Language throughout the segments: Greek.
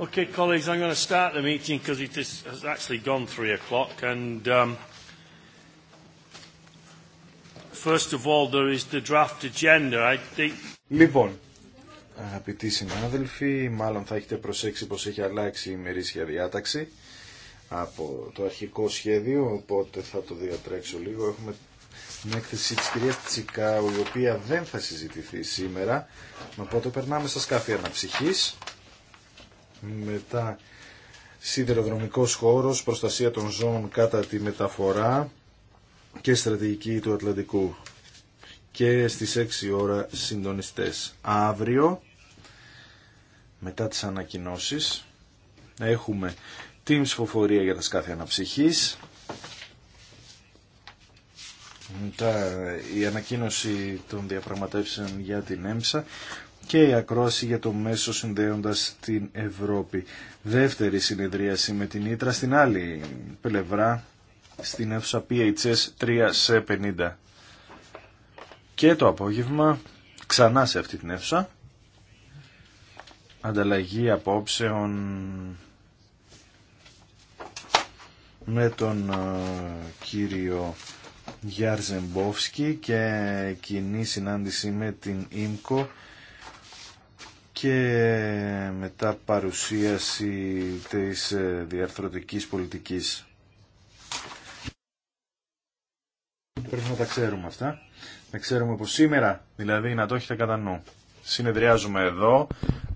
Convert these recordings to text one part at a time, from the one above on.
Okay, colleagues, I'm going to start the meeting because it is, has actually gone three o'clock. And um, first of all, there is the draft agenda. I think... Λοιπόν, αγαπητοί συνάδελφοι, μάλλον θα έχετε προσέξει πως έχει αλλάξει η ημερήσια διάταξη από το αρχικό σχέδιο, οπότε θα το διατρέξω λίγο. Έχουμε την έκθεση της κυρίας Τσικάου, η οποία δεν θα συζητηθεί σήμερα, οπότε περνάμε στα σκάφη αναψυχής μετά σιδηροδρομικός χώρος, προστασία των ζώων κατά τη μεταφορά και στρατηγική του Ατλαντικού και στις 6 ώρα συντονιστές. Αύριο, μετά τις ανακοινώσεις, έχουμε την ψηφοφορία για τα σκάφη αναψυχής. Μετά η ανακοίνωση των διαπραγματεύσεων για την ΕΜΣΑ και η ακρόση για το μέσο συνδέοντας την Ευρώπη. Δεύτερη συνεδρίαση με την Ήτρα στην άλλη πλευρά, στην αίθουσα PHS 3C50. Και το απόγευμα, ξανά σε αυτή την αίθουσα, ανταλλαγή απόψεων με τον ε, κύριο Γιάρζεμπόφσκι και κοινή συνάντηση με την ΙΜΚΟ και μετά παρουσίαση της ε, διαρθρωτικής πολιτικής. Πρέπει να τα ξέρουμε αυτά. Να ξέρουμε πως σήμερα, δηλαδή, να το έχετε κατά νου. Συνεδριάζουμε εδώ,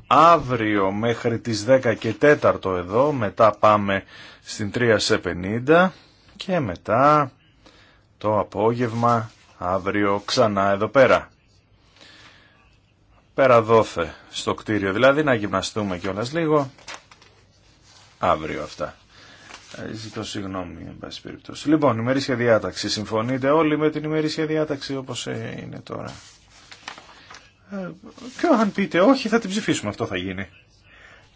αύριο μέχρι τις 10 και 4 εδώ, μετά πάμε στην 3 σε 50 και μετά το απόγευμα αύριο ξανά εδώ πέρα πέρα δόθε στο κτίριο. Δηλαδή να γυμναστούμε κιόλας λίγο αύριο αυτά. Ε, ζητώ συγγνώμη, εν πάση περιπτώσει. Λοιπόν, ημερήσια διάταξη. Συμφωνείτε όλοι με την ημερήσια διάταξη όπως ε, είναι τώρα. Ε, και αν πείτε όχι θα την ψηφίσουμε, αυτό θα γίνει.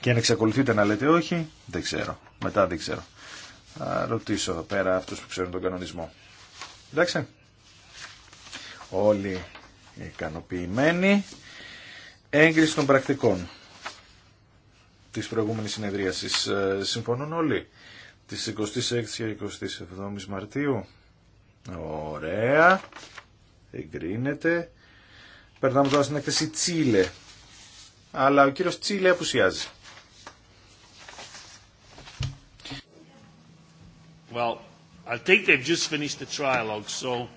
Και αν εξακολουθείτε να λέτε όχι, δεν ξέρω. Μετά δεν ξέρω. ρωτήσω εδώ πέρα αυτούς που ξέρουν τον κανονισμό. Εντάξει. Όλοι ικανοποιημένοι έγκριση των πρακτικών της προηγούμενης συνεδρίασης. Ε, συμφωνούν όλοι. Της 26 και 27 Μαρτίου. Ωραία. Εγκρίνεται. Περνάμε τώρα στην έκθεση Τσίλε. Αλλά ο κύριος Τσίλε απουσιάζει. Well, I think they've just finished the so...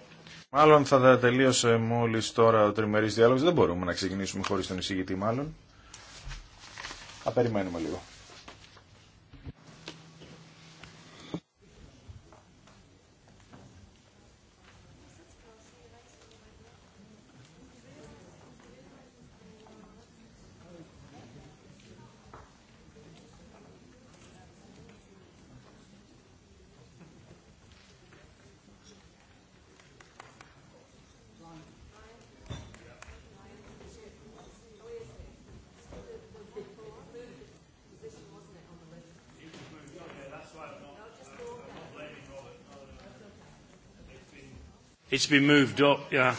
Μάλλον θα τελείωσε μόλις τώρα ο τριμερής διάλογος. Δεν μπορούμε να ξεκινήσουμε χωρίς τον εισηγητή μάλλον. Θα περιμένουμε λίγο. It's been moved up, yeah.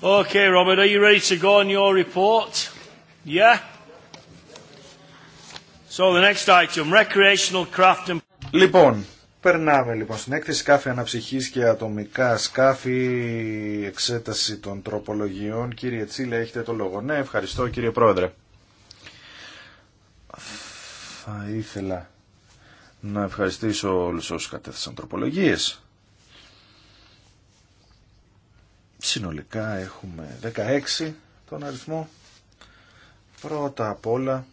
Okay, Robert, are you ready to go on your report? Yeah? So the next item, recreational craft and Λοιπόν, περνάμε λοιπόν στην έκθεση σκάφη αναψυχή και ατομικά σκάφη, εξέταση των τροπολογιών. Κύριε Τσίλε, έχετε το λόγο. Ναι, ευχαριστώ κύριε Πρόεδρε. Θα ήθελα να ευχαριστήσω όλους όσους κατέθεσαν τροπολογίες. Συνολικά έχουμε 16 τον αριθμό. Πρώτα απ' όλα,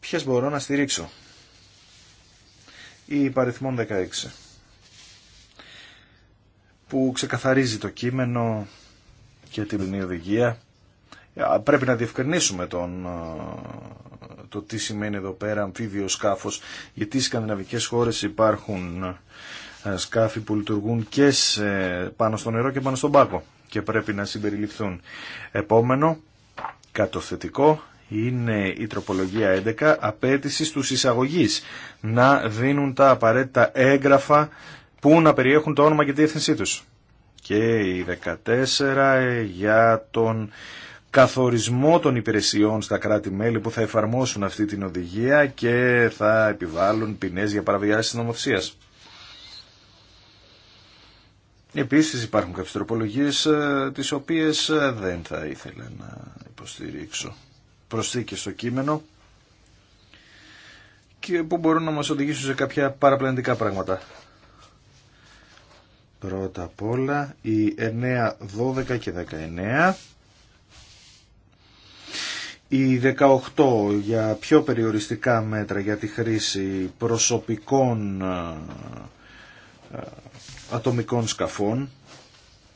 ποιες μπορώ να στηρίξω ή υπαριθμών 16 που ξεκαθαρίζει το κείμενο και την οδηγία. Πρέπει να διευκρινίσουμε τον, το τι σημαίνει εδώ πέρα αμφίβιο σκάφος, γιατί οι σκανδιναβικές χώρες υπάρχουν σκάφη που λειτουργούν και σε, πάνω στο νερό και πάνω στον πάκο και πρέπει να συμπεριληφθούν. Επόμενο, κατοθετικό, είναι η τροπολογία 11 απέτηση στους εισαγωγείς να δίνουν τα απαραίτητα έγγραφα που να περιέχουν το όνομα και τη διεύθυνσή τους. Και η 14 για τον καθορισμό των υπηρεσιών στα κράτη-μέλη που θα εφαρμόσουν αυτή την οδηγία και θα επιβάλλουν ποινές για παραβιάσεις της νομοθεσίας. Επίσης υπάρχουν κάποιες τροπολογίες ε, τις οποίες ε, δεν θα ήθελα να υποστηρίξω προσθήκες στο κείμενο και που μπορούν να μας οδηγήσουν σε κάποια παραπλανητικά πράγματα. Πρώτα απ' όλα οι 9, 12 και 19. Οι 18 για πιο περιοριστικά μέτρα για τη χρήση προσωπικών ε, ε, ατομικών σκαφών.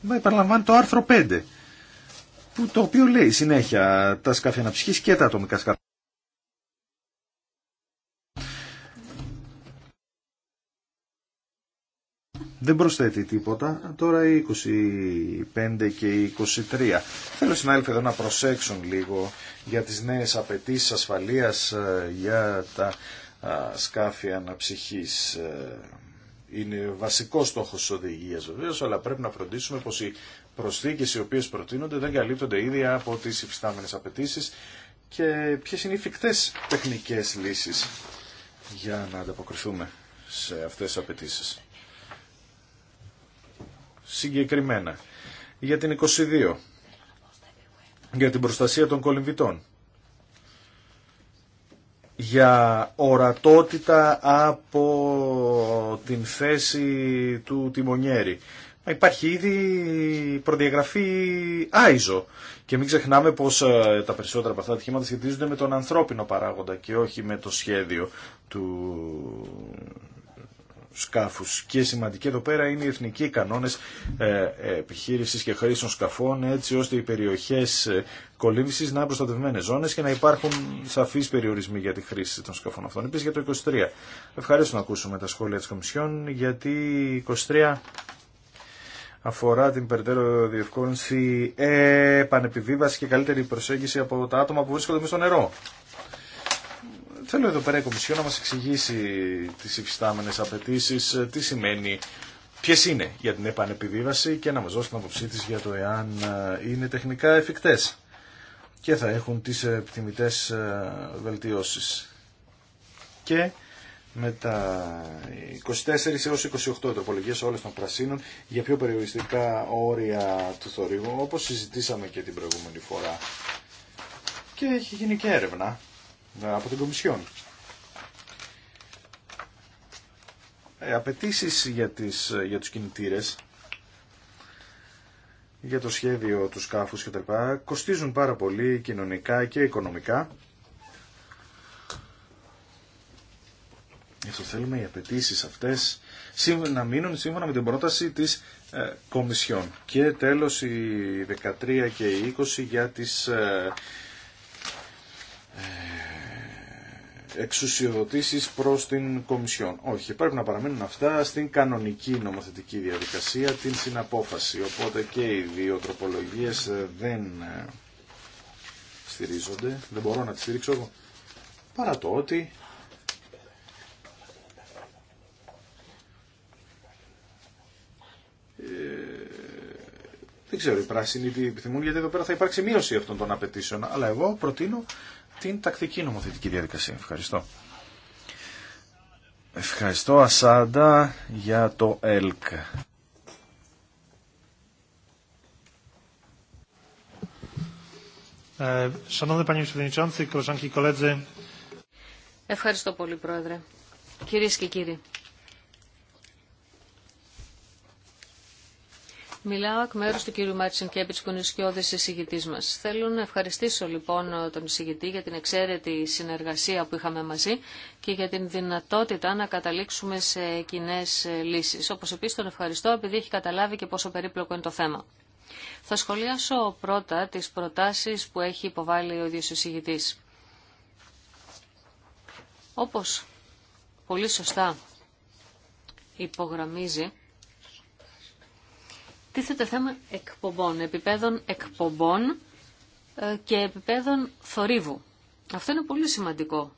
με επαναλαμβάνει το άρθρο 5 που, το οποίο λέει συνέχεια τα σκάφη αναψυχή και τα ατομικά σκάφη. Δεν προσθέτει τίποτα. Τώρα οι 25 και οι 23. Θέλω συνάδελφοι εδώ να προσέξουν λίγο για τις νέες απαιτήσεις ασφαλείας ε, για τα σκάφη αναψυχής. Ε, είναι βασικό στόχος τη οδηγία Βεβαίως, αλλά πρέπει να φροντίσουμε πως οι προσθήκες οι οποίες προτείνονται δεν καλύπτονται ήδη από τις υφιστάμενε απαιτήσει και ποιε είναι οι φυκτές τεχνικές λύσεις για να ανταποκριθούμε σε αυτές τις απαιτήσει. Συγκεκριμένα, για την 22, για την προστασία των κολυμβητών, για ορατότητα από την θέση του τιμονιέρη, Υπάρχει ήδη προδιαγραφή ISO και μην ξεχνάμε πως ε, τα περισσότερα από αυτά τα ατυχήματα σχετίζονται με τον ανθρώπινο παράγοντα και όχι με το σχέδιο του σκάφου. Και σημαντική εδώ πέρα είναι οι εθνικοί κανόνες ε, ε, επιχείρηση και χρήσεων σκαφών έτσι ώστε οι περιοχέ κολύμβηση να είναι προστατευμένε ζώνες και να υπάρχουν σαφείς περιορισμοί για τη χρήση των σκαφών αυτών. Επίσης για το 23. Ευχαριστώ να ακούσουμε τα σχόλια τη Κομισιόν γιατί 23 αφορά την περαιτέρω διευκόλυνση επανεπιβίβαση και καλύτερη προσέγγιση από τα άτομα που βρίσκονται μέσα στο νερό. Θέλω εδώ πέρα η Κομισιό να μας εξηγήσει τις υφιστάμενες απαιτήσει, ε, τι σημαίνει, ποιε είναι για την επανεπιβίβαση και να μας δώσει την αποψή της για το εάν ε, είναι τεχνικά εφικτές και θα έχουν τις επιθυμητές ε, βελτιώσεις. Και με τα 24 έως 28 τροπολογίες όλες των πρασίνων για πιο περιοριστικά όρια του θορύβου όπως συζητήσαμε και την προηγούμενη φορά και έχει γίνει και έρευνα από την Κομισιόν. Ε, απαιτήσει για, τις, για τους κινητήρες για το σχέδιο του σκάφους και τα κοστίζουν πάρα πολύ κοινωνικά και οικονομικά Γι' αυτό θέλουμε οι απαιτήσει αυτές να μείνουν σύμφωνα με την πρόταση της ε, Κομισιόν. Και τέλος η 13 και οι 20 για τις ε, ε, εξουσιοδοτήσεις προς την Κομισιόν. Όχι, πρέπει να παραμείνουν αυτά στην κανονική νομοθετική διαδικασία, την συναπόφαση. Οπότε και οι δύο τροπολογίες δεν ε, στηρίζονται, δεν μπορώ να τις στηρίξω εγώ. Παρά το ότι Ε, δεν ξέρω οι πράσινοι τι επιθυμούν, γιατί εδώ πέρα θα υπάρξει μείωση αυτών των απαιτήσεων. Αλλά εγώ προτείνω την τακτική νομοθετική διαδικασία. Ευχαριστώ. Ευχαριστώ Ασάντα για το ΕΛΚ. Ε, Ευχαριστώ πολύ, Πρόεδρε. Κυρίες και κύριοι. Μιλάω εκ μέρου του κύριου Μάρτσιν Κέμπιτ, που είναι σκιώδη εισηγητή μα. Θέλω να ευχαριστήσω λοιπόν τον εισηγητή για την εξαίρετη συνεργασία που είχαμε μαζί και για την δυνατότητα να καταλήξουμε σε κοινέ λύσει. Όπω επίση τον ευχαριστώ επειδή έχει καταλάβει και πόσο περίπλοκο είναι το θέμα. Θα σχολιάσω πρώτα τι προτάσει που έχει υποβάλει ο ίδιο εισηγητή. Όπω πολύ σωστά υπογραμμίζει, τίθεται θέμα εκπομπών, επιπέδων εκπομπών ε, και επιπέδων θορύβου. Αυτό είναι πολύ σημαντικό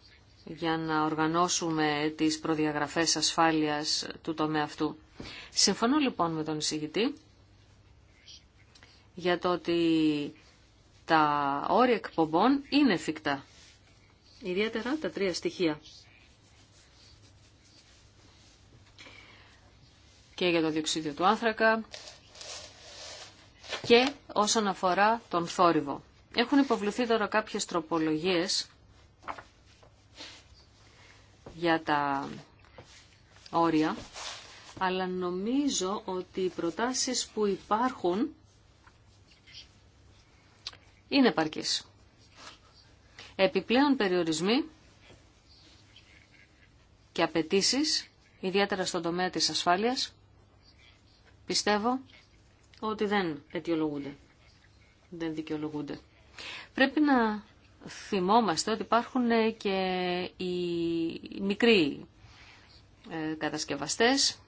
για να οργανώσουμε τις προδιαγραφές ασφάλειας του τομέα αυτού. Συμφωνώ λοιπόν με τον εισηγητή για το ότι τα όρια εκπομπών είναι εφικτά. Ιδιαίτερα τα τρία στοιχεία. Και για το διοξίδιο του άνθρακα και όσον αφορά τον θόρυβο. Έχουν υποβληθεί τώρα κάποιες τροπολογίες για τα όρια, αλλά νομίζω ότι οι προτάσεις που υπάρχουν είναι παρκής. Επιπλέον περιορισμοί και απαιτήσει, ιδιαίτερα στον τομέα της ασφάλειας, πιστεύω ότι δεν αιτιολογούνται. Δεν δικαιολογούνται. Πρέπει να θυμόμαστε ότι υπάρχουν ε, και οι μικροί ε, κατασκευαστές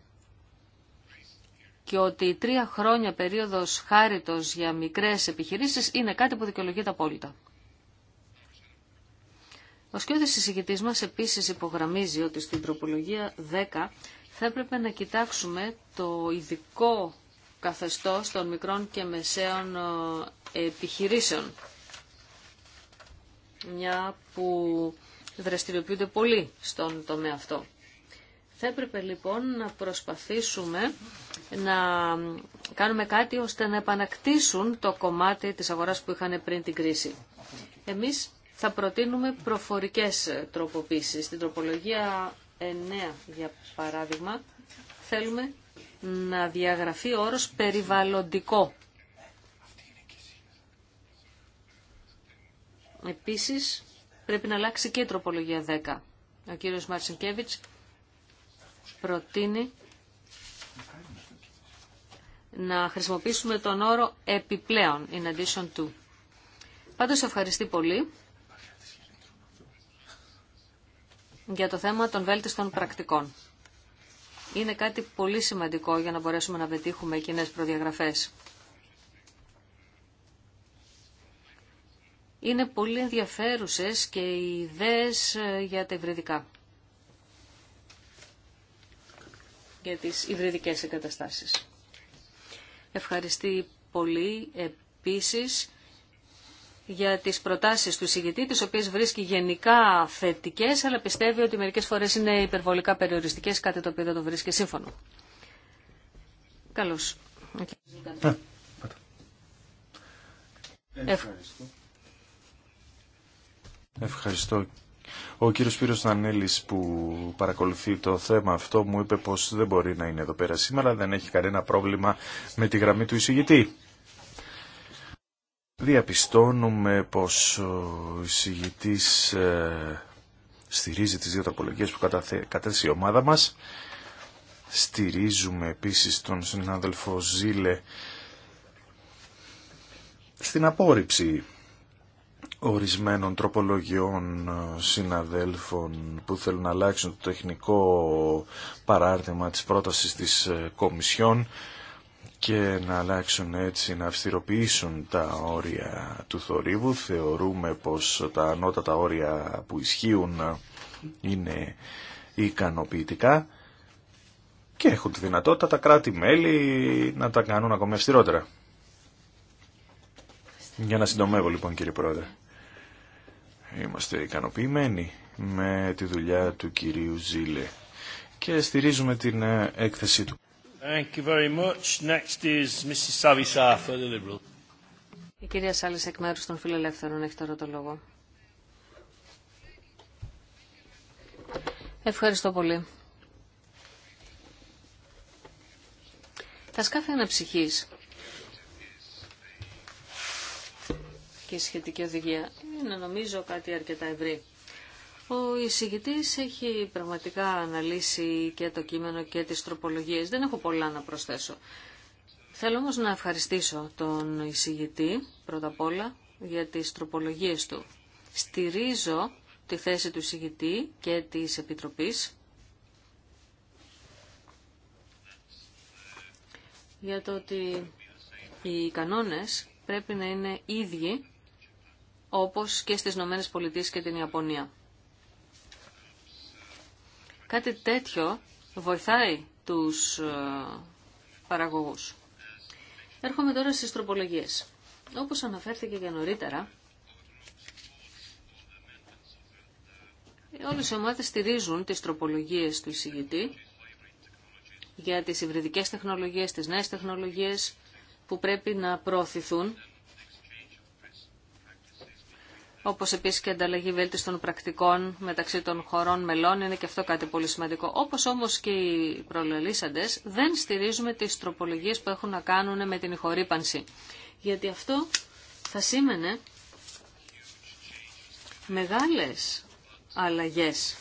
και ότι τρία χρόνια περίοδος χάριτος για μικρές επιχειρήσεις είναι κάτι που δικαιολογείται απόλυτα. Ο σκιώδης συζητητής μας επίσης υπογραμμίζει ότι στην τροπολογία 10 θα έπρεπε να κοιτάξουμε το ειδικό καθεστώς των μικρών και μεσαίων ε, επιχειρήσεων. Μια που δραστηριοποιούνται πολύ στον τομέα αυτό. Θα έπρεπε λοιπόν να προσπαθήσουμε να κάνουμε κάτι ώστε να επανακτήσουν το κομμάτι της αγοράς που είχαν πριν την κρίση. Εμείς θα προτείνουμε προφορικές τροποποίησεις. Στην τροπολογία 9, για παράδειγμα, θέλουμε να διαγραφεί ο όρος περιβαλλοντικό. Επίσης, πρέπει να αλλάξει και η τροπολογία 10. Ο κύριος Μαρσινκέβιτς προτείνει να χρησιμοποιήσουμε τον όρο επιπλέον, in addition to. Πάντως ευχαριστεί πολύ για το θέμα των βέλτιστων πρακτικών είναι κάτι πολύ σημαντικό για να μπορέσουμε να πετύχουμε κοινέ προδιαγραφές. Είναι πολύ ενδιαφέρουσες και οι ιδέες ε, για τα υβριδικά. Για τις υβριδικές εγκαταστάσεις. Ευχαριστή πολύ επίσης για τις προτάσεις του εισηγητή, τις οποίες βρίσκει γενικά θετικές, αλλά πιστεύει ότι μερικές φορές είναι υπερβολικά περιοριστικές, κάτι το οποίο δεν το βρίσκει σύμφωνο. Καλώς. Ε, ε, ευχαριστώ. Ευχαριστώ. Ο κύριος Σπύρος Νανέλης που παρακολουθεί το θέμα αυτό μου είπε πως δεν μπορεί να είναι εδώ πέρα σήμερα, δεν έχει κανένα πρόβλημα με τη γραμμή του εισηγητή διαπιστώνουμε πως ο εισηγητής ε, στηρίζει τις δύο τροπολογίες που κατέθεσε η ομάδα μας. Στηρίζουμε επίσης τον συνάδελφο Ζήλε στην απόρριψη ορισμένων τροπολογιών ε, συναδέλφων που θέλουν να αλλάξουν το τεχνικό παράρτημα της πρότασης της ε, Κομισιόν και να αλλάξουν έτσι, να αυστηροποιήσουν τα όρια του θορύβου. Θεωρούμε πως τα ανώτατα όρια που ισχύουν είναι ικανοποιητικά και έχουν τη δυνατότητα τα κράτη-μέλη να τα κάνουν ακόμη αυστηρότερα. Για να συντομεύω λοιπόν κύριε Πρόεδρε. Είμαστε ικανοποιημένοι με τη δουλειά του κυρίου Ζήλε και στηρίζουμε την ε, έκθεσή του. Thank you very much. Next is Mrs. the Liberal. Η κυρία Σάλης εκ μέρους των Φιλελεύθερων έχει τώρα το λόγο. Ευχαριστώ πολύ. Τα σκάφη αναψυχής και η σχετική οδηγία είναι νομίζω κάτι αρκετά ευρύ. Ο εισηγητής έχει πραγματικά αναλύσει και το κείμενο και τις τροπολογίες. Δεν έχω πολλά να προσθέσω. Θέλω όμως να ευχαριστήσω τον εισηγητή πρώτα απ' όλα για τις τροπολογίες του. Στηρίζω τη θέση του εισηγητή και της Επιτροπής για το ότι οι κανόνες πρέπει να είναι ίδιοι όπως και στις Ηνωμένες Πολιτείες και την Ιαπωνία. Κάτι τέτοιο βοηθάει τους ε, παραγωγούς. Έρχομαι τώρα στις τροπολογίες. Όπως αναφέρθηκε και νωρίτερα, όλες οι ομάδες στηρίζουν τις τροπολογίες του εισηγητή για τις υβριδικές τεχνολογίες, τις νέες τεχνολογίες που πρέπει να προωθηθούν όπως επίσης και ανταλλαγή βέλτιστων πρακτικών μεταξύ των χωρών μελών, είναι και αυτό κάτι πολύ σημαντικό. Όπως όμως και οι προλελήσαντε, δεν στηρίζουμε τις τροπολογίε που έχουν να κάνουν με την ηχορύπανση. Γιατί αυτό θα σήμαινε μεγάλες αλλαγές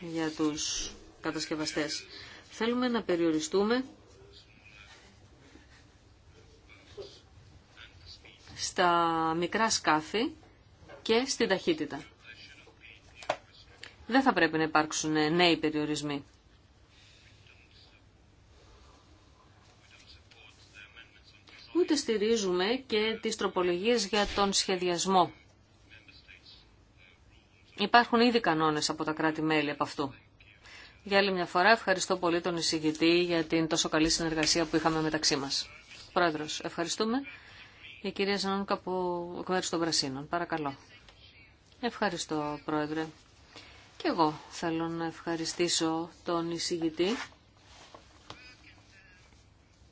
για τους κατασκευαστές. Θέλουμε να περιοριστούμε στα μικρά σκάφη και στην ταχύτητα. Δεν θα πρέπει να υπάρξουν νέοι περιορισμοί. Ούτε στηρίζουμε και τις τροπολογίες για τον σχεδιασμό. Υπάρχουν ήδη κανόνες από τα κράτη-μέλη από αυτού. Για άλλη μια φορά ευχαριστώ πολύ τον εισηγητή για την τόσο καλή συνεργασία που είχαμε μεταξύ μας. Πρόεδρος, ευχαριστούμε. Η κυρία Ζανόνκα από εκ μέρους των Πρασίνων. Παρακαλώ. Ευχαριστώ, Πρόεδρε. Και εγώ θέλω να ευχαριστήσω τον εισηγητή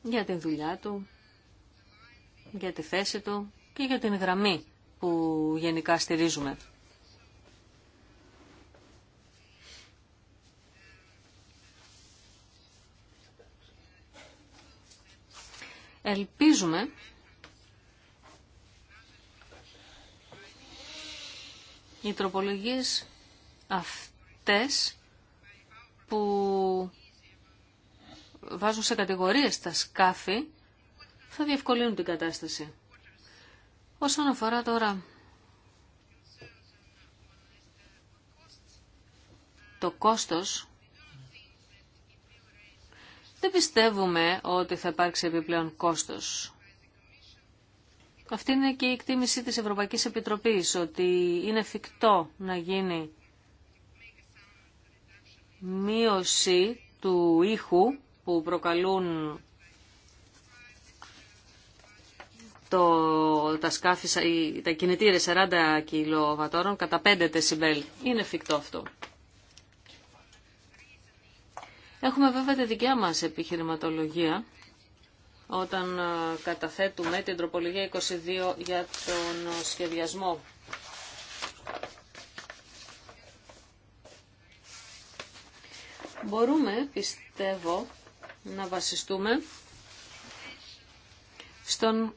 για την δουλειά του, για τη θέση του και για την γραμμή που γενικά στηρίζουμε. Ελπίζουμε οι τροπολογίες αυτές που βάζουν σε κατηγορίες τα σκάφη θα διευκολύνουν την κατάσταση. Όσον αφορά τώρα το κόστος, δεν πιστεύουμε ότι θα υπάρξει επιπλέον κόστος. Αυτή είναι και η εκτίμηση της Ευρωπαϊκής Επιτροπής, ότι είναι εφικτό να γίνει μείωση του ήχου που προκαλούν το, τα σκάφη, τα 40 κιλοβατόρων κατά 5 τεσιμπέλ. Είναι εφικτό αυτό. Έχουμε βέβαια τη δικιά μας επιχειρηματολογία όταν ε, καταθέτουμε την τροπολογία 22 για τον ε, σχεδιασμό. Μπορούμε, πιστεύω, να βασιστούμε στον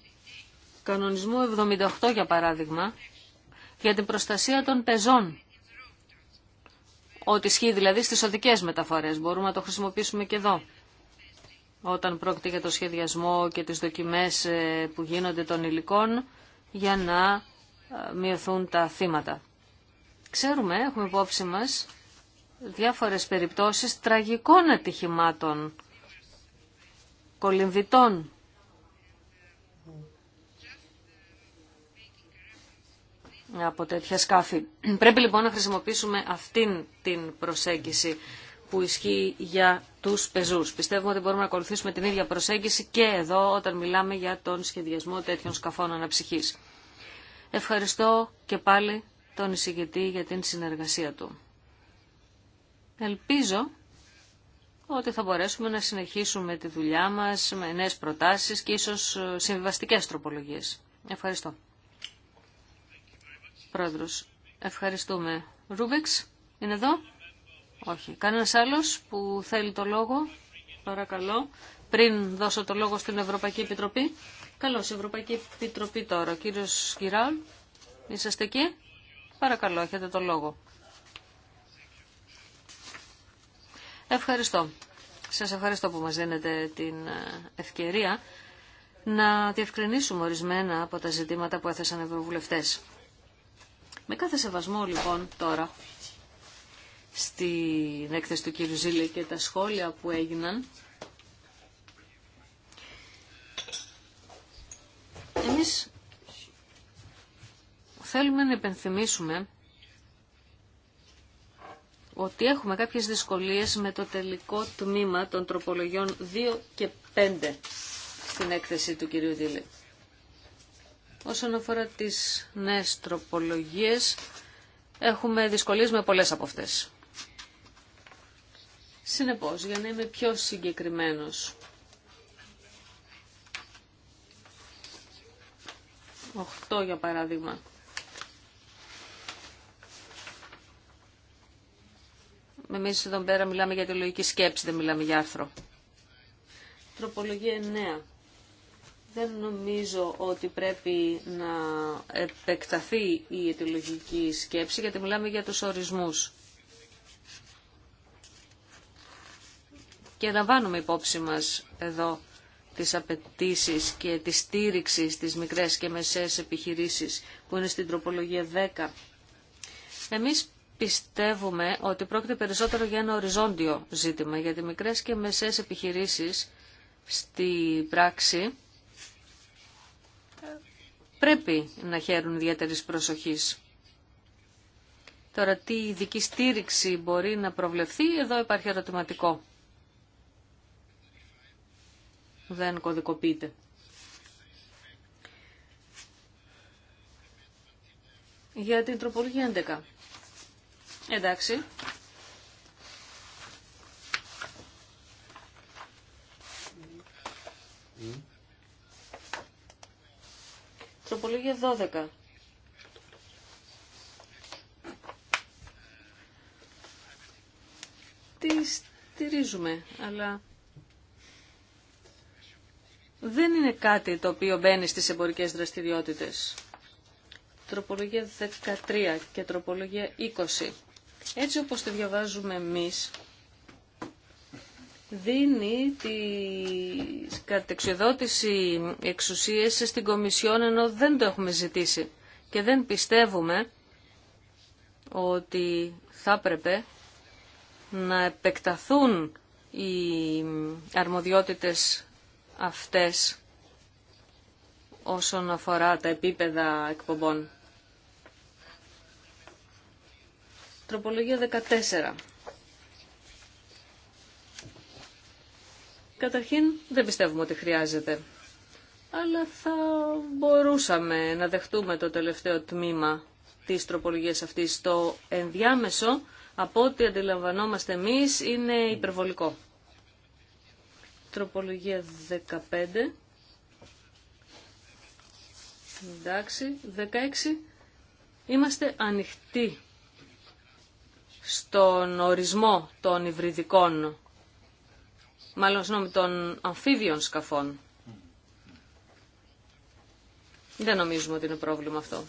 κανονισμό 78, για παράδειγμα, για την προστασία των πεζών. Ό,τι ισχύει δηλαδή στις οδικές μεταφορές. Μπορούμε να το χρησιμοποιήσουμε και εδώ όταν πρόκειται για το σχεδιασμό και τις δοκιμές ε, που γίνονται των υλικών για να ε, μειωθούν τα θύματα. Ξέρουμε, έχουμε υπόψη μας, διάφορες περιπτώσεις τραγικών ατυχημάτων, κολυμβητών. από τέτοια σκάφη. Πρέπει λοιπόν να χρησιμοποιήσουμε αυτήν την προσέγγιση που ισχύει για τους πεζούς. Πιστεύουμε ότι μπορούμε να ακολουθήσουμε την ίδια προσέγγιση και εδώ όταν μιλάμε για τον σχεδιασμό τέτοιων σκαφών αναψυχής. Ευχαριστώ και πάλι τον εισηγητή για την συνεργασία του. Ελπίζω ότι θα μπορέσουμε να συνεχίσουμε τη δουλειά μας με νέες προτάσεις και ίσως συμβιβαστικές τροπολογίες. Ευχαριστώ. Πρόεδρος, ευχαριστούμε. Ρούβεξ είναι εδώ. Όχι. Κανένας άλλος που θέλει το λόγο, παρακαλώ, πριν δώσω το λόγο στην Ευρωπαϊκή Επιτροπή. Καλώς, Ευρωπαϊκή Επιτροπή τώρα. Κύριος Γκυράουλ, είσαστε εκεί. Παρακαλώ, έχετε το λόγο. Ευχαριστώ. Σας ευχαριστώ που μας δίνετε την ε, ευκαιρία να διευκρινίσουμε ορισμένα από τα ζητήματα που έθεσαν οι ευρωβουλευτές. Με κάθε σεβασμό λοιπόν τώρα στην έκθεση του κύριου Ζήλη και τα σχόλια που έγιναν. Εμείς θέλουμε να επενθυμίσουμε ότι έχουμε κάποιες δυσκολίες με το τελικό τμήμα των τροπολογιών 2 και 5 στην έκθεση του κυρίου Δήλη. Όσον αφορά τις νέες τροπολογίες, έχουμε δυσκολίες με πολλές από αυτές. Συνεπώς, για να είμαι πιο συγκεκριμένος, 8 για παράδειγμα. Εμείς εδώ πέρα μιλάμε για τη λογική σκέψη, δεν μιλάμε για άρθρο. Τροπολογία 9. Δεν νομίζω ότι πρέπει να επεκταθεί η αιτιολογική σκέψη, γιατί μιλάμε για τους ορισμούς. και λαμβάνουμε υπόψη μας εδώ τις απαιτήσει και τη στήριξη στις μικρές και μεσαίες επιχειρήσεις που είναι στην τροπολογία 10. Εμείς πιστεύουμε ότι πρόκειται περισσότερο για ένα οριζόντιο ζήτημα, γιατί μικρές και μεσαίες επιχειρήσεις στη πράξη πρέπει να χαίρουν ιδιαίτερη προσοχής. Τώρα τι ειδική στήριξη μπορεί να προβλεφθεί, εδώ υπάρχει ερωτηματικό δεν κωδικοποιείται. Για την τροπολογία 11. Εντάξει. Mm. Τροπολογία 12. Τη στηρίζουμε, αλλά δεν είναι κάτι το οποίο μπαίνει στις εμπορικές δραστηριότητες. Τροπολογία 13 και τροπολογία 20. Έτσι όπως τη διαβάζουμε εμείς, δίνει τη κατεξοδότηση εξουσίες στην Κομισιόν ενώ δεν το έχουμε ζητήσει και δεν πιστεύουμε ότι θα έπρεπε να επεκταθούν οι αρμοδιότητες αυτές όσον αφορά τα επίπεδα εκπομπών. Τροπολογία 14. Καταρχήν δεν πιστεύουμε ότι χρειάζεται. Αλλά θα μπορούσαμε να δεχτούμε το τελευταίο τμήμα της τροπολογίας αυτής. Το ενδιάμεσο, από ό,τι αντιλαμβανόμαστε εμείς, είναι υπερβολικό. Τροπολογία 15. Εντάξει, 16. Είμαστε ανοιχτοί στον ορισμό των υβριδικών, μάλλον συγγνώμη, των αμφίβιων σκαφών. Δεν νομίζουμε ότι είναι πρόβλημα αυτό.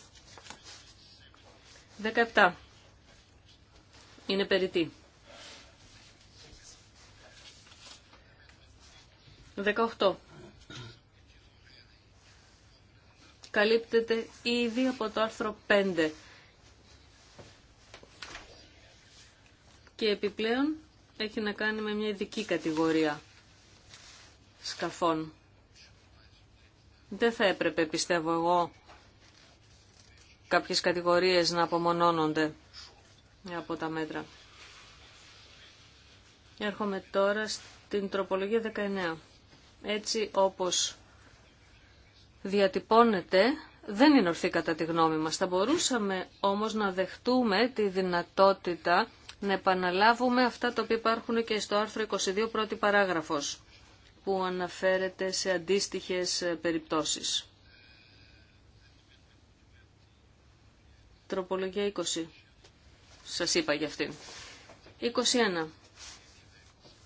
17. Είναι περιττή. 18. Καλύπτεται ήδη από το άρθρο 5. Και επιπλέον έχει να κάνει με μια ειδική κατηγορία σκαφών. Δεν θα έπρεπε, πιστεύω εγώ, κάποιες κατηγορίες να απομονώνονται από τα μέτρα. Έρχομαι τώρα στην τροπολογία 19 έτσι όπως διατυπώνεται δεν είναι ορθή κατά τη γνώμη μας. Θα μπορούσαμε όμως να δεχτούμε τη δυνατότητα να επαναλάβουμε αυτά τα οποία υπάρχουν και στο άρθρο 22 πρώτη παράγραφος που αναφέρεται σε αντίστοιχες περιπτώσεις. Τροπολογία 20. Σας είπα για αυτήν. 21.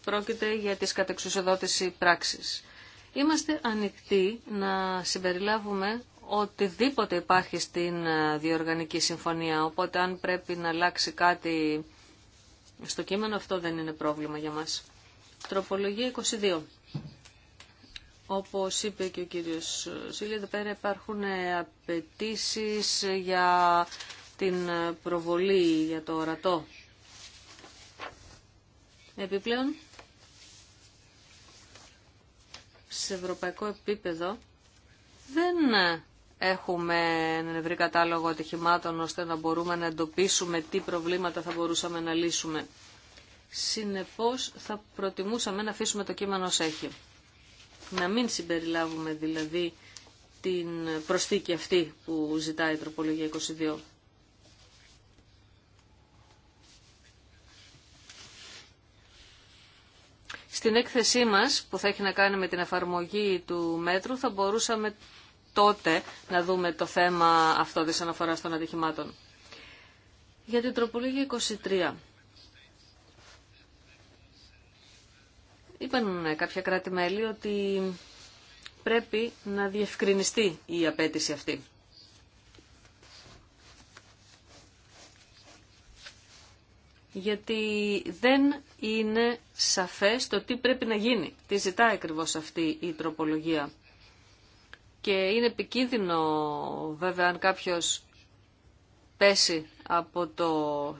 Πρόκειται για τις κατεξουσιοδότηση πράξης. Είμαστε ανοιχτοί να συμπεριλάβουμε οτιδήποτε υπάρχει στην ε, διοργανική συμφωνία, οπότε αν πρέπει να αλλάξει κάτι στο κείμενο αυτό δεν είναι πρόβλημα για μας. Τροπολογία 22. Όπως είπε και ο κύριος Σίλια, εδώ πέρα υπάρχουν ε, απαιτήσει για την ε, προβολή, για το ορατό. Επιπλέον, σε ευρωπαϊκό επίπεδο δεν έχουμε έναν ευρύ κατάλογο ατυχημάτων ώστε να μπορούμε να εντοπίσουμε τι προβλήματα θα μπορούσαμε να λύσουμε. Συνεπώς θα προτιμούσαμε να αφήσουμε το κείμενο ως έχει. Να μην συμπεριλάβουμε δηλαδή την προσθήκη αυτή που ζητάει η τροπολογία 22. Στην έκθεσή μας που θα έχει να κάνει με την εφαρμογή του μέτρου θα μπορούσαμε τότε να δούμε το θέμα αυτό της δηλαδή, αναφοράς των ατυχημάτων. Για την τροπολογία 23. Είπαν κάποια κράτη-μέλη ότι πρέπει να διευκρινιστεί η απέτηση αυτή. Γιατί δεν είναι σαφές το τι πρέπει να γίνει. Τι ζητά ακριβώ αυτή η τροπολογία. Και είναι επικίνδυνο βέβαια αν κάποιος πέσει από το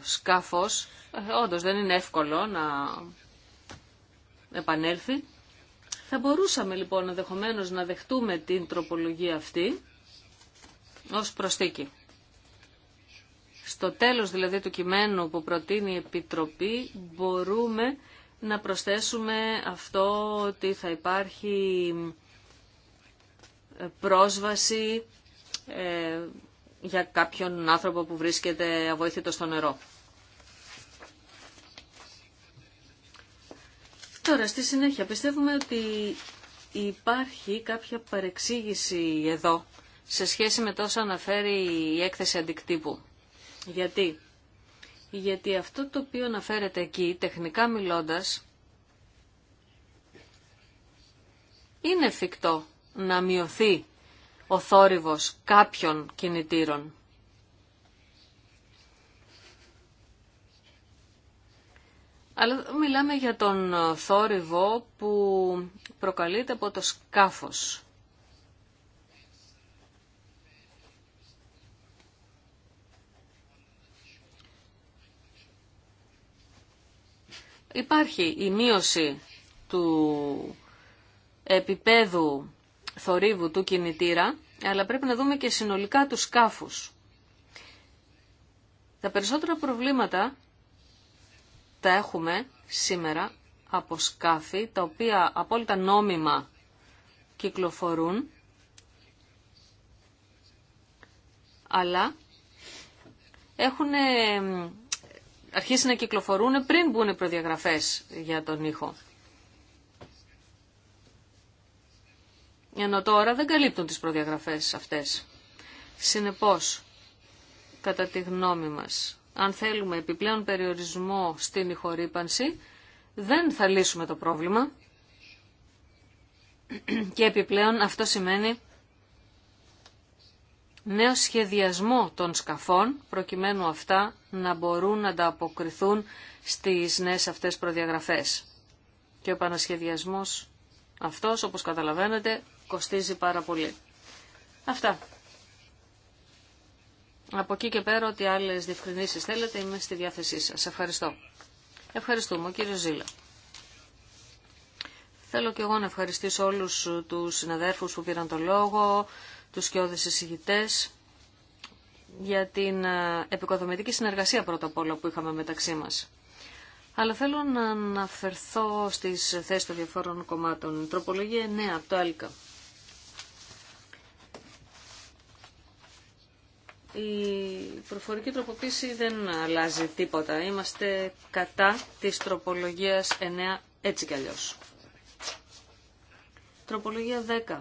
σκάφος, ε, όντως δεν είναι εύκολο να επανέλθει. Θα μπορούσαμε λοιπόν ενδεχομένω να δεχτούμε την τροπολογία αυτή ως προστίκη στο τέλος δηλαδή του κειμένου που προτείνει η Επιτροπή μπορούμε να προσθέσουμε αυτό ότι θα υπάρχει ε, πρόσβαση ε, για κάποιον άνθρωπο που βρίσκεται αβοήθητο στο νερό. Τώρα, στη συνέχεια, πιστεύουμε ότι υπάρχει κάποια παρεξήγηση εδώ σε σχέση με τόσα αναφέρει η έκθεση αντικτύπου. Γιατί? Γιατί αυτό το οποίο αναφέρεται εκεί, τεχνικά μιλώντας, είναι εφικτό να μειωθεί ο θόρυβος κάποιων κινητήρων. Αλλά μιλάμε για τον θόρυβο που προκαλείται από το σκάφος. υπάρχει η μείωση του επίπεδου θορύβου του κινητήρα, αλλά πρέπει να δούμε και συνολικά τους σκάφους. Τα περισσότερα προβλήματα τα έχουμε σήμερα από σκάφη, τα οποία απόλυτα νόμιμα κυκλοφορούν, αλλά έχουν ε, αρχίσει να κυκλοφορούν πριν μπουν οι προδιαγραφές για τον ήχο. Ενώ τώρα δεν καλύπτουν τις προδιαγραφές αυτές. Συνεπώς, κατά τη γνώμη μας, αν θέλουμε επιπλέον περιορισμό στην ηχορύπανση, δεν θα λύσουμε το πρόβλημα. Και επιπλέον αυτό σημαίνει νέο σχεδιασμό των σκαφών, προκειμένου αυτά να μπορούν να τα αποκριθούν στις νέες αυτές προδιαγραφές. Και ο επανασχεδιασμός αυτός, όπως καταλαβαίνετε, κοστίζει πάρα πολύ. Αυτά. Από εκεί και πέρα, ό,τι άλλες διευκρινήσεις θέλετε, είμαι στη διάθεσή σας. Ευχαριστώ. Ευχαριστούμε, ο Ζήλα. Θέλω και εγώ να ευχαριστήσω όλους τους συναδέρφους που πήραν το λόγο, τους σκιώδες εισηγητές για την ε, επικοδομητική συνεργασία πρώτα απ' όλα που είχαμε μεταξύ μας. Αλλά θέλω να αναφερθώ στις θέσεις των διαφόρων κομμάτων. Τροπολογία 9 από το ΑΛΚΑ. Η προφορική τροποποίηση δεν αλλάζει τίποτα. Είμαστε κατά της τροπολογίας 9 έτσι κι αλλιώς. Τροπολογία 10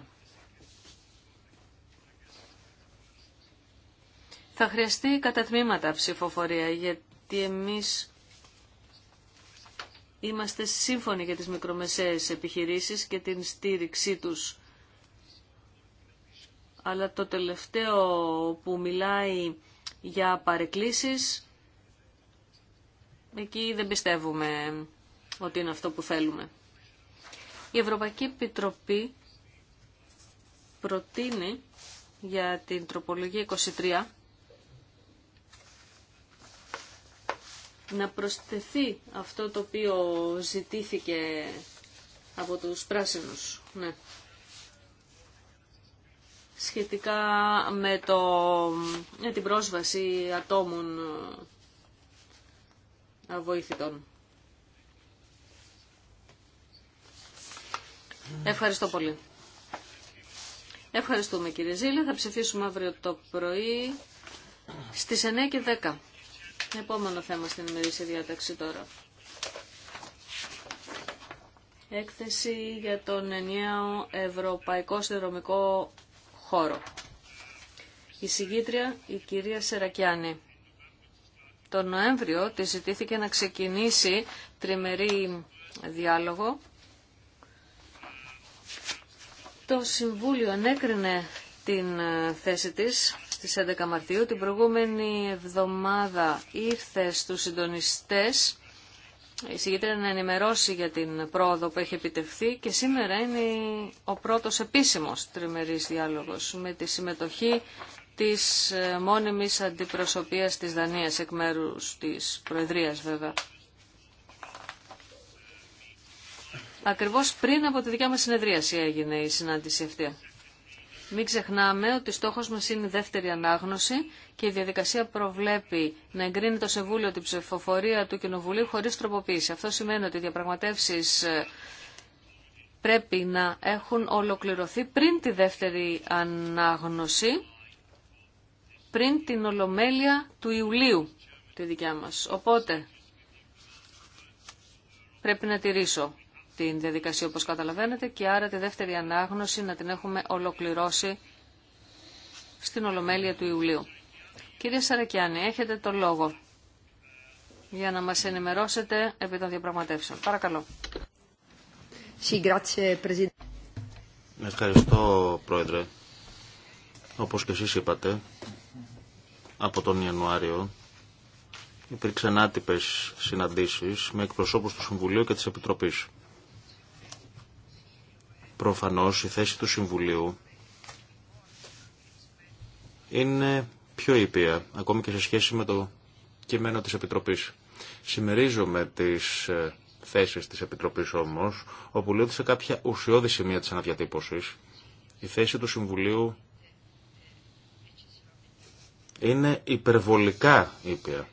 Θα χρειαστεί κατά τμήματα ψηφοφορία, γιατί εμείς είμαστε σύμφωνοι για τις μικρομεσαίες επιχειρήσεις και την στήριξή τους. Αλλά το τελευταίο που μιλάει για παρεκκλήσεις, εκεί δεν πιστεύουμε ότι είναι αυτό που θέλουμε. Η Ευρωπαϊκή Επιτροπή προτείνει για την τροπολογία 23 να προσθεθεί αυτό το οποίο ζητήθηκε από τους πράσινους. Ναι. Σχετικά με, το, με την πρόσβαση ατόμων ε, αβοήθητων. Ευχαριστώ πολύ. Ευχαριστούμε κύριε Ζήλε. Θα ψηφίσουμε αύριο το πρωί στις 9 και 10. Επόμενο θέμα στην ημερήσια διάταξη τώρα. Έκθεση για τον ενιαίο Ευρωπαϊκό Συνδρομικό Χώρο. Η συγγήτρια, η κυρία Σερακιάνη. Το Νοέμβριο τη ζητήθηκε να ξεκινήσει τριμερή διάλογο. Το Συμβούλιο ανέκρινε την θέση της στις 11 Μαρτίου. Την προηγούμενη εβδομάδα ήρθε στους συντονιστές η να ενημερώσει για την πρόοδο που έχει επιτευχθεί και σήμερα είναι ο πρώτος επίσημος τριμερής διάλογος με τη συμμετοχή της ε, μόνιμης αντιπροσωπείας της Δανίας εκ μέρους της Προεδρίας βέβαια. Ακριβώς πριν από τη δικιά μας συνεδρίαση έγινε η συνάντηση αυτή. Μην ξεχνάμε ότι στόχος μας είναι η δεύτερη ανάγνωση και η διαδικασία προβλέπει να εγκρίνει το Σεβούλιο την ψηφοφορία του Κοινοβουλίου χωρίς τροποποίηση. Αυτό σημαίνει ότι οι διαπραγματεύσεις ε, πρέπει να έχουν ολοκληρωθεί πριν τη δεύτερη ανάγνωση, πριν την Ολομέλεια του Ιουλίου, τη δικιά μας. Οπότε, πρέπει να τηρήσω την διαδικασία όπως καταλαβαίνετε και άρα τη δεύτερη ανάγνωση να την έχουμε ολοκληρώσει στην Ολομέλεια του Ιουλίου. Κύριε Σαρακιάνη, έχετε το λόγο για να μας ενημερώσετε επί των διαπραγματεύσεων. Παρακαλώ. Ευχαριστώ, Πρόεδρε. Όπως και εσείς είπατε, από τον Ιανουάριο υπήρξαν άτυπες συναντήσεις με εκπροσώπους του Συμβουλίου και της Επιτροπής. Προφανώς η θέση του Συμβουλίου είναι πιο ήπια, ακόμη και σε σχέση με το κείμενο της Επιτροπής. Συμμερίζομαι τις ε, θέσεις της Επιτροπής όμως, όπου λέω ότι σε κάποια ουσιώδη σημεία της αναδιατύπωσης, η θέση του Συμβουλίου είναι υπερβολικά ήπια.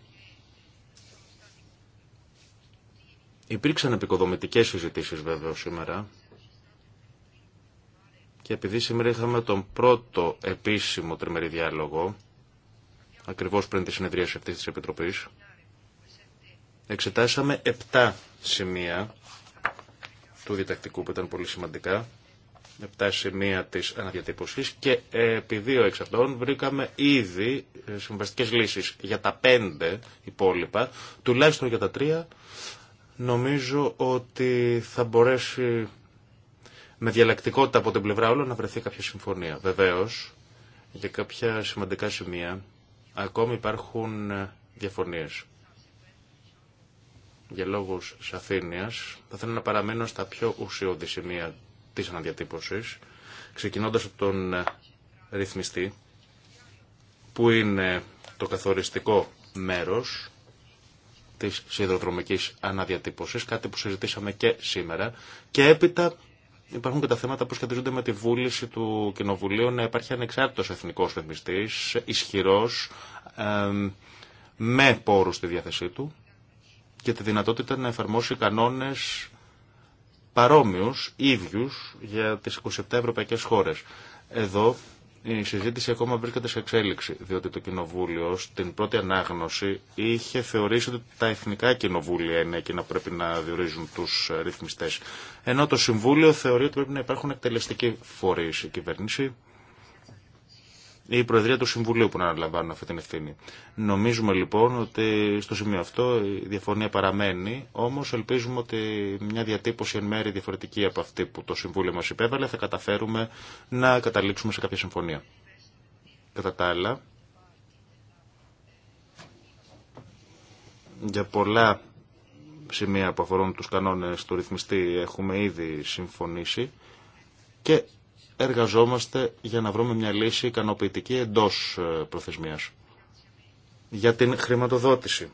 Υπήρξαν επικοδομητικές συζητήσεις βέβαια σήμερα και επειδή σήμερα είχαμε τον πρώτο επίσημο τριμερή διάλογο, ακριβώς πριν τη συνεδρίαση αυτή της Επιτροπής, εξετάσαμε 7 σημεία του διτακτικού που ήταν πολύ σημαντικά, 7 σημεία της αναδιατύπωσης και επειδή ο εξαρτών βρήκαμε ήδη ε, συμβαστικές λύσεις για τα 5 υπόλοιπα, τουλάχιστον για τα 3 νομίζω ότι θα μπορέσει με διαλλακτικότητα από την πλευρά όλων να βρεθεί κάποια συμφωνία. Βεβαίω, για κάποια σημαντικά σημεία ακόμη υπάρχουν ε, διαφωνίε. Για λόγου σαφήνεια, θα θέλω να παραμείνω στα πιο ουσιώδη σημεία τη αναδιατύπωση, ξεκινώντα από τον ε, ρυθμιστή, που είναι το καθοριστικό μέρος της σιδηροδρομικής αναδιατύπωσης, κάτι που συζητήσαμε και σήμερα, και έπειτα Υπάρχουν και τα θέματα που σχετίζονται με τη βούληση του Κοινοβουλίου να υπάρχει ανεξάρτητος εθνικός ρυθμιστής, ισχυρός, με πόρους στη διάθεσή του και τη δυνατότητα να εφαρμόσει κανόνες παρόμοιους, ίδιους, για τις 27 ευρωπαϊκές χώρες. Εδώ η συζήτηση ακόμα βρίσκεται σε εξέλιξη, διότι το Κοινοβούλιο στην πρώτη ανάγνωση είχε θεωρήσει ότι τα εθνικά κοινοβούλια είναι εκείνα που πρέπει να διορίζουν τους ρυθμιστές. Ενώ το Συμβούλιο θεωρεί ότι πρέπει να υπάρχουν εκτελεστικοί φορεί Η κυβέρνηση η Προεδρία του Συμβουλίου που να αναλαμβάνουν αυτή την ευθύνη. Νομίζουμε λοιπόν ότι στο σημείο αυτό η διαφωνία παραμένει, όμω ελπίζουμε ότι μια διατύπωση εν μέρη διαφορετική από αυτή που το Συμβούλιο μα υπέβαλε θα καταφέρουμε να καταλήξουμε σε κάποια συμφωνία. Κατά τα άλλα, για πολλά σημεία που αφορούν τους κανόνες του ρυθμιστή έχουμε ήδη συμφωνήσει και εργαζόμαστε για να βρούμε μια λύση ικανοποιητική εντός ε, προθεσμίας. Για την χρηματοδότηση.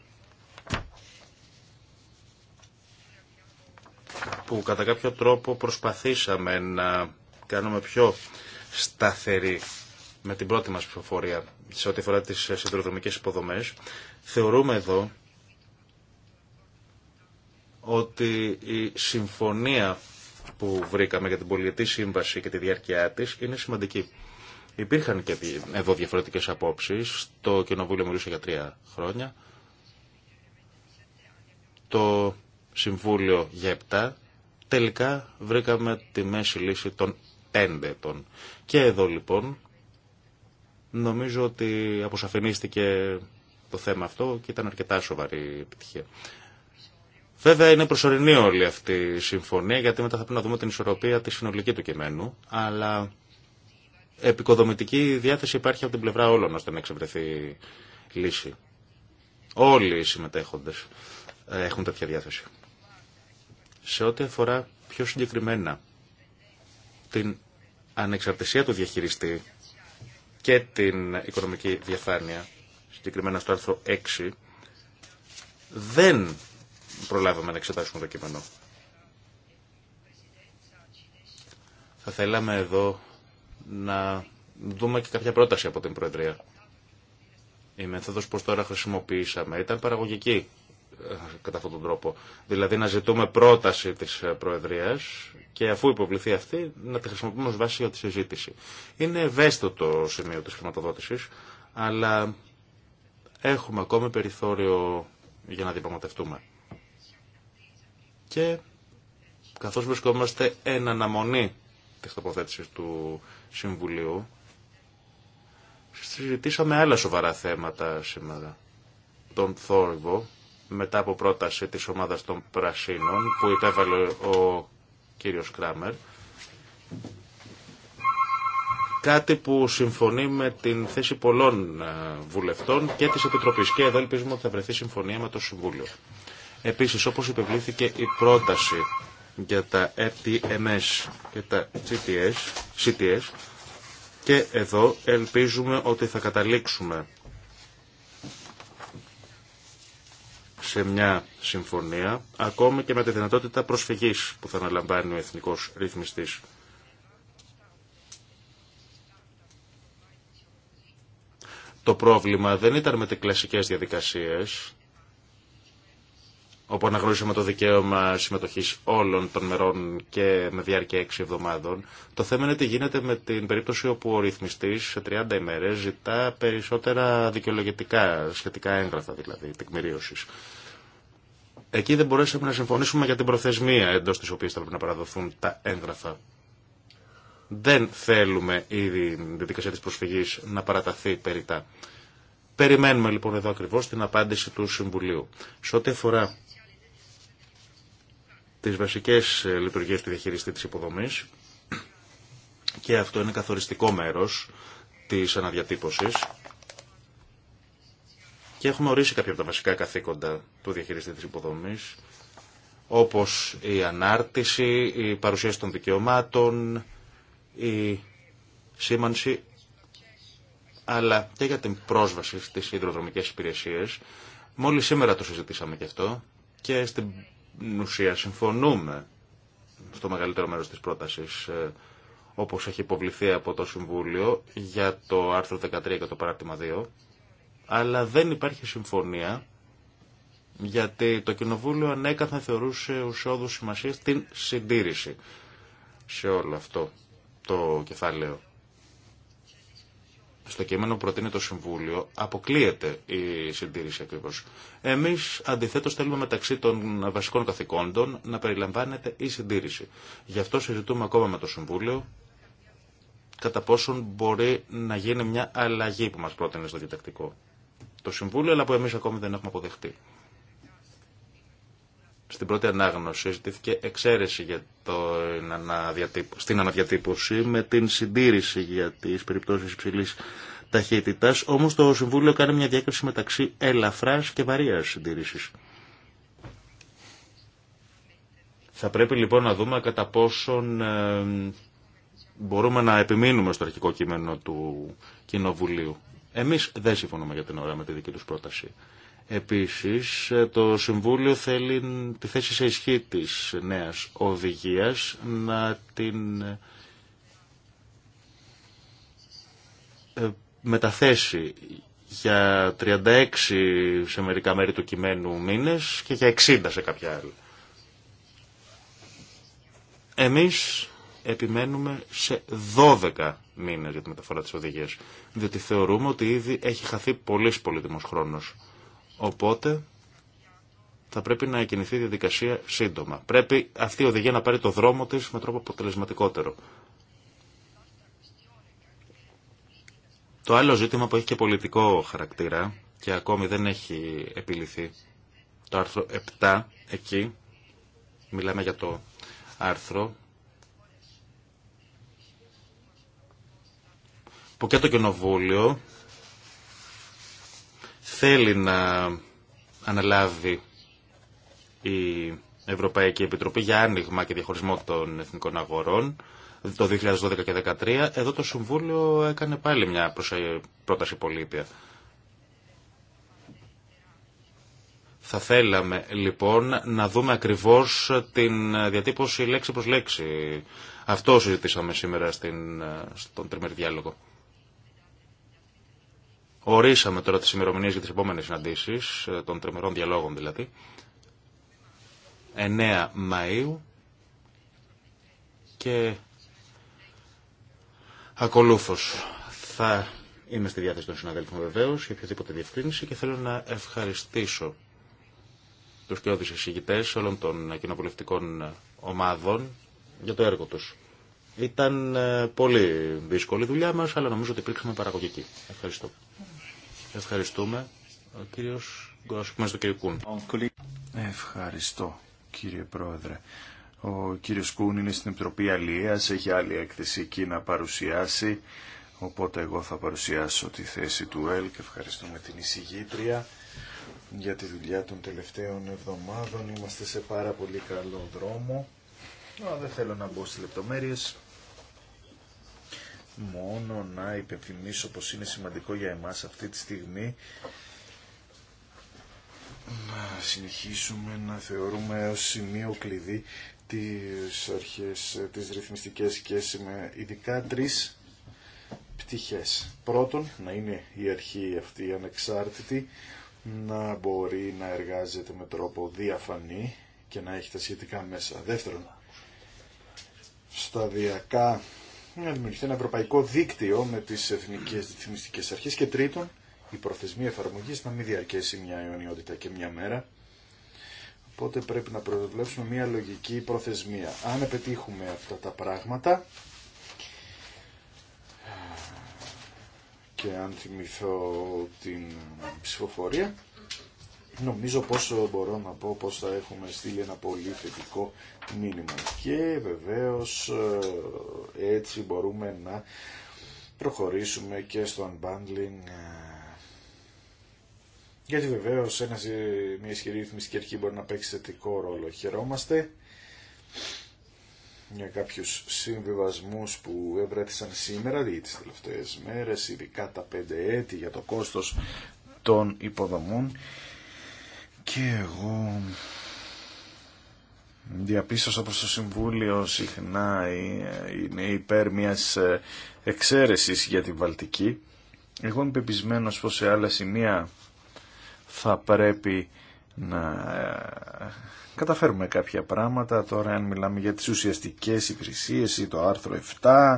Που κατά κάποιο τρόπο προσπαθήσαμε να κάνουμε πιο σταθερή με την πρώτη μας ψηφοφορία σε ό,τι αφορά τις συνδροδρομικές υποδομές. Θεωρούμε εδώ ότι η συμφωνία που βρήκαμε για την πολιτική σύμβαση και τη διάρκεια τη είναι σημαντική. Υπήρχαν και εδώ διαφορετικές απόψεις. Το Κοινοβούλιο μιλούσε για τρία χρόνια. Το Συμβούλιο για επτά. Τελικά βρήκαμε τη μέση λύση των πέντε ετών. Και εδώ λοιπόν νομίζω ότι αποσαφηνίστηκε το θέμα αυτό και ήταν αρκετά σοβαρή επιτυχία. Βέβαια είναι προσωρινή όλη αυτή η συμφωνία γιατί μετά θα πρέπει να δούμε την ισορροπία τη συνολική του κειμένου. Αλλά επικοδομητική διάθεση υπάρχει από την πλευρά όλων ώστε να εξευρεθεί λύση. Όλοι οι συμμετέχοντες ε, έχουν τέτοια διάθεση. Σε ό,τι αφορά πιο συγκεκριμένα την ανεξαρτησία του διαχειριστή και την οικονομική διαφάνεια, συγκεκριμένα στο άρθρο 6, δεν προλάβαμε να εξετάσουμε το κείμενο. Θα θέλαμε εδώ να δούμε και κάποια πρόταση από την Προεδρία. Η μέθοδος που τώρα χρησιμοποιήσαμε ήταν παραγωγική ε, κατά αυτόν τον τρόπο. Δηλαδή να ζητούμε πρόταση της ε, Προεδρίας και αφού υποβληθεί αυτή να τη χρησιμοποιούμε ως βάση για τη συζήτηση. Είναι ευαίσθητο το σημείο της χρηματοδότησης, αλλά έχουμε ακόμη περιθώριο για να διαπραγματευτούμε και καθώς βρισκόμαστε εν αναμονή της τοποθέτησης του Συμβουλίου, συζητήσαμε άλλα σοβαρά θέματα σήμερα. Τον θόρυβο, μετά από πρόταση της ομάδας των Πρασίνων, που υπέβαλε ο κύριος Κράμερ, κάτι που συμφωνεί με την θέση πολλών ε, βουλευτών και της Επιτροπής. Και εδώ ελπίζουμε ότι θα βρεθεί συμφωνία με το Συμβούλιο. Επίσης, όπως υπευλήθηκε η πρόταση για τα RTMS και τα GTS, CTS, και εδώ ελπίζουμε ότι θα καταλήξουμε σε μια συμφωνία, ακόμη και με τη δυνατότητα προσφυγής που θα αναλαμβάνει ο Εθνικός Ρυθμιστής. Το πρόβλημα δεν ήταν με τις κλασικές διαδικασίες, όπου αναγνωρίσαμε το δικαίωμα συμμετοχή όλων των μερών και με διάρκεια 6 εβδομάδων. Το θέμα είναι τι γίνεται με την περίπτωση όπου ο ρυθμιστής σε 30 ημέρε ζητά περισσότερα δικαιολογητικά, σχετικά έγγραφα δηλαδή, τεκμηρίωσης. Εκεί δεν μπορέσαμε να συμφωνήσουμε για την προθεσμία εντό τη οποία θα πρέπει να παραδοθούν τα έγγραφα. Δεν θέλουμε η διαδικασία τη προσφυγή να παραταθεί περιτά. Περιμένουμε λοιπόν εδώ ακριβώς την απάντηση του Συμβουλίου. Σε ό,τι αφορά τις βασικές ε, λειτουργίες του διαχειριστή της υποδομής και αυτό είναι καθοριστικό μέρος της αναδιατύπωσης και έχουμε ορίσει κάποια από τα βασικά καθήκοντα του διαχειριστή της υποδομής όπως η ανάρτηση, η παρουσίαση των δικαιωμάτων, η σήμανση αλλά και για την πρόσβαση στις υδροδρομικές υπηρεσίες. Μόλις σήμερα το συζητήσαμε και αυτό και στην ουσία συμφωνούμε στο μεγαλύτερο μέρος της πρότασης ε, όπως έχει υποβληθεί από το Συμβούλιο για το άρθρο 13 και το παράρτημα 2 αλλά δεν υπάρχει συμφωνία γιατί το Κοινοβούλιο ανέκαθεν θεωρούσε ουσιώδους σημασία την συντήρηση σε όλο αυτό το κεφάλαιο στο κείμενο που προτείνει το Συμβούλιο αποκλείεται η συντήρηση ακριβώ. Εμεί αντιθέτω θέλουμε μεταξύ των βασικών καθηκόντων να περιλαμβάνεται η συντήρηση. Γι' αυτό συζητούμε ακόμα με το Συμβούλιο κατά πόσον μπορεί να γίνει μια αλλαγή που μα πρότεινε στο διτακτικό. Το Συμβούλιο, αλλά που εμεί ακόμη δεν έχουμε αποδεχτεί. Στην πρώτη ανάγνωση ζητήθηκε εξαίρεση για το, στην αναδιατύπωση με την συντήρηση για τις περιπτώσεις υψηλής ταχύτητας, όμως το Συμβούλιο κάνει μια διάκριση μεταξύ ελαφράς και βαριάς συντήρησης. Θα πρέπει λοιπόν να δούμε κατά πόσον ε, μπορούμε να επιμείνουμε στο αρχικό κείμενο του Κοινοβουλίου. Εμείς δεν συμφωνούμε για την ώρα με τη δική τους πρόταση. Επίσης, το Συμβούλιο θέλει τη θέση σε ισχύ της νέας οδηγίας να την ε, μεταθέσει για 36 σε μερικά μέρη του κειμένου μήνες και για 60 σε κάποια άλλη. Εμείς επιμένουμε σε 12 μήνες για τη μεταφορά της οδηγίας, διότι θεωρούμε ότι ήδη έχει χαθεί πολύς πολύτιμος χρόνος. Οπότε θα πρέπει να εκινηθεί η διαδικασία σύντομα. Πρέπει αυτή η οδηγία να πάρει το δρόμο της με τρόπο αποτελεσματικότερο. Το άλλο ζήτημα που έχει και πολιτικό χαρακτήρα και ακόμη δεν έχει επιληθεί, το άρθρο 7, εκεί, μιλάμε για το άρθρο, που και το Κοινοβούλιο θέλει να αναλάβει η Ευρωπαϊκή Επιτροπή για άνοιγμα και διαχωρισμό των εθνικών αγορών το 2012 και 2013. Εδώ το Συμβούλιο έκανε πάλι μια πρόταση πολύπια. Θα θέλαμε λοιπόν να δούμε ακριβώς την διατύπωση λέξη προς λέξη. Αυτό συζητήσαμε σήμερα στην, στον τριμερή διάλογο. Ορίσαμε τώρα τις ημερομηνίε για τις επόμενες συναντήσεις, ε, των τριμερών διαλόγων δηλαδή. 9 Μαΐου και ακολούθως θα είμαι στη διάθεση των συναδέλφων βεβαίως για οποιαδήποτε διευκρίνηση και θέλω να ευχαριστήσω τους κοιόδους εισηγητές όλων των κοινοβουλευτικών ομάδων για το έργο τους. Ήταν ε, πολύ δύσκολη δουλειά μας, αλλά νομίζω ότι υπήρξαμε παραγωγική. Ευχαριστώ. Ευχαριστούμε. Ο κύριος μας κύριο Κούν. Ευχαριστώ κύριε Πρόεδρε. Ο κύριος Κούν είναι στην Επιτροπή Αλίας, έχει άλλη έκθεση εκεί να παρουσιάσει. Οπότε εγώ θα παρουσιάσω τη θέση του ΕΛ και Ευχαριστούμε την εισηγήτρια για τη δουλειά των τελευταίων εβδομάδων. Είμαστε σε πάρα πολύ καλό δρόμο. δεν θέλω να μπω στις λεπτομέρειες μόνο να υπενθυμίσω πως είναι σημαντικό για εμάς αυτή τη στιγμή να συνεχίσουμε να θεωρούμε ως σημείο κλειδί τις αρχές, τις ρυθμιστικές και με ειδικά τρεις πτυχές. Πρώτον, να είναι η αρχή αυτή ανεξάρτητη, να μπορεί να εργάζεται με τρόπο διαφανή και να έχει τα σχετικά μέσα. Δεύτερον, σταδιακά να δημιουργηθεί ένα ευρωπαϊκό δίκτυο με τις εθνικέ διεθνιστικέ αρχές και τρίτον, η προθεσμία εφαρμογή να μην διαρκέσει μια αιωνιότητα και μια μέρα. Οπότε πρέπει να προβλέψουμε μια λογική προθεσμία. Αν επιτύχουμε αυτά τα πράγματα και αν θυμηθώ την ψηφοφορία, Νομίζω πως μπορώ να πω πως θα έχουμε στείλει ένα πολύ θετικό μήνυμα και βεβαίως ε, έτσι μπορούμε να προχωρήσουμε και στο unbundling ε, γιατί βεβαίως ένας, ε, μια ισχυρή ρυθμιστική αρχή μπορεί να παίξει θετικό ρόλο. Χαιρόμαστε για κάποιους συμβιβασμούς που ευρέθησαν σήμερα, δηλαδή τις τελευταίες μέρες, ειδικά τα πέντε έτη για το κόστος των υποδομών και εγώ διαπίστωσα πως το Συμβούλιο συχνά είναι υπέρ μιας ε, εξαίρεσης για τη Βαλτική. Εγώ είμαι πεπισμένος πως σε άλλα σημεία θα πρέπει να ε, καταφέρουμε κάποια πράγματα. Τώρα αν μιλάμε για τις ουσιαστικές υπηρεσίες ή το άρθρο 7...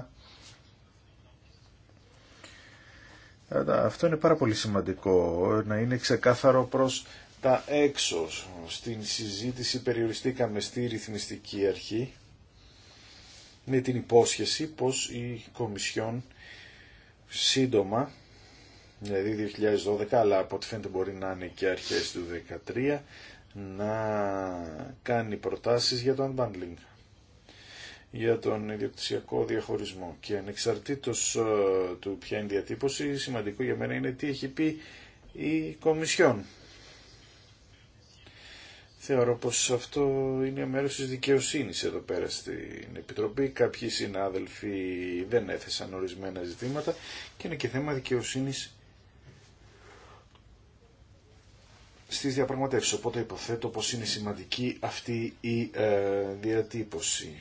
Ε, αυτό είναι πάρα πολύ σημαντικό, να είναι ξεκάθαρο προς τα έξω. Στην συζήτηση περιοριστήκαμε στη ρυθμιστική αρχή με την υπόσχεση πως η Κομισιόν σύντομα, δηλαδή 2012, αλλά από ό,τι φαίνεται μπορεί να είναι και αρχές του 2013, να κάνει προτάσεις για το unbundling, για τον ιδιοκτησιακό διαχωρισμό. Και ανεξαρτήτως ε, του ποια είναι διατύπωση, σημαντικό για μένα είναι τι έχει πει η Κομισιόν. Θεωρώ πως αυτό είναι μέρος της δικαιοσύνης εδώ πέρα στην Επιτροπή. Κάποιοι συνάδελφοι δεν έθεσαν ορισμένα ζητήματα και είναι και θέμα δικαιοσύνης στις διαπραγματεύσεις. Οπότε υποθέτω πως είναι σημαντική αυτή η ε, διατύπωση.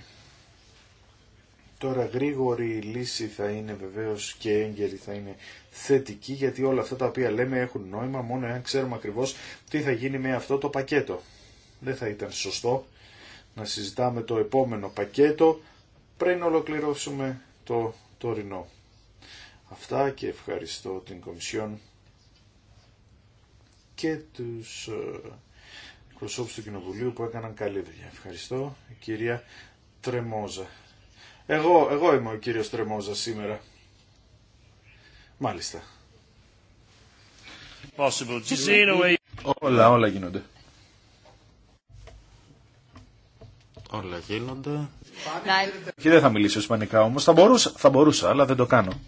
Τώρα γρήγορη λύση θα είναι βεβαίως και έγκαιρη θα είναι θετική γιατί όλα αυτά τα οποία λέμε έχουν νόημα μόνο εάν ξέρουμε ακριβώς τι θα γίνει με αυτό το πακέτο. Δεν θα ήταν σωστό να συζητάμε το επόμενο πακέτο πριν ολοκληρώσουμε το τωρινό. Αυτά και ευχαριστώ την Κομισιόν και τους ε, εκπροσώπους του Κοινοβουλίου που έκαναν καλή δουλειά. Ευχαριστώ κυρία Τρεμόζα. Εγώ, εγώ είμαι ο κύριος Τρεμόζα σήμερα. Μάλιστα. Όλα, όλα γίνονται. Όλα γίνονται. Και δεν θα μιλήσω ισπανικά όμως. Θα μπορούσα, θα μπορούσα αλλά δεν το κάνω.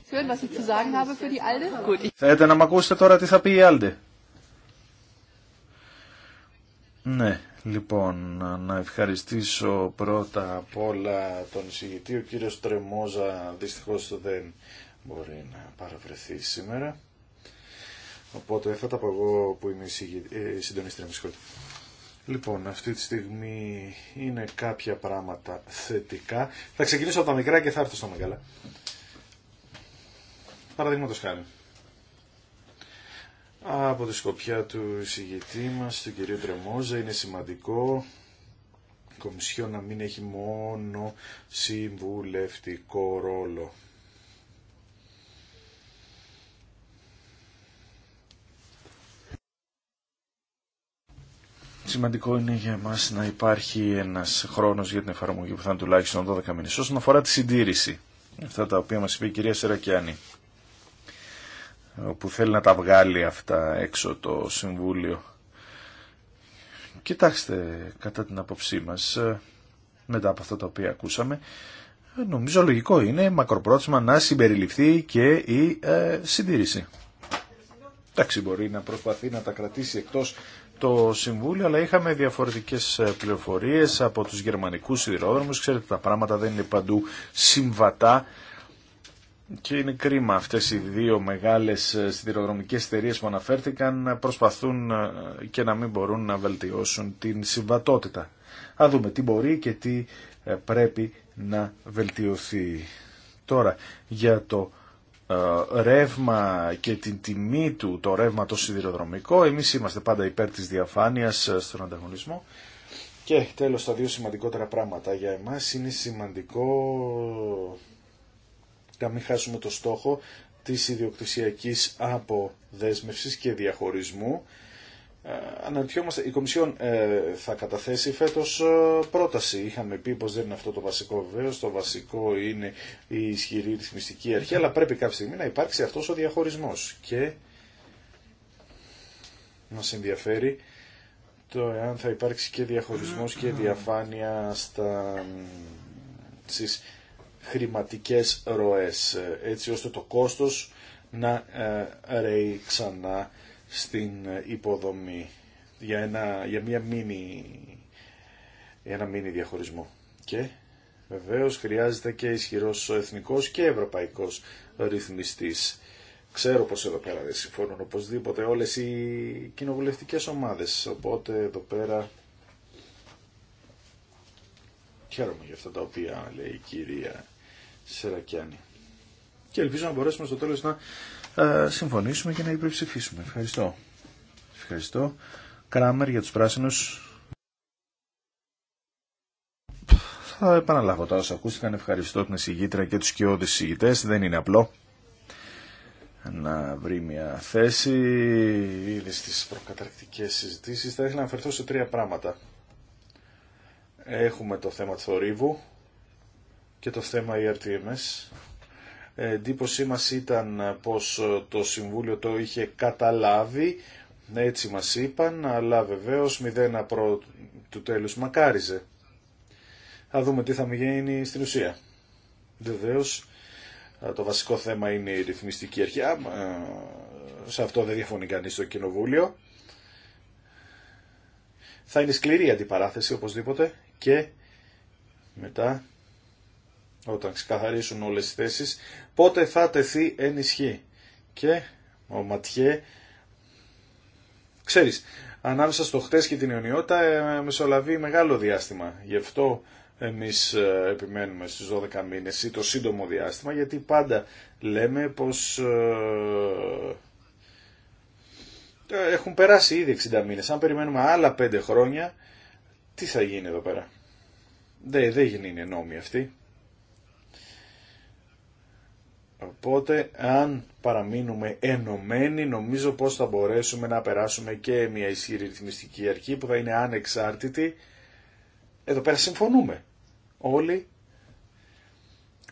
Θέλετε να μ' ακούσετε τώρα τι θα πει η Άλντε. Ναι, λοιπόν, να ευχαριστήσω πρώτα απ' όλα τον εισηγητή. Ο κύριος Τρεμόζα δυστυχώς δεν μπορεί να παραβρεθεί σήμερα. Οπότε θα τα εγώ που είμαι η ε, συντονίστρια, με συγχωρείτε. Λοιπόν, αυτή τη στιγμή είναι κάποια πράγματα θετικά. Θα ξεκινήσω από τα μικρά και θα έρθω στα μεγάλα. Παραδείγματο χάρη. Από τη σκοπιά του εισηγητή μα του κυρίου Τρεμόζα, είναι σημαντικό η Κομισιό να μην έχει μόνο συμβουλευτικό ρόλο. Σημαντικό είναι για μας να υπάρχει ένας χρόνος για την εφαρμογή που θα είναι τουλάχιστον 12 μήνε. Όσον αφορά τη συντήρηση, αυτά τα οποία μας είπε η κυρία Σερακιάνη, που θέλει να τα βγάλει αυτά έξω το Συμβούλιο. Κοιτάξτε, κατά την απόψή μα ε, μετά από αυτά τα οποία ακούσαμε, ε, νομίζω λογικό είναι μακροπρόθεσμα να συμπεριληφθεί και η ε, συντήρηση. Εντάξει, μπορεί να προσπαθεί να τα κρατήσει εκτός το Συμβούλιο, αλλά είχαμε διαφορετικές ε, πληροφορίες από τους γερμανικού σιδηρόδρομους. Ξέρετε, τα πράγματα δεν είναι παντού συμβατά και είναι κρίμα αυτές οι δύο μεγάλες ε, σιδηροδρομικές εταιρείε που αναφέρθηκαν προσπαθούν ε, και να μην μπορούν να βελτιώσουν την συμβατότητα. Α δούμε τι μπορεί και τι πρέπει να βελτιωθεί. Τώρα για το ε, ρεύμα και την τιμή του το ρεύμα το σιδηροδρομικό. Εμείς είμαστε πάντα υπέρ της διαφάνειας ε, στον ανταγωνισμό. Και τέλος τα δύο σημαντικότερα πράγματα για εμάς είναι σημαντικό να μην χάσουμε το στόχο της ιδιοκτησιακής αποδέσμευσης και διαχωρισμού ε, αναρωτιόμαστε, η Κομισιόν ε, θα καταθέσει φέτος ε, πρόταση. Είχαμε πει πως δεν είναι αυτό το βασικό βεβαίω, το βασικό είναι η ισχυρή ρυθμιστική αρχή, αλλά πρέπει κάποια στιγμή να υπάρξει αυτός ο διαχωρισμός. Και μας ενδιαφέρει το εάν θα υπάρξει και διαχωρισμός και διαφάνεια στα, στις χρηματικές ροές, έτσι ώστε το κόστος να ρέει ξανά στην ε, υποδομή για, ένα, για μια μίνι, ένα διαχωρισμό. Και βεβαίως χρειάζεται και ισχυρός εθνικός και ευρωπαϊκός ρυθμιστής. Ξέρω πως εδώ πέρα δεν συμφωνούν οπωσδήποτε όλες οι κοινοβουλευτικές ομάδες, οπότε εδώ πέρα χαίρομαι για αυτά τα οποία λέει η κυρία Σερακιάνη. Και ελπίζω να μπορέσουμε στο τέλος να συμφωνήσουμε και να υπερψηφίσουμε. Ευχαριστώ. Ευχαριστώ. Κράμερ για τους πράσινους. Θα επαναλάβω τα όσα ακούστηκαν. Ευχαριστώ την εισηγήτρια και τους κοιόδης εισηγητές. Δεν είναι απλό να βρει μια θέση. Ήδη στις προκαταρκτικές συζητήσεις θα ήθελα να αφαιρθώ σε τρία πράγματα. Έχουμε το θέμα του θορύβου και το θέμα ERTMS εντύπωσή μας ήταν πως ε, το Συμβούλιο το είχε καταλάβει, έτσι μας είπαν, αλλά βεβαίως μηδένα απρό του τέλους μακάριζε. Θα δούμε τι θα μου γίνει στην ουσία. Βεβαίω, ε, το βασικό θέμα είναι η ρυθμιστική αρχή. Ε, σε αυτό δεν διαφωνεί κανείς στο Κοινοβούλιο. Θα είναι σκληρή η αντιπαράθεση οπωσδήποτε και μετά όταν ξεκαθαρίσουν όλες τις θέσεις, πότε θα τεθεί εν ισχύ. Και ο Ματιέ, ξέρεις, ανάμεσα στο χτες και την αιωνιότητα ε, μεσολαβεί μεγάλο διάστημα. Γι' αυτό εμείς ε, επιμένουμε στις 12 μήνες ή το σύντομο διάστημα, γιατί πάντα λέμε πως ε, έχουν περάσει ήδη 60 μήνες. Αν περιμένουμε άλλα 5 χρόνια, τι θα γίνει εδώ πέρα. Δεν, δε γίνει νόμοι αυτοί. Οπότε αν παραμείνουμε ενωμένοι νομίζω πως θα μπορέσουμε να περάσουμε και μια ισχυρή ρυθμιστική αρχή που θα είναι ανεξάρτητη. Εδώ πέρα συμφωνούμε όλοι.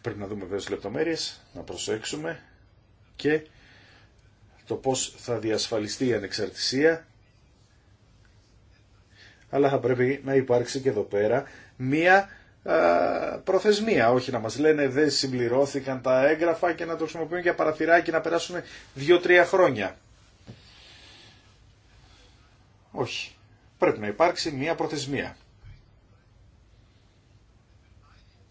Πρέπει να δούμε βέβαια λεπτομέρειες, να προσέξουμε και το πως θα διασφαλιστεί η ανεξαρτησία. Αλλά θα πρέπει να υπάρξει και εδώ πέρα μία ε, προθεσμία, όχι να μας λένε δεν συμπληρώθηκαν τα έγγραφα και να το χρησιμοποιούν για παραθυράκι να περάσουν 2-3 χρόνια. Όχι. Πρέπει να υπάρξει μια προθεσμία.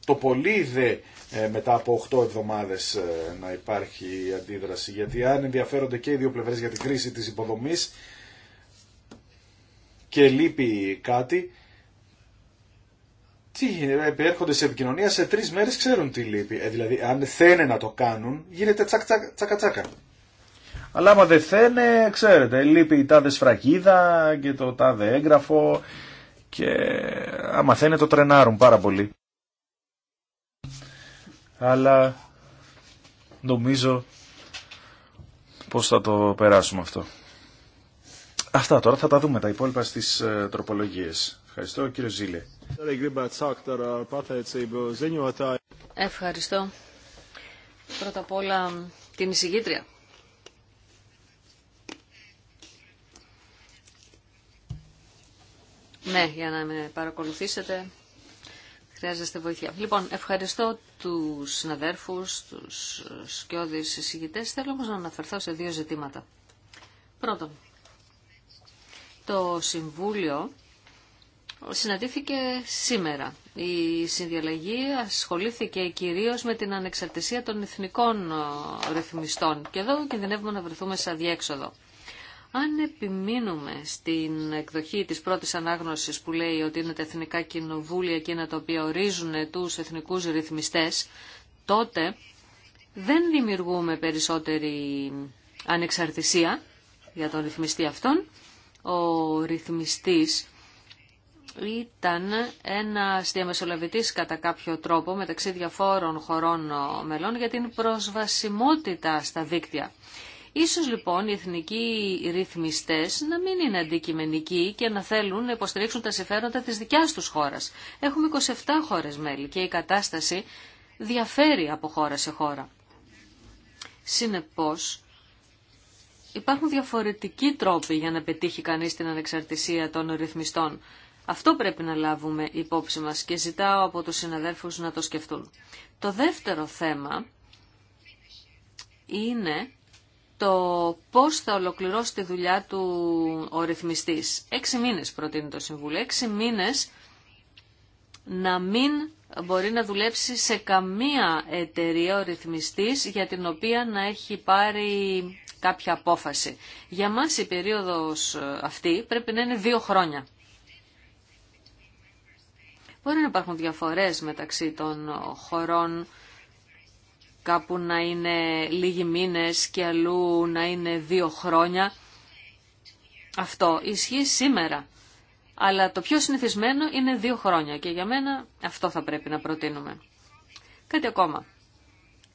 Το πολύ δε ε, μετά από 8 εβδομάδες ε, να υπάρχει αντίδραση, γιατί αν ενδιαφέρονται και οι δύο πλευρές για την κρίση της υποδομής και λείπει κάτι, τι γίνεται, έρχονται σε επικοινωνία, σε τρει μέρε ξέρουν τι λείπει. Ε, δηλαδή, αν θένε να το κάνουν, γίνεται τσακ, τσακ, τσακα, Αλλά άμα δεν θένε, ξέρετε, λείπει η τάδε σφραγίδα και το τάδε έγγραφο και άμα θένε το τρενάρουν πάρα πολύ. Αλλά νομίζω πώς θα το περάσουμε αυτό. Αυτά τώρα θα τα δούμε τα υπόλοιπα στις ε, τροπολογίες. Ευχαριστώ κύριο Ζήλε. Ευχαριστώ. Πρώτα απ' όλα την εισηγήτρια. Ναι, για να με παρακολουθήσετε χρειάζεστε βοήθεια. Λοιπόν, ευχαριστώ τους συναδέρφους, τους σκιώδεις εισηγητές. Θέλω όμως να αναφερθώ σε δύο ζητήματα. Πρώτον, το Συμβούλιο συναντήθηκε σήμερα. Η συνδιαλλαγή ασχολήθηκε κυρίως με την ανεξαρτησία των εθνικών ε, ρυθμιστών και εδώ κινδυνεύουμε να βρεθούμε σε αδιέξοδο. Αν επιμείνουμε στην εκδοχή της πρώτης ανάγνωσης που λέει ότι είναι τα εθνικά κοινοβούλια εκείνα τα οποία ορίζουν τους εθνικούς ρυθμιστές, τότε δεν δημιουργούμε περισσότερη ανεξαρτησία για τον ρυθμιστή αυτόν. Ο ρυθμιστής ήταν ένα διαμεσολαβητή κατά κάποιο τρόπο μεταξύ διαφόρων χωρών ε, μελών για την προσβασιμότητα στα δίκτυα. Ίσως λοιπόν οι εθνικοί ρυθμιστές να μην είναι αντικειμενικοί και να θέλουν να υποστηρίξουν τα συμφέροντα της δικιάς τους χώρας. Έχουμε 27 χώρες μέλη και η κατάσταση διαφέρει από χώρα σε χώρα. Συνεπώς, υπάρχουν διαφορετικοί τρόποι για να πετύχει κανείς την ανεξαρτησία των ρυθμιστών. Αυτό πρέπει να λάβουμε υπόψη μας και ζητάω από τους συναδέλφους να το σκεφτούν. Το δεύτερο θέμα είναι το πώς θα ολοκληρώσει τη δουλειά του ο ρυθμιστής. Έξι μήνες προτείνει το Συμβούλιο. Έξι μήνες να μην μπορεί να δουλέψει σε καμία εταιρεία ο ρυθμιστής για την οποία να έχει πάρει κάποια απόφαση. Για μας η περίοδος αυτή πρέπει να είναι δύο χρόνια. Μπορεί να υπάρχουν διαφορές μεταξύ των χωρών, κάπου να είναι λίγοι μήνες και αλλού να είναι δύο χρόνια. Αυτό ισχύει σήμερα. Αλλά το πιο συνηθισμένο είναι δύο χρόνια και για μένα αυτό θα πρέπει να προτείνουμε. Κάτι ακόμα.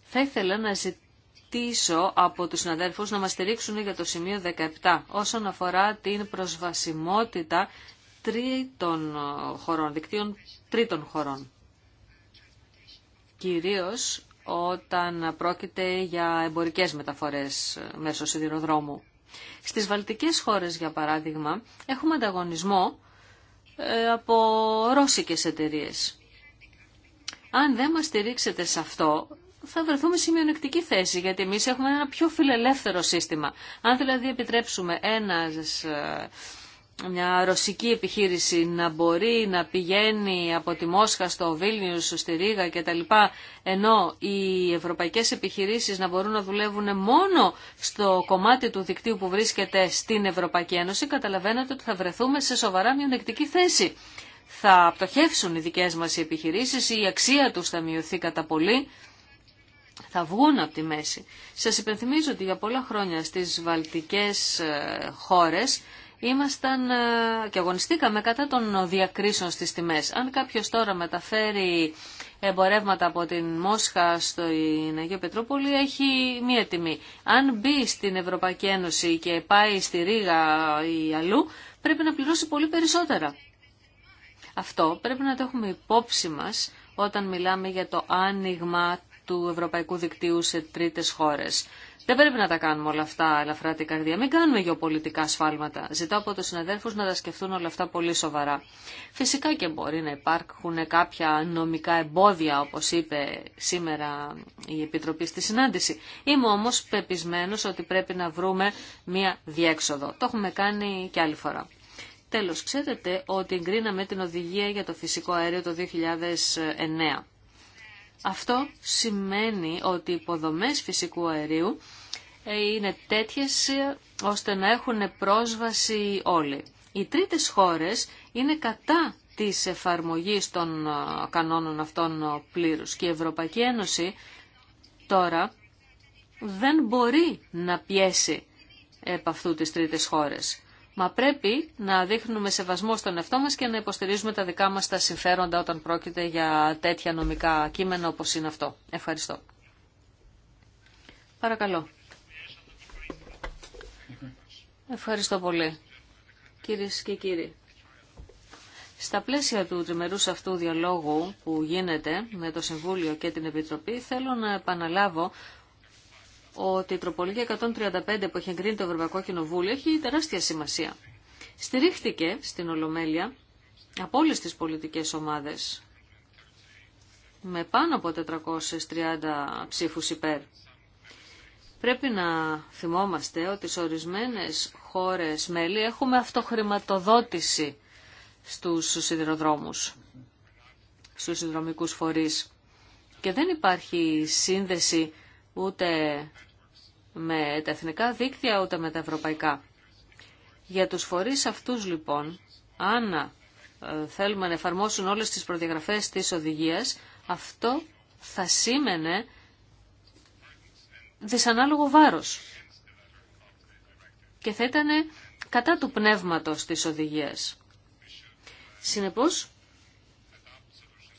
Θα ήθελα να ζητήσω από τους συναδέλφους να μας στηρίξουν για το σημείο 17 όσον αφορά την προσβασιμότητα τρίτων ε, χωρών, δικτύων τρίτων χωρών. Κυρίως όταν πρόκειται για εμπορικές μεταφορές ε, μέσω σιδηροδρόμου. Στις βαλτικές χώρες, για παράδειγμα, έχουμε ανταγωνισμό ε, από ρώσικες εταιρείες. Αν δεν μας στηρίξετε σε αυτό, θα βρεθούμε σε μειονεκτική θέση, γιατί εμείς έχουμε ένα πιο φιλελεύθερο σύστημα. Αν δηλαδή επιτρέψουμε ένας μια ρωσική επιχείρηση να μπορεί να πηγαίνει από τη Μόσχα στο Βίλνιους, στη Ρήγα κτλ. Ενώ οι ευρωπαϊκές επιχειρήσεις να μπορούν να δουλεύουν μόνο στο κομμάτι του δικτύου που βρίσκεται στην Ευρωπαϊκή Ένωση, καταλαβαίνετε ότι θα βρεθούμε σε σοβαρά μειονεκτική θέση. Θα πτωχεύσουν οι δικές μας οι επιχειρήσεις, η αξία τους θα μειωθεί κατά πολύ θα βγουν από τη μέση. Σας υπενθυμίζω ότι για πολλά χρόνια στις βαλτικές ε, χώρες ήμασταν ε, και αγωνιστήκαμε κατά των διακρίσεων στις τιμές. Αν κάποιος τώρα μεταφέρει εμπορεύματα από την Μόσχα στο Αγίο Πετρούπολη έχει μία τιμή. Αν μπει στην Ευρωπαϊκή Ένωση και πάει στη Ρήγα ή αλλού πρέπει να πληρώσει πολύ περισσότερα. Αυτό πρέπει να το έχουμε υπόψη μας όταν μιλάμε για το άνοιγμα του Ευρωπαϊκού Δικτύου σε τρίτες χώρες. Δεν πρέπει να τα κάνουμε όλα αυτά ελαφρά την καρδία. Μην κάνουμε γεωπολιτικά σφάλματα. Ζητάω από του συναδέλφου να τα σκεφτούν όλα αυτά πολύ σοβαρά. Φυσικά και μπορεί να υπάρχουν κάποια νομικά εμπόδια, όπω είπε σήμερα η Επιτροπή στη συνάντηση. Είμαι όμω πεπισμένο ότι πρέπει να βρούμε μία διέξοδο. Το έχουμε κάνει και άλλη φορά. Τέλο, ξέρετε ότι εγκρίναμε την οδηγία για το φυσικό αέριο το 2009. Αυτό σημαίνει ότι οι υποδομές φυσικού αερίου είναι τέτοιες ώστε να έχουν πρόσβαση όλοι. Οι τρίτες χώρες είναι κατά της εφαρμογής των ε, κανόνων αυτών πλήρους και η Ευρωπαϊκή Ένωση τώρα δεν μπορεί να πιέσει επ' αυτού τις τρίτες χώρες. Μα πρέπει να δείχνουμε σεβασμό στον εαυτό μας και να υποστηρίζουμε τα δικά μας τα συμφέροντα όταν πρόκειται για τέτοια νομικά κείμενα όπως είναι αυτό. Ευχαριστώ. Παρακαλώ. Ευχαριστώ πολύ. Κυρίε και κύριοι, στα πλαίσια του τριμερούς αυτού διαλόγου που γίνεται με το Συμβούλιο και την Επιτροπή, θέλω να επαναλάβω ότι η τροπολογία 135 που έχει εγκρίνει το Ευρωπαϊκό Κοινοβούλιο έχει τεράστια σημασία. Στηρίχθηκε στην Ολομέλεια από όλε τι πολιτικέ ομάδε με πάνω από 430 ψήφου υπέρ. Πρέπει να θυμόμαστε ότι σε ορισμένες χώρες μέλη έχουμε αυτοχρηματοδότηση στους σιδηροδρόμους, στους συνδρομικούς φορείς. Και δεν υπάρχει σύνδεση ούτε με τα εθνικά δίκτυα ούτε με τα ευρωπαϊκά. Για τους φορείς αυτούς λοιπόν, αν ε, θέλουμε να εφαρμόσουν όλες τις προδιαγραφές της οδηγίας, αυτό θα σήμαινε δυσανάλογο βάρος και θα ήταν κατά του πνεύματος της οδηγίας. Συνεπώς,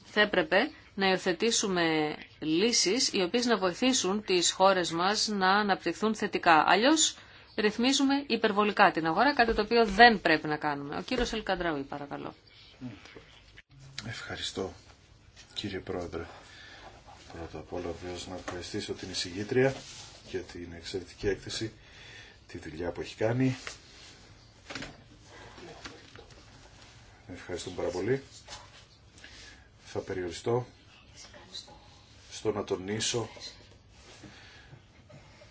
θα έπρεπε να υιοθετήσουμε λύσεις οι οποίες να βοηθήσουν τις χώρες μας να αναπτυχθούν θετικά. Αλλιώς ρυθμίζουμε υπερβολικά την αγορά, κάτι το οποίο δεν πρέπει να κάνουμε. Ο κύριος Ελκαντράουι, παρακαλώ. Ευχαριστώ, κύριε Πρόεδρε. Πρώτα απ' όλα βεβαίως να ευχαριστήσω την εισηγήτρια για την εξαιρετική έκθεση, τη δουλειά που έχει κάνει. Ευχαριστούμε πάρα πολύ. Θα περιοριστώ στο να τονίσω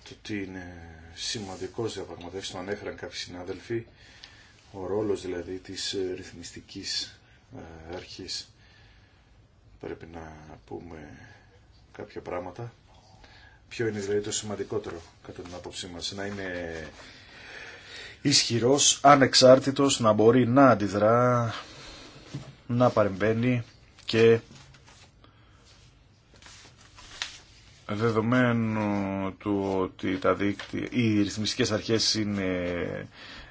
το ότι είναι σημαντικός διαπραγματεύσεις, το ανέφεραν κάποιοι συνάδελφοι, ο ρόλος δηλαδή της ε, ρυθμιστικής ε, αρχής. Πρέπει να πούμε κάποια πράγματα. Ποιο είναι δηλαδή το σημαντικότερο κατά την άποψή μας. Να είναι ισχυρός, ανεξάρτητος, να μπορεί να αντιδρά, να παρεμβαίνει και δεδομένου του ότι τα δίκτυα, οι ρυθμιστικές αρχές είναι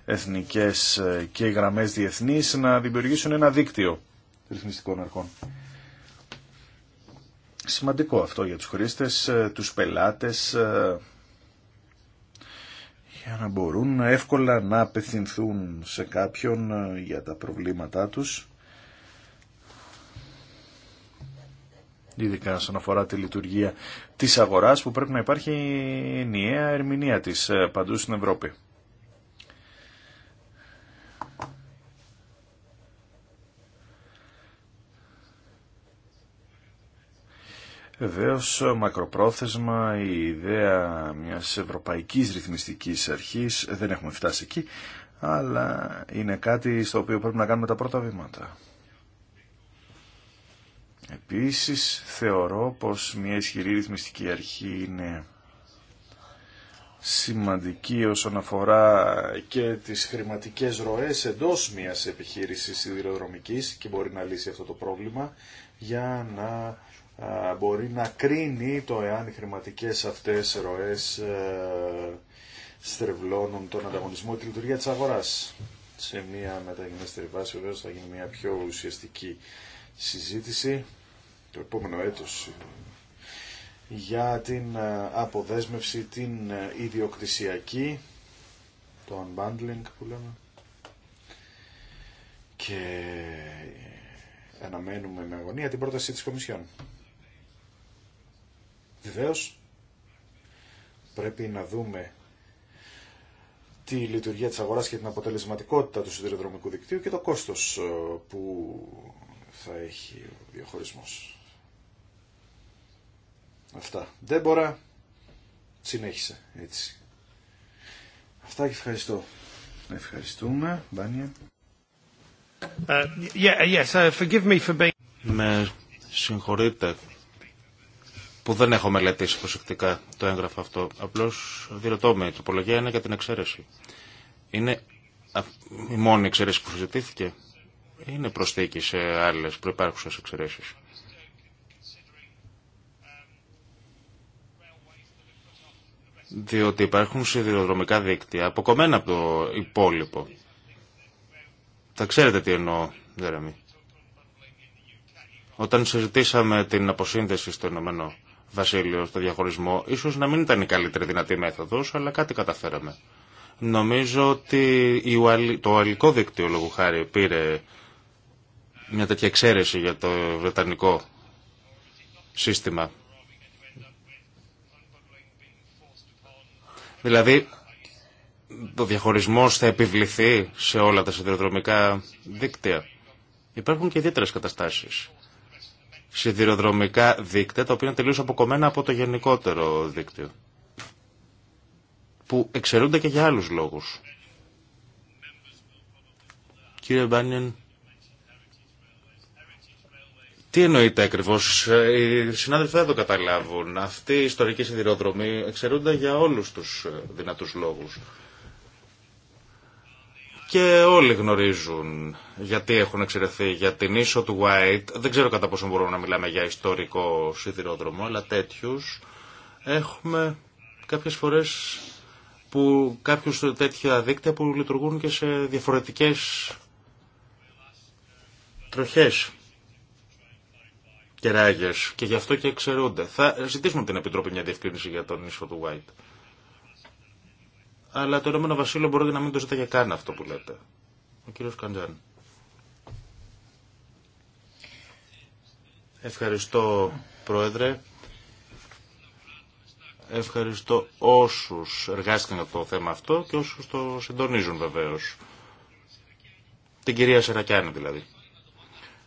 εθνικές και οι γραμμές διεθνείς να δημιουργήσουν ένα δίκτυο ρυθμιστικών αρχών. Σημαντικό αυτό για τους χρήστες, ε, τους πελάτες, ε, για να μπορούν εύκολα να απευθυνθούν σε κάποιον ε, για τα προβλήματά τους. Ειδικά όσον αφορά τη λειτουργία της αγοράς που πρέπει να υπάρχει ενιαία ερμηνεία της παντού στην Ευρώπη. Βεβαίως, μακροπρόθεσμα, η ιδέα μιας ευρωπαϊκής ρυθμιστικής αρχής, δεν έχουμε φτάσει εκεί, αλλά είναι κάτι στο οποίο πρέπει να κάνουμε τα πρώτα βήματα. Επίσης, θεωρώ πως μια ισχυρή ρυθμιστική αρχή είναι σημαντική όσον αφορά και τις χρηματικές ροές εντός μιας επιχείρησης σιδηροδρομικής και μπορεί να λύσει αυτό το πρόβλημα για να μπορεί να κρίνει το εάν οι χρηματικές αυτές ροές ε, στρεβλώνουν τον ανταγωνισμό και τη λειτουργία της αγοράς. Σε μια μεταγενέστερη βάση βέβαια θα γίνει μια πιο ουσιαστική συζήτηση το επόμενο έτος για την ε, αποδέσμευση την ε, ιδιοκτησιακή το unbundling που λέμε και αναμένουμε με αγωνία την πρόταση της Κομισιόν. Βεβαίως, πρέπει να δούμε τη λειτουργία της αγοράς και την αποτελεσματικότητα του σιδηροδρομικού δικτύου και το κόστος ε, που θα έχει ο διαχωρισμός. Αυτά. Δεν μπορώ. Συνέχισε έτσι. Αυτά και ευχαριστώ. Ευχαριστούμε. Μπάνια. Ε, yeah, yes, uh, forgive me for being... Με συγχωρείτε που δεν έχω μελετήσει προσεκτικά το έγγραφο αυτό. Απλώς διερωτώ με, η τροπολογία είναι για την εξαίρεση. Είναι η μόνη εξαίρεση που συζητήθηκε. Είναι προσθήκη σε άλλες προπάρχουσε εξαιρέσει. Διότι υπάρχουν σιδηροδρομικά δίκτυα αποκομμένα από το υπόλοιπο. Θα ξέρετε τι εννοώ, Δερεμή. Όταν συζητήσαμε την αποσύνδεση στο Ηνωμένο Βασίλειο στο διαχωρισμό. Ίσως να μην ήταν η καλύτερη δυνατή μέθοδος, αλλά κάτι καταφέραμε. Νομίζω ότι το αλικό δίκτυο λόγου χάρη πήρε μια τέτοια εξαίρεση για το βρετανικό σύστημα. Δηλαδή, το διαχωρισμός θα επιβληθεί σε όλα τα σιδηροδρομικά δίκτυα. Υπάρχουν και ιδιαίτερε καταστάσεις σιδηροδρομικά δίκτυα, τα οποία είναι τελείως αποκομμένα από το γενικότερο δίκτυο, που εξαιρούνται και για άλλους λόγους. Κύριε Μπάνιεν, τι εννοείται ακριβώ, οι συνάδελφοι δεν το καταλάβουν. Αυτοί οι ιστορικοί σιδηρόδρομοι εξαιρούνται για όλου του ε, δυνατού λόγου και όλοι γνωρίζουν γιατί έχουν εξαιρεθεί για την ίσο του White. Δεν ξέρω κατά πόσο μπορούμε να μιλάμε για ιστορικό σιδηρόδρομο, αλλά τέτοιου, έχουμε κάποιες φορές που κάποιους τέτοια δίκτυα που λειτουργούν και σε διαφορετικές τροχές και ράγες και γι' αυτό και εξαιρούνται. Θα ζητήσουμε την Επιτροπή μια διευκρίνηση για τον ίσο του White αλλά το Ρωμανό Βασίλειο μπορείτε να μην το ζητά για καν αυτό που λέτε. Ο κύριος Καντζάν. Ευχαριστώ, Πρόεδρε. Ευχαριστώ όσους εργάστηκαν για το θέμα αυτό και όσους το συντονίζουν βεβαίως. Την κυρία Σερακιάνη δηλαδή.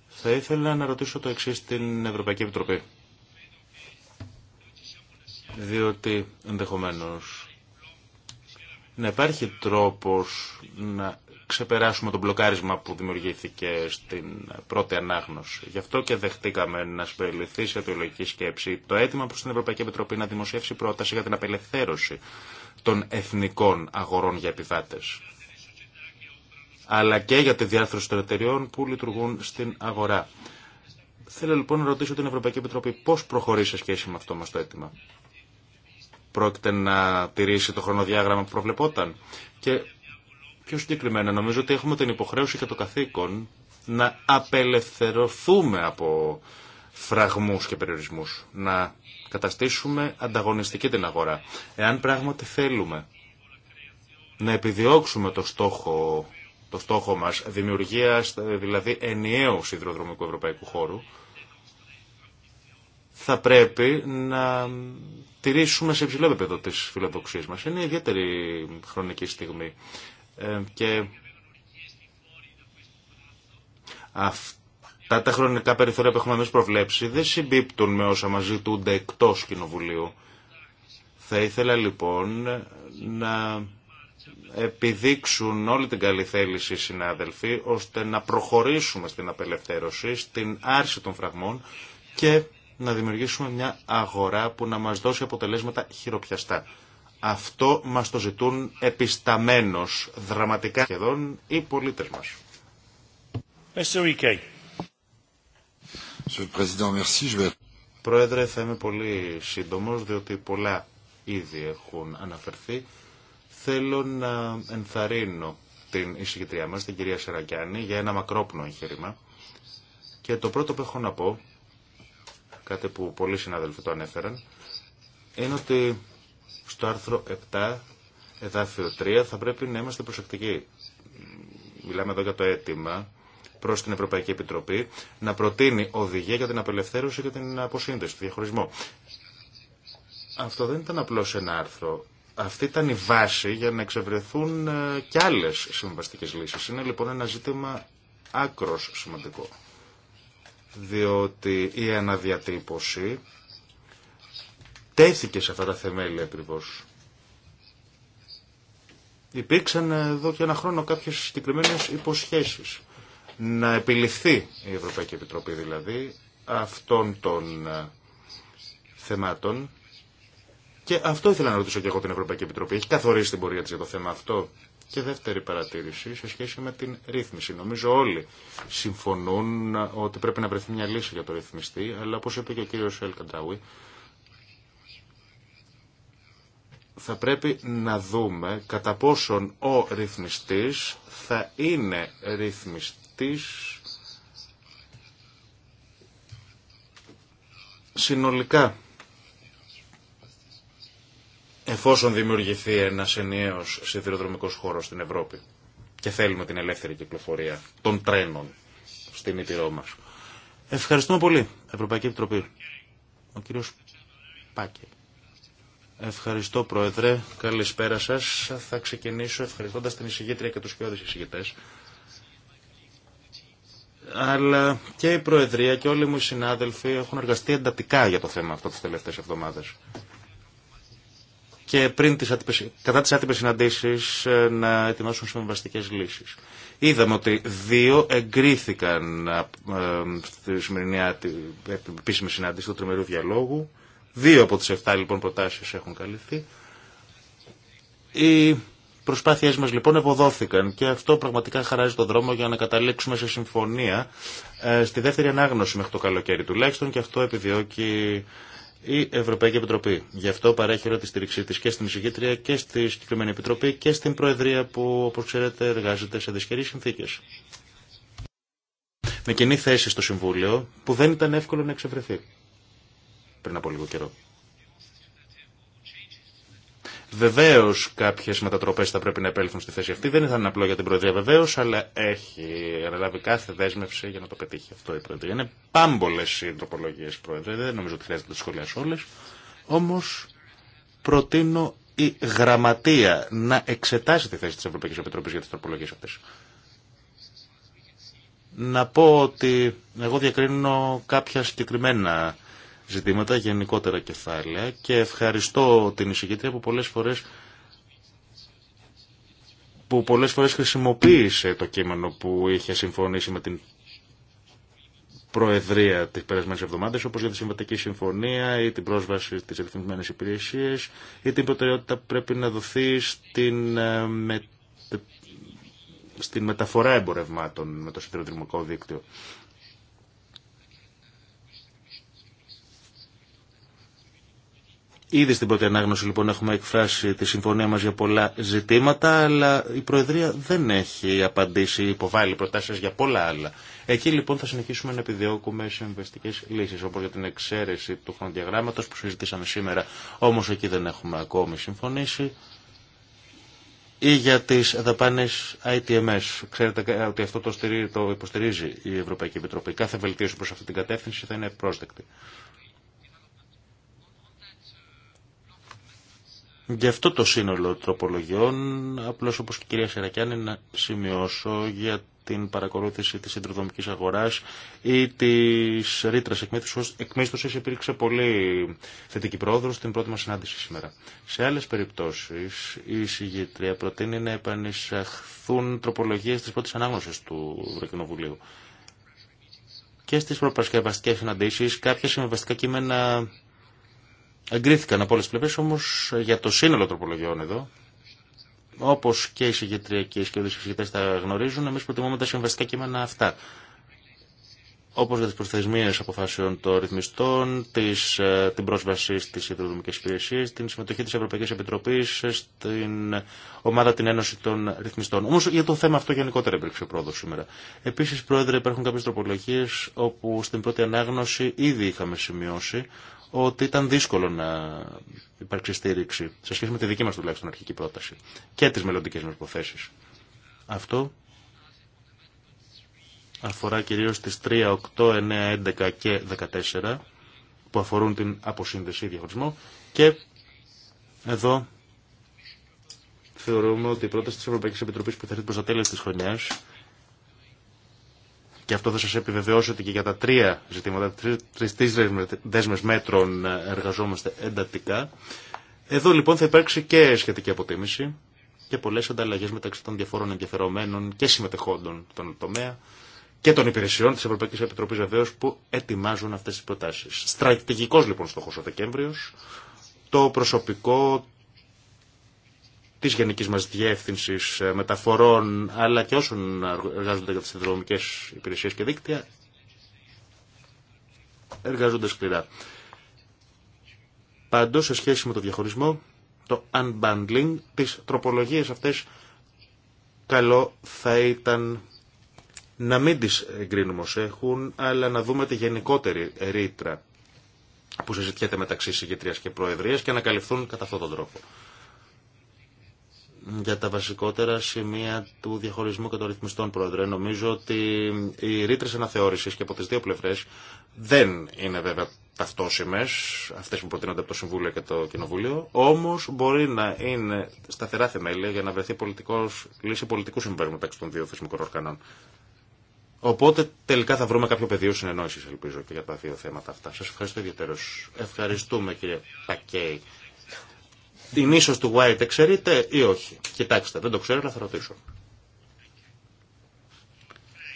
Θα ήθελα να ρωτήσω το εξής στην Ευρωπαϊκή Επιτροπή. Διότι ενδεχομένως να υπάρχει τρόπος να ξεπεράσουμε το μπλοκάρισμα που δημιουργήθηκε στην πρώτη ανάγνωση. Γι' αυτό και δεχτήκαμε να συμπεριληφθεί σε αιτιολογική σκέψη το αίτημα προς την Ευρωπαϊκή Επιτροπή να δημοσιεύσει πρόταση για την απελευθέρωση των εθνικών αγορών για επιβάτες αλλά και για τη διάρθρωση των εταιριών που λειτουργούν στην αγορά. Θέλω λοιπόν να ρωτήσω την Ευρωπαϊκή Επιτροπή πώς προχωρεί σε σχέση με αυτό μας το αίτημα πρόκειται να τηρήσει το χρονοδιάγραμμα που προβλεπόταν. Και πιο συγκεκριμένα νομίζω ότι έχουμε την υποχρέωση και το καθήκον να απελευθερωθούμε από φραγμούς και περιορισμούς, να καταστήσουμε ανταγωνιστική την αγορά. Εάν πράγματι θέλουμε να επιδιώξουμε το στόχο, το στόχο μας δημιουργίας δηλαδή ενιαίου σιδηροδρομικού ευρωπαϊκού χώρου, θα πρέπει να τηρήσουμε σε υψηλό επίπεδο τις φιλοδοξίες μας. Είναι ιδιαίτερη χρονική στιγμή. Ε, και αυτά τα χρονικά περιθώρια που έχουμε προβλέψει δεν συμπίπτουν με όσα μας ζητούνται εκτός Κοινοβουλίου. Θα ήθελα λοιπόν να επιδείξουν όλη την καλή θέληση οι συνάδελφοι ώστε να προχωρήσουμε στην απελευθέρωση, στην άρση των φραγμών και να δημιουργήσουμε μια αγορά που να μας δώσει αποτελέσματα χειροπιαστά. Αυτό μας το ζητούν επισταμένως, δραματικά σχεδόν, οι πολίτες μας. Πρόεδρε, θα είμαι πολύ σύντομος, διότι πολλά ήδη έχουν αναφερθεί. Θέλω να ενθαρρύνω την εισηγητριά μας, την κυρία Σερακιάνη, για ένα μακρόπνο εγχείρημα. Και το πρώτο που έχω να πω κάτι που πολλοί συνάδελφοι το ανέφεραν, είναι ότι στο άρθρο 7, εδάφιο 3, θα πρέπει να είμαστε προσεκτικοί. Μιλάμε εδώ για το αίτημα προς την Ευρωπαϊκή Επιτροπή να προτείνει οδηγία για την απελευθέρωση και την αποσύνδεση, το διαχωρισμό. Αυτό δεν ήταν απλώς ένα άρθρο. Αυτή ήταν η βάση για να εξευρεθούν ε, και άλλες συμβαστικές λύσεις. Είναι λοιπόν ένα ζήτημα άκρος σημαντικό διότι η αναδιατύπωση τέθηκε σε αυτά τα θεμέλια ακριβώς. Υπήρξαν εδώ και ένα χρόνο κάποιες συγκεκριμένε υποσχέσεις. Να επιληφθεί η Ευρωπαϊκή Επιτροπή δηλαδή αυτών των ε, θεμάτων και αυτό ήθελα να ρωτήσω και εγώ την Ευρωπαϊκή Επιτροπή. Έχει καθορίσει την πορεία της για το θέμα αυτό. Και δεύτερη παρατήρηση σε σχέση με την ρύθμιση. Νομίζω όλοι συμφωνούν ότι πρέπει να βρεθεί μια λύση για το ρυθμιστή, αλλά όπως είπε και ο κύριος Ελκαντάουι, θα πρέπει να δούμε κατά πόσον ο ρυθμιστής θα είναι ρυθμιστής συνολικά εφόσον δημιουργηθεί ένας ενιαίο σιδηροδρομικό χώρο στην Ευρώπη και θέλουμε την ελεύθερη κυκλοφορία των τρένων στην Ήπειρό μα. Ευχαριστούμε πολύ, Ευρωπαϊκή Επιτροπή. Ο κύριος Πάκη. Ευχαριστώ, Πρόεδρε. Καλησπέρα σα. Θα ξεκινήσω ευχαριστώντα την εισηγήτρια και του πιο εισηγητέ. Αλλά και η Προεδρία και όλοι μου οι συνάδελφοι έχουν εργαστεί εντατικά για το θέμα αυτό τι τελευταίε εβδομάδε και πριν τις κατά τις άτυπες συναντήσεις ε, να ετοιμάσουν συμβαστικές λύσεις. Είδαμε ότι δύο εγκρίθηκαν ε, στη σημερινή επίσημη συνάντηση του τριμερού διαλόγου. Δύο από τις εφτά λοιπόν προτάσεις έχουν καλυφθεί. Οι προσπάθειές μας λοιπόν ευωδόθηκαν και αυτό πραγματικά χαράζει τον δρόμο για να καταλήξουμε σε συμφωνία ε, στη δεύτερη ανάγνωση μέχρι το καλοκαίρι τουλάχιστον και αυτό επιδιώκει η Ευρωπαϊκή Επιτροπή. Γι' αυτό παρέχει όλα τη στήριξή τη και στην εισηγήτρια και στη συγκεκριμένη Επιτροπή και στην Προεδρία που, όπω ξέρετε, εργάζεται σε δυσχερεί συνθήκε. Με κοινή θέση στο Συμβούλιο που δεν ήταν εύκολο να εξευρεθεί πριν από λίγο καιρό. Βεβαίω κάποιε μετατροπέ θα πρέπει να επέλθουν στη θέση αυτή. Δεν ήταν απλό για την Προεδρία βεβαίω, αλλά έχει αναλάβει κάθε δέσμευση για να το πετύχει αυτό η Προεδρία. Είναι πάμπολε οι τροπολογίε, Πρόεδρε. Δεν νομίζω ότι χρειάζεται να τι σχολιάσω όλε. Όμω προτείνω η Γραμματεία να εξετάσει τη θέση τη Ευρωπαϊκή Επιτροπή για τι τροπολογίε αυτέ. Να πω ότι εγώ διακρίνω κάποια συγκεκριμένα ζητήματα, γενικότερα κεφάλαια και ευχαριστώ την εισηγήτρια που πολλές φορές που πολλές φορές χρησιμοποίησε το κείμενο που είχε συμφωνήσει με την Προεδρία τη περασμένη εβδομάδα, όπω για τη Συμβατική Συμφωνία ή την πρόσβαση στι ρυθμισμένε υπηρεσίε ή την προτεραιότητα που πρέπει να δοθεί στην, ε, με, στην μεταφορά εμπορευμάτων με το σιδηροδρομικό δίκτυο. Ήδη στην πρώτη ανάγνωση λοιπόν έχουμε εκφράσει τη συμφωνία μας για πολλά ζητήματα, αλλά η Προεδρία δεν έχει απαντήσει ή υποβάλει προτάσεις για πολλά άλλα. Εκεί λοιπόν θα συνεχίσουμε να επιδιώκουμε συμβεστικέ λύσεις, όπως για την εξαίρεση του χρονοδιαγράμματος που συζητήσαμε σήμερα, όμως εκεί δεν έχουμε ακόμη συμφωνήσει, ή για τις δαπάνες ITMS. Ξέρετε ότι αυτό το, υποστηρίζει η Ευρωπαϊκή Επιτροπή. Κάθε βελτίωση προς αυτή την κατεύθυνση θα είναι πρόσδεκτη. Γι' αυτό το σύνολο τροπολογιών, απλώς όπως και η κυρία Σερακιάνη, να σημειώσω για την παρακολούθηση της συντροδομικής αγοράς ή της ρήτρας εκμίσθωσης υπήρξε πολύ θετική πρόοδος στην πρώτη μας συνάντηση σήμερα. Σε άλλες περιπτώσεις η συγγήτρια προτείνει να επανεισαχθούν τροπολογίες της πρώτης ανάγνωσης του Ευρωκοινοβουλίου. Και στις προπαρασκευαστικές συναντήσεις κάποια συμβαστικά κείμενα Εγκρίθηκαν από όλε τι πλευρέ, όμως για το σύνολο τροπολογιών εδώ, όπω και οι συγκεκριτές και οι συγκεκριτές τα γνωρίζουν, εμεί προτιμούμε τα συμβαστικά κείμενα αυτά όπω για τι προθεσμίες αποφάσεων των ρυθμιστών, της, ε, την πρόσβαση στι ιδροδομικές υπηρεσίε, την συμμετοχή τη Ευρωπαϊκή Επιτροπή στην ομάδα την Ένωση των Ρυθμιστών. Όμω για το θέμα αυτό γενικότερα υπήρξε πρόοδο σήμερα. Επίση Πρόεδρε, υπάρχουν κάποιε τροπολογίε όπου στην πρώτη ανάγνωση ήδη είχαμε σημειώσει ότι ήταν δύσκολο να υπάρξει στήριξη, σε σχέση με τη δική μας τουλάχιστον αρχική πρόταση και τις μελλοντικέ μας υποθέσεις. Αυτό αφορά κυρίως τις 3, 8, 9, 11 και 14 που αφορούν την αποσύνδεση ή διαχωρισμό και εδώ θεωρούμε ότι η πρόταση της Ευρωπαϊκής Επιτροπής που θα έρθει προς τα τέλη της χρονιάς και αυτό θα σας επιβεβαιώσω ότι και για τα τρία ζητήματα, τρει δέσμε μέτρων ε, εργαζόμαστε εντατικά. Εδώ λοιπόν θα υπάρξει και σχετική αποτίμηση και πολλέ ανταλλαγέ μεταξύ των διαφόρων ενδιαφερομένων και συμμετεχόντων των τομέα και των υπηρεσιών της Ευρωπαϊκής Επιτροπής βεβαίω που ετοιμάζουν αυτέ τι προτάσει. Στρατηγικό, λοιπόν στόχο ο Δεκέμβριο, το προσωπικό Τη γενική μα διεύθυνση ε, Μεταφορών αλλά και όσων εργάζονται για τι συνδρομικέ υπηρεσίες και δίκτυα εργαζόνται σκληρά. Παντώ σε σχέση με το διαχωρισμό, το unbundling, Τι τροπολογίε αυτές καλό θα ήταν να μην τις εγκρίνουμε έχουν, αλλά να δούμε τη γενικότερη ρήτρα που συζητιέται μεταξύ συγκεκριτρίας και προεδρίας και να καλυφθούν κατά αυτόν τον τρόπο για τα βασικότερα σημεία του διαχωρισμού και των ρυθμιστών, Πρόεδρε. Νομίζω ότι οι ρήτρε αναθεώρηση και από τι δύο πλευρέ δεν είναι βέβαια ταυτόσιμε, αυτέ που προτείνονται από το Συμβούλιο και το Κοινοβούλιο, όμω μπορεί να είναι σταθερά θεμέλια για να βρεθεί πολιτικός, λύση πολιτικού συμβέρου μεταξύ των δύο θεσμικών οργανών. Οπότε τελικά θα βρούμε κάποιο πεδίο συνεννόηση, ελπίζω, και για τα δύο θέματα αυτά. Σα ευχαριστώ ιδιαίτερω. Ευχαριστούμε, κύριε Πακέη την ίσως του White ξέρετε ή όχι. Κοιτάξτε, δεν το ξέρω, αλλά θα ρωτήσω.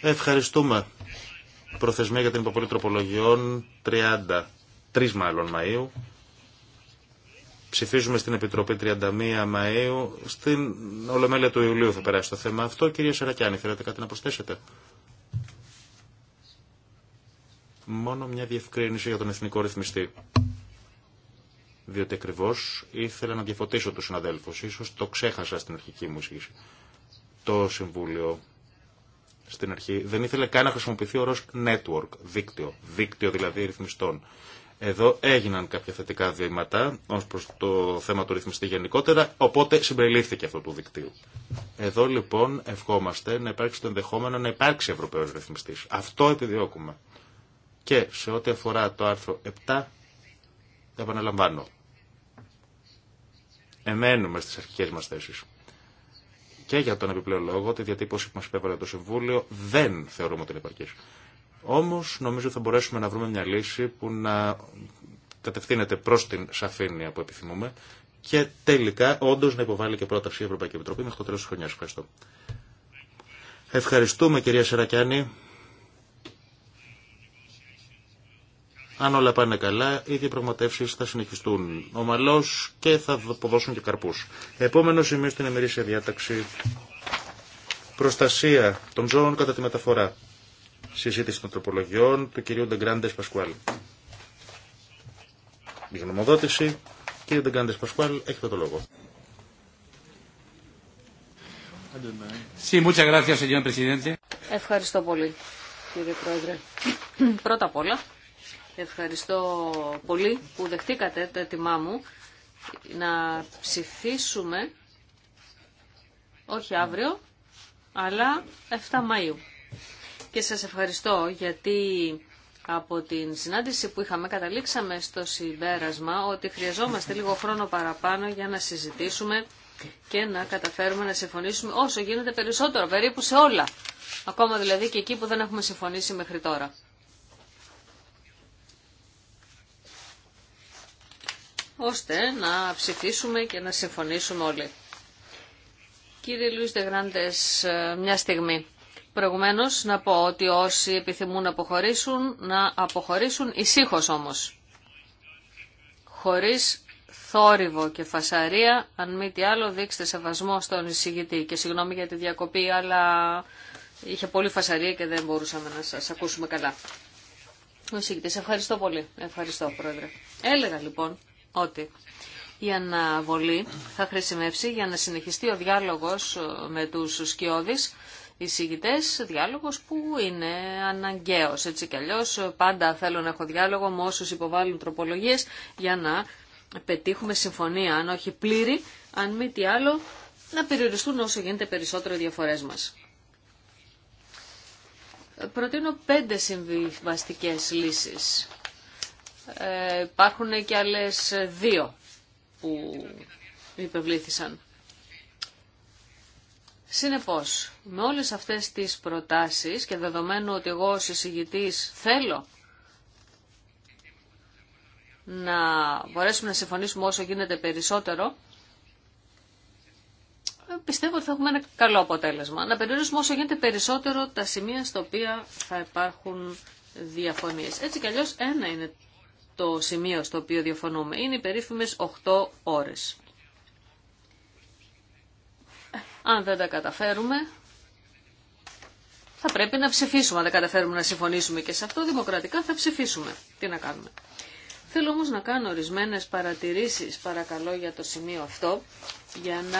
Ευχαριστούμε. Προθεσμία για την υποπολή τροπολογιών 33 μάλλον Μαΐου. Ψηφίζουμε στην Επιτροπή 31 Μαΐου. Στην Ολομέλεια του Ιουλίου θα περάσει το θέμα αυτό. Κύριε Σερακιάνη, θέλετε κάτι να προσθέσετε. Μόνο μια διευκρίνηση για τον Εθνικό Ρυθμιστή διότι ακριβώ ήθελα να διαφωτίσω του συναδέλφου. Ίσως το ξέχασα στην αρχική μου εισήγηση. Το Συμβούλιο στην αρχή δεν ήθελε καν να χρησιμοποιηθεί ο network, δίκτυο, δίκτυο δηλαδή ρυθμιστών. Εδώ έγιναν κάποια θετικά βήματα ω προ το θέμα του ρυθμιστή γενικότερα, οπότε συμπεριλήφθηκε αυτό το δίκτυο. Εδώ λοιπόν ευχόμαστε να υπάρξει το ενδεχόμενο να υπάρξει Ευρωπαίος ρυθμιστή. Αυτό επιδιώκουμε. Και σε ό,τι αφορά το άρθρο 7, επαναλαμβάνω, εμένουμε στι αρχικέ μα θέσει. Και για τον επιπλέον λόγο, τη διατύπωση που μα υπέβαλε το Συμβούλιο δεν θεωρούμε ότι είναι επαρκή. Όμως νομίζω ότι θα μπορέσουμε να βρούμε μια λύση που να κατευθύνεται προ την σαφήνεια που επιθυμούμε και τελικά όντω να υποβάλει και πρόταση η Ευρωπαϊκή Επιτροπή μέχρι το τέλο τη χρονιά. Ευχαριστώ. Ευχαριστούμε κυρία Σερακιάνη. Αν όλα πάνε καλά, οι διαπραγματεύσει θα συνεχιστούν ομαλώ και θα αποδώσουν και καρπού. Επόμενο σημείο στην εμερήσια διάταξη. Προστασία των ζώων κατά τη μεταφορά. Συζήτηση των τροπολογιών του κυρίου Ντεγκράντε Πασκουάλ. Η γνωμοδότηση. Κύριε Ντεγκράντε Πασκουάλ, έχετε το λόγο. Ευχαριστώ πολύ, κύριε Πρόεδρε. Πρώτα απ' όλα, Ευχαριστώ πολύ που δεχτήκατε το έτοιμά μου να ψηφίσουμε όχι αύριο, αλλά 7 Μαΐου. Και σας ευχαριστώ γιατί από την συνάντηση που είχαμε καταλήξαμε στο συμπέρασμα ότι χρειαζόμαστε λίγο χρόνο παραπάνω για να συζητήσουμε και να καταφέρουμε να συμφωνήσουμε όσο γίνεται περισσότερο, περίπου σε όλα. Ακόμα δηλαδή και εκεί που δεν έχουμε συμφωνήσει μέχρι τώρα. ώστε να ψηφίσουμε και να συμφωνήσουμε όλοι. Κύριε Λουίς Δεγράντες, ε, μια στιγμή. Προηγουμένως να πω ότι όσοι επιθυμούν να αποχωρήσουν, να αποχωρήσουν ησύχως όμως. Χωρίς θόρυβο και φασαρία, αν μη τι άλλο δείξτε σεβασμό στον εισηγητή. Και συγγνώμη για τη διακοπή, αλλά είχε πολύ φασαρία και δεν μπορούσαμε να σας ακούσουμε καλά. Ο εισηγητής, ευχαριστώ πολύ. Ευχαριστώ, Πρόεδρε. Έλεγα λοιπόν ότι η αναβολή θα χρησιμεύσει για να συνεχιστεί ο διάλογος ε, με τους σκιώδεις εισηγητές, διάλογος που είναι αναγκαίος. Έτσι κι αλλιώς ε, πάντα θέλω να έχω διάλογο με όσους υποβάλλουν τροπολογίες για να πετύχουμε συμφωνία, αν όχι πλήρη, αν μη τι άλλο, να περιοριστούν όσο γίνεται περισσότερο οι διαφορές μας. Ε, προτείνω πέντε συμβιβαστικές λύσεις ε, υπάρχουν και άλλες δύο που υπευλήθησαν. Συνεπώς, με όλες αυτές τις προτάσεις και δεδομένου ότι εγώ ως εισηγητής θέλω να μπορέσουμε να συμφωνήσουμε όσο γίνεται περισσότερο, ε, πιστεύω ότι θα έχουμε ένα καλό αποτέλεσμα. Να περιορίσουμε όσο γίνεται περισσότερο τα σημεία στα οποία θα υπάρχουν διαφωνίες. Έτσι κι αλλιώς ένα είναι το σημείο στο οποίο διαφωνούμε. Είναι οι περίφημες 8 ώρες. Αν δεν τα καταφέρουμε, θα πρέπει να ψηφίσουμε. Αν δεν καταφέρουμε να συμφωνήσουμε και σε αυτό, δημοκρατικά θα ψηφίσουμε. Τι να κάνουμε. Θέλω όμως να κάνω ορισμένες παρατηρήσεις, παρακαλώ, για το σημείο αυτό, για να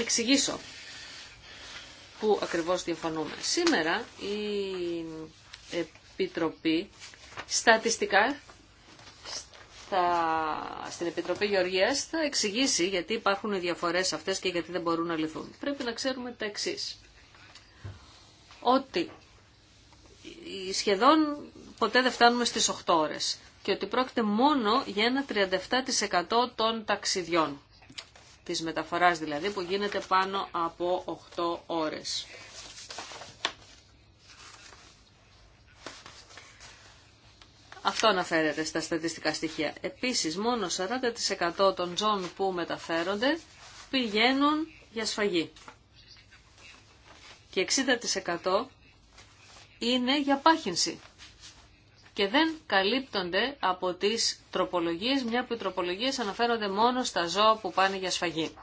εξηγήσω που ακριβώς διαφωνούμε. Σήμερα η Επιτροπή στατιστικά στα, στην Επιτροπή Γεωργίας θα εξηγήσει γιατί υπάρχουν οι διαφορές αυτές και γιατί δεν μπορούν να λυθούν. Πρέπει να ξέρουμε τα εξή. Ότι σχεδόν ποτέ δεν φτάνουμε στις 8 ώρες και ότι πρόκειται μόνο για ένα 37% των ταξιδιών, της μεταφοράς δηλαδή που γίνεται πάνω από 8 ώρες. Αυτό αναφέρεται στα στατιστικά στοιχεία. Επίσης, μόνο 40% των ζώων που μεταφέρονται πηγαίνουν για σφαγή. Και 60% είναι για πάχυνση. Και δεν καλύπτονται από τις τροπολογίες, μια που οι τροπολογίες αναφέρονται μόνο στα ζώα που πάνε για σφαγή.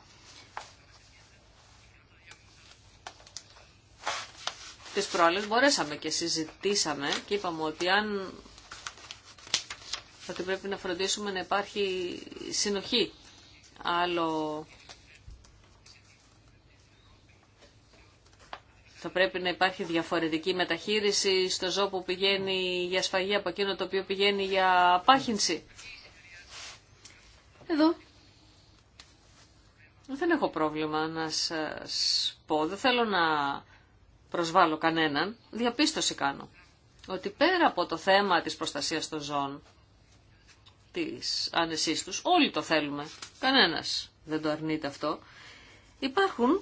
Τις προάλλες μπορέσαμε και συζητήσαμε και είπαμε ότι αν θα πρέπει να φροντίσουμε να υπάρχει συνοχή. Άλλο θα πρέπει να υπάρχει διαφορετική μεταχείριση στο ζώο που πηγαίνει για σφαγή από εκείνο το οποίο πηγαίνει για πάχυνση. Εδώ. Δεν έχω πρόβλημα να σας πω. Δεν θέλω να προσβάλλω κανέναν. Διαπίστωση κάνω. Ότι πέρα από το θέμα της προστασίας των ζώων, τις άνεσής τους. Όλοι το θέλουμε. Κανένας δεν το αρνείται αυτό. Υπάρχουν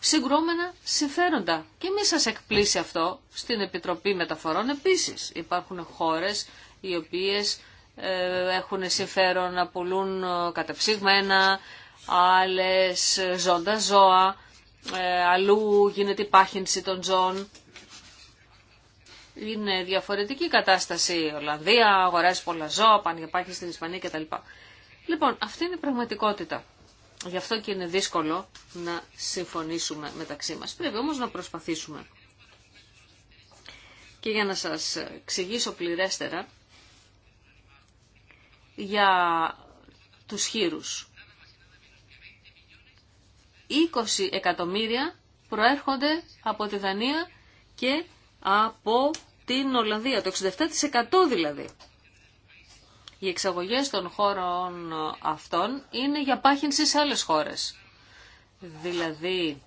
συγκρόμενα συμφέροντα. Και μη σας εκπλήσει αυτό στην Επιτροπή Μεταφορών επίσης. Υπάρχουν χώρες οι οποίες ε, έχουν συμφέρον να πουλούν ε, κατεψυγμένα, άλλες ε, ζώντα ζώα, αλλού γίνεται η πάχυνση των ζώων είναι διαφορετική κατάσταση. Η Ολλανδία αγοράζει πολλά ζώα, πάνε στην Ισπανία κτλ. Λοιπόν, αυτή είναι η πραγματικότητα. Γι' αυτό και είναι δύσκολο να συμφωνήσουμε μεταξύ μας. Πρέπει όμως να προσπαθήσουμε. Και για να σας εξηγήσω πληρέστερα για τους χείρους. 20 εκατομμύρια προέρχονται από τη Δανία και από την Ολλανδία, το 67% δηλαδή. Οι εξαγωγές των χώρων αυτών είναι για πάχυνση σε άλλες χώρες. Δηλαδή,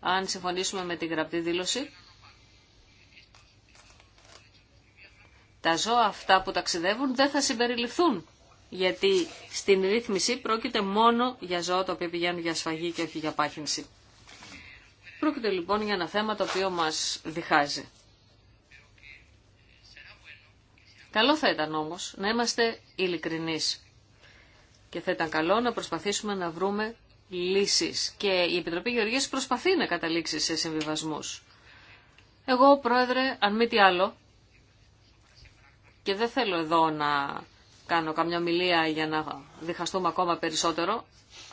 αν συμφωνήσουμε με την γραπτή δήλωση, τα ζώα αυτά που ταξιδεύουν δεν θα συμπεριληφθούν. Γιατί στην ρύθμιση πρόκειται μόνο για ζώα τα οποία πηγαίνουν για σφαγή και όχι για πάχυνση. Πρόκειται λοιπόν για ένα θέμα το οποίο μας διχάζει. Καλό θα ήταν όμως να είμαστε ειλικρινεί. Και θα ήταν καλό να προσπαθήσουμε να βρούμε λύσεις. Και η Επιτροπή Γεωργίας προσπαθεί να καταλήξει σε συμβιβασμούς. Εγώ, Πρόεδρε, αν μη τι άλλο, και δεν θέλω εδώ να κάνω καμιά μιλία για να διχαστούμε ακόμα περισσότερο,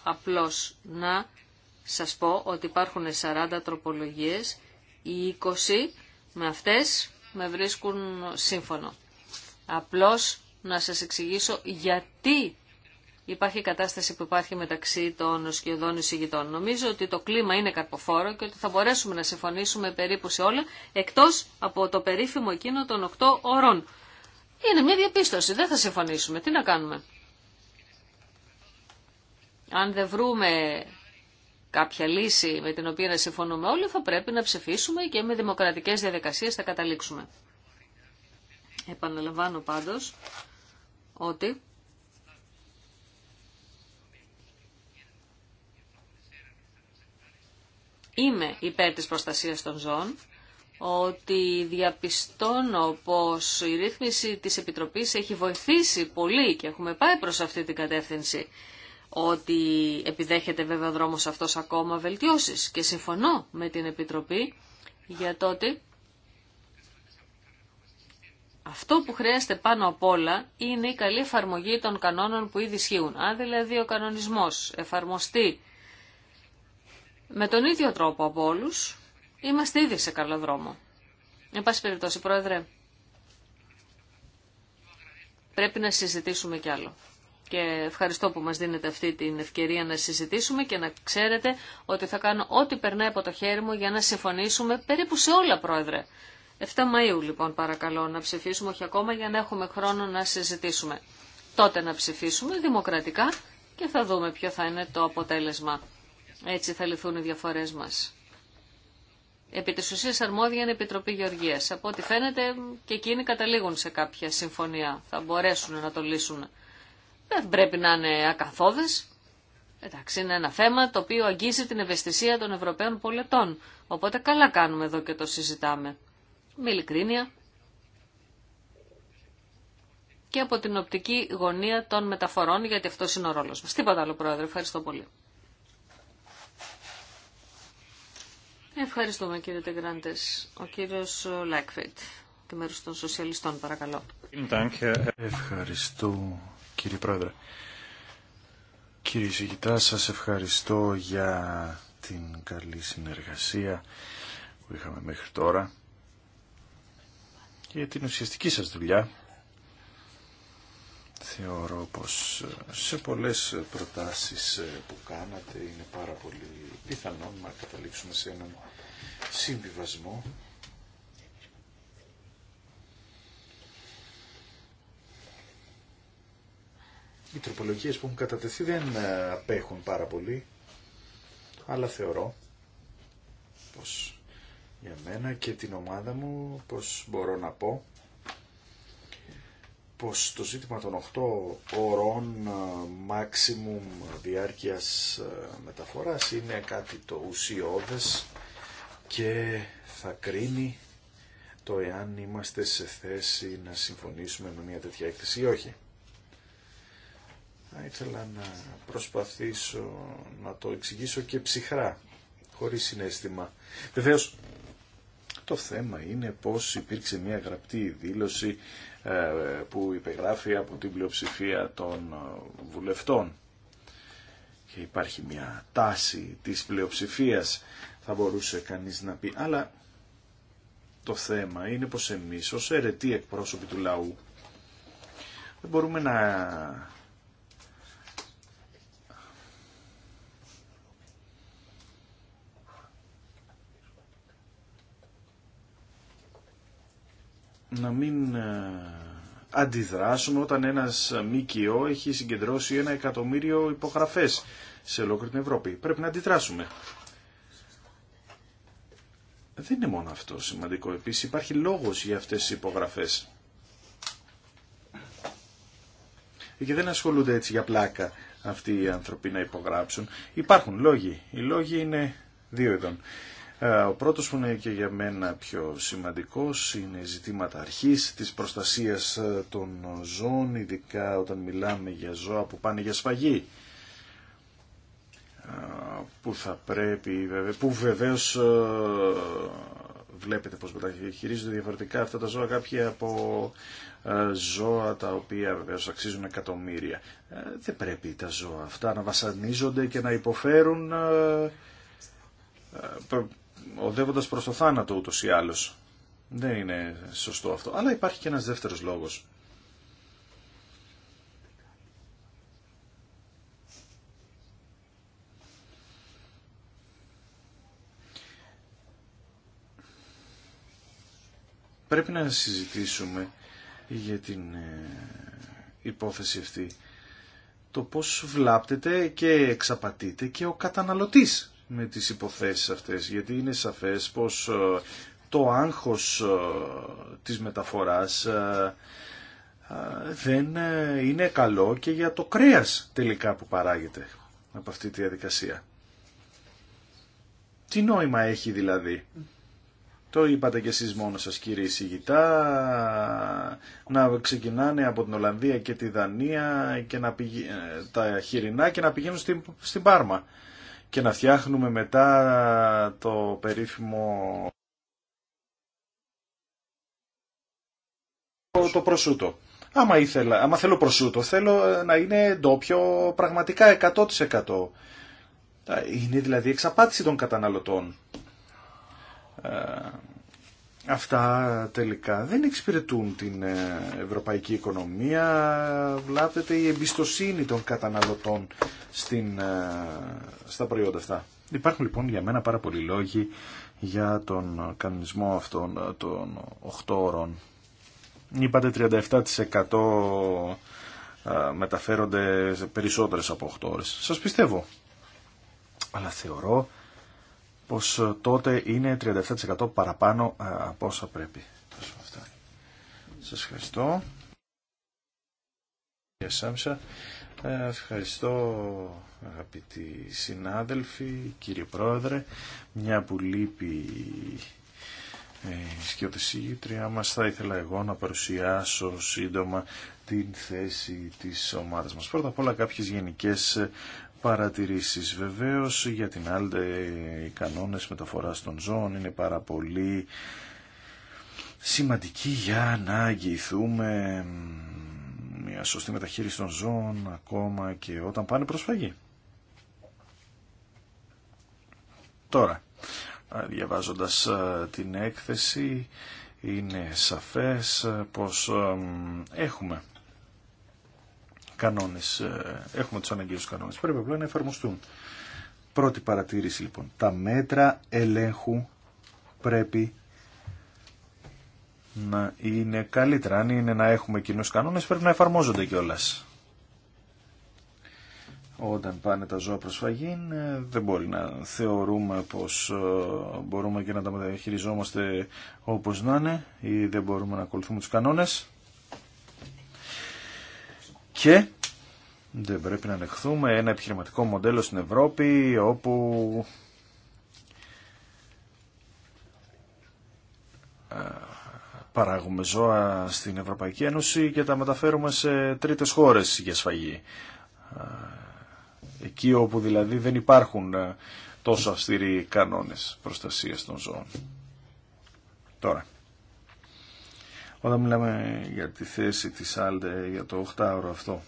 απλώς να σας πω ότι υπάρχουν 40 τροπολογίες, οι 20 με αυτές με βρίσκουν σύμφωνο. Απλώς να σας εξηγήσω γιατί υπάρχει η κατάσταση που υπάρχει μεταξύ των σχεδόν εισηγητών. Νομίζω ότι το κλίμα είναι καρποφόρο και ότι θα μπορέσουμε να συμφωνήσουμε περίπου σε όλα, εκτός από το περίφημο εκείνο των 8 ωρών. Είναι μια διαπίστωση, δεν θα συμφωνήσουμε. Τι να κάνουμε. Αν δεν βρούμε κάποια λύση με την οποία να συμφωνούμε όλοι, θα πρέπει να ψηφίσουμε και με δημοκρατικές διαδικασίες θα καταλήξουμε. Επαναλαμβάνω πάντως ότι είμαι υπέρ της προστασίας των ζώων, ότι διαπιστώνω πως η ρύθμιση της Επιτροπής έχει βοηθήσει πολύ και έχουμε πάει προς αυτή την κατεύθυνση ότι επιδέχεται βέβαια ο δρόμος αυτός ακόμα βελτιώσεις και συμφωνώ με την Επιτροπή για το ότι αυτό που χρειάζεται πάνω απ' όλα είναι η καλή εφαρμογή των κανόνων που ήδη ισχύουν. Αν δηλαδή ο κανονισμός εφαρμοστεί με τον ίδιο τρόπο από όλου, είμαστε ήδη σε καλό δρόμο. Εν πάση περιπτώσει, Πρόεδρε, πρέπει να συζητήσουμε κι άλλο και ευχαριστώ που μας δίνετε αυτή την ευκαιρία να συζητήσουμε και να ξέρετε ότι θα κάνω ό,τι περνάει από το χέρι μου για να συμφωνήσουμε περίπου σε όλα, Πρόεδρε. 7 Μαΐου λοιπόν παρακαλώ να ψηφίσουμε, όχι ακόμα για να έχουμε χρόνο να συζητήσουμε. Τότε να ψηφίσουμε δημοκρατικά και θα δούμε ποιο θα είναι το αποτέλεσμα. Έτσι θα λυθούν οι διαφορές μας. Επί της ουσίας αρμόδια είναι η Επιτροπή Γεωργίας. Από ό,τι φαίνεται και εκείνοι καταλήγουν σε κάποια συμφωνία. Θα μπορέσουν να το λύσουν. Δεν πρέπει να είναι ακαθόδες. Εντάξει, είναι ένα θέμα το οποίο αγγίζει την ευαισθησία των Ευρωπαίων πολιτών. Οπότε καλά κάνουμε εδώ και το συζητάμε. Με ειλικρίνεια και από την οπτική γωνία των μεταφορών, γιατί αυτό είναι ο ρόλος μας. Τίποτα άλλο, Πρόεδρε. Ευχαριστώ πολύ. Ευχαριστούμε, κύριε Τεγκράντες. Ο κύριος Λάκφιτ, τη μέρου των Σοσιαλιστών, παρακαλώ. Ευχαριστώ, κύριε Πρόεδρε. Κύριε Σιγητά, σας ευχαριστώ για την καλή συνεργασία που είχαμε μέχρι τώρα και για την ουσιαστική σας δουλειά. Θεωρώ πως σε πολλές προτάσεις που κάνατε είναι πάρα πολύ πιθανό να καταλήξουμε σε έναν συμβιβασμό οι τροπολογίες που έχουν κατατεθεί δεν ε, απέχουν πάρα πολύ, αλλά θεωρώ πως για μένα και την ομάδα μου πως μπορώ να πω πως το ζήτημα των 8 ώρων ε, maximum διάρκειας ε, μεταφοράς είναι κάτι το ουσιώδες και θα κρίνει το εάν είμαστε σε θέση να συμφωνήσουμε με μια τέτοια έκθεση ή όχι. Θα ήθελα να προσπαθήσω να το εξηγήσω και ψυχρά, χωρίς συνέστημα. Βεβαίω, το θέμα είναι πως υπήρξε μια γραπτή δήλωση ε, που υπεγράφει από την πλειοψηφία των ε, βουλευτών. Και υπάρχει μια τάση της πλειοψηφίας, θα μπορούσε κανείς να πει. Αλλά το θέμα είναι πως εμείς ως αιρετοί εκπρόσωποι του λαού δεν μπορούμε να να μην ε, αντιδράσουν όταν ένας ΜΚΟ έχει συγκεντρώσει ένα εκατομμύριο υπογραφές σε ολόκληρη την Ευρώπη. Πρέπει να αντιδράσουμε. Δεν είναι μόνο αυτό σημαντικό. Επίσης υπάρχει λόγος για αυτές τις υπογραφές. Και δεν ασχολούνται έτσι για πλάκα αυτοί οι άνθρωποι να υπογράψουν. Υπάρχουν λόγοι. Οι λόγοι είναι δύο ειδών. Ε, ο πρώτος που είναι και για μένα πιο σημαντικός είναι ζητήματα αρχής, της προστασίας ε, των ζώων, ειδικά όταν μιλάμε για ζώα που πάνε για σφαγή ε, που θα πρέπει, που βεβαίως βλέπετε πως χειρίζονται διαφορετικά αυτά τα ζώα κάποια από ζώα τα οποία βεβαίως αξίζουν εκατομμύρια. Δεν πρέπει τα ζώα αυτά να βασανίζονται και να υποφέρουν οδεύοντας προς το θάνατο ούτως ή άλλως. Δεν είναι σωστό αυτό. Αλλά υπάρχει και ένας δεύτερος λόγος. Πρέπει να συζητήσουμε για την ε, υπόθεση αυτή το πώς βλάπτεται και εξαπατείται και ο καταναλωτής με τις υποθέσεις αυτές, γιατί είναι σαφές πως ε, το άγχος ε, της μεταφοράς ε, δεν είναι καλό και για το κρέας τελικά που παράγεται από αυτή τη διαδικασία. Τι νόημα έχει δηλαδή. Το είπατε κι εσείς μόνο σας κύριε εισηγητά, να ξεκινάνε από την Ολλανδία και τη Δανία και να πηγα... τα χοιρινά και να πηγαίνουν στην, στην Πάρμα και να φτιάχνουμε μετά το περίφημο το προσούτο. Άμα, ήθελα, άμα θέλω προσούτο, θέλω ε, να είναι ντόπιο πραγματικά 100%. Είναι δηλαδή εξαπάτηση των καταναλωτών. Ε, αυτά τελικά δεν εξυπηρετούν την ε, ευρωπαϊκή οικονομία, βλάπτεται η εμπιστοσύνη των καταναλωτών στην, ε, στα προϊόντα αυτά. Υπάρχουν λοιπόν για μένα πάρα πολλοί λόγοι για τον κανονισμό αυτών ε, των 8 ώρων. Είπατε 37% μεταφέρονται σε περισσότερες από 8 ώρες. Σας πιστεύω. Αλλά θεωρώ πως ε, τότε είναι 37% παραπάνω ε, από όσα πρέπει. Σας ευχαριστώ. Ε, ευχαριστώ αγαπητοί συνάδελφοι, κύριε Πρόεδρε, μια που λείπει η γητριά μας, θα ήθελα εγώ να παρουσιάσω σύντομα την θέση της ομάδας μας. Πρώτα απ' όλα κάποιες γενικές παρατηρήσεις. Βεβαίως για την άλλη οι κανόνες μεταφοράς των ζώων είναι πάρα πολύ σημαντικοί για να αγγιηθούμε μια σωστή μεταχείριση των ζώων ακόμα και όταν πάνε προσφαγή. Τώρα, διαβάζοντας την έκθεση είναι σαφές ε, πως ε, έχουμε κανόνες, ε, έχουμε τους αναγκαίους κανόνες, πρέπει απλά να εφαρμοστούν. Πρώτη παρατήρηση λοιπόν, τα μέτρα ελέγχου πρέπει να είναι καλύτερα. Αν είναι να έχουμε κοινού κανόνες πρέπει να εφαρμόζονται κιόλα. Όταν πάνε τα ζώα προσφαγή ε, δεν μπορεί να θεωρούμε πως ε, μπορούμε και να τα μεταχειριζόμαστε όπως να είναι ή δεν μπορούμε να ακολουθούμε τους κανόνες και δεν πρέπει να ανεχθούμε ένα επιχειρηματικό μοντέλο στην Ευρώπη όπου παράγουμε ζώα στην Ευρωπαϊκή Ένωση και τα μεταφέρουμε σε τρίτες χώρες για σφαγή. Εκεί όπου δηλαδή δεν υπάρχουν ε, τόσο αυστηροί κανόνες προστασίας των ζώων. Τώρα, όταν μιλάμε για τη θέση της Άλτε για το 8ωρο αυτό.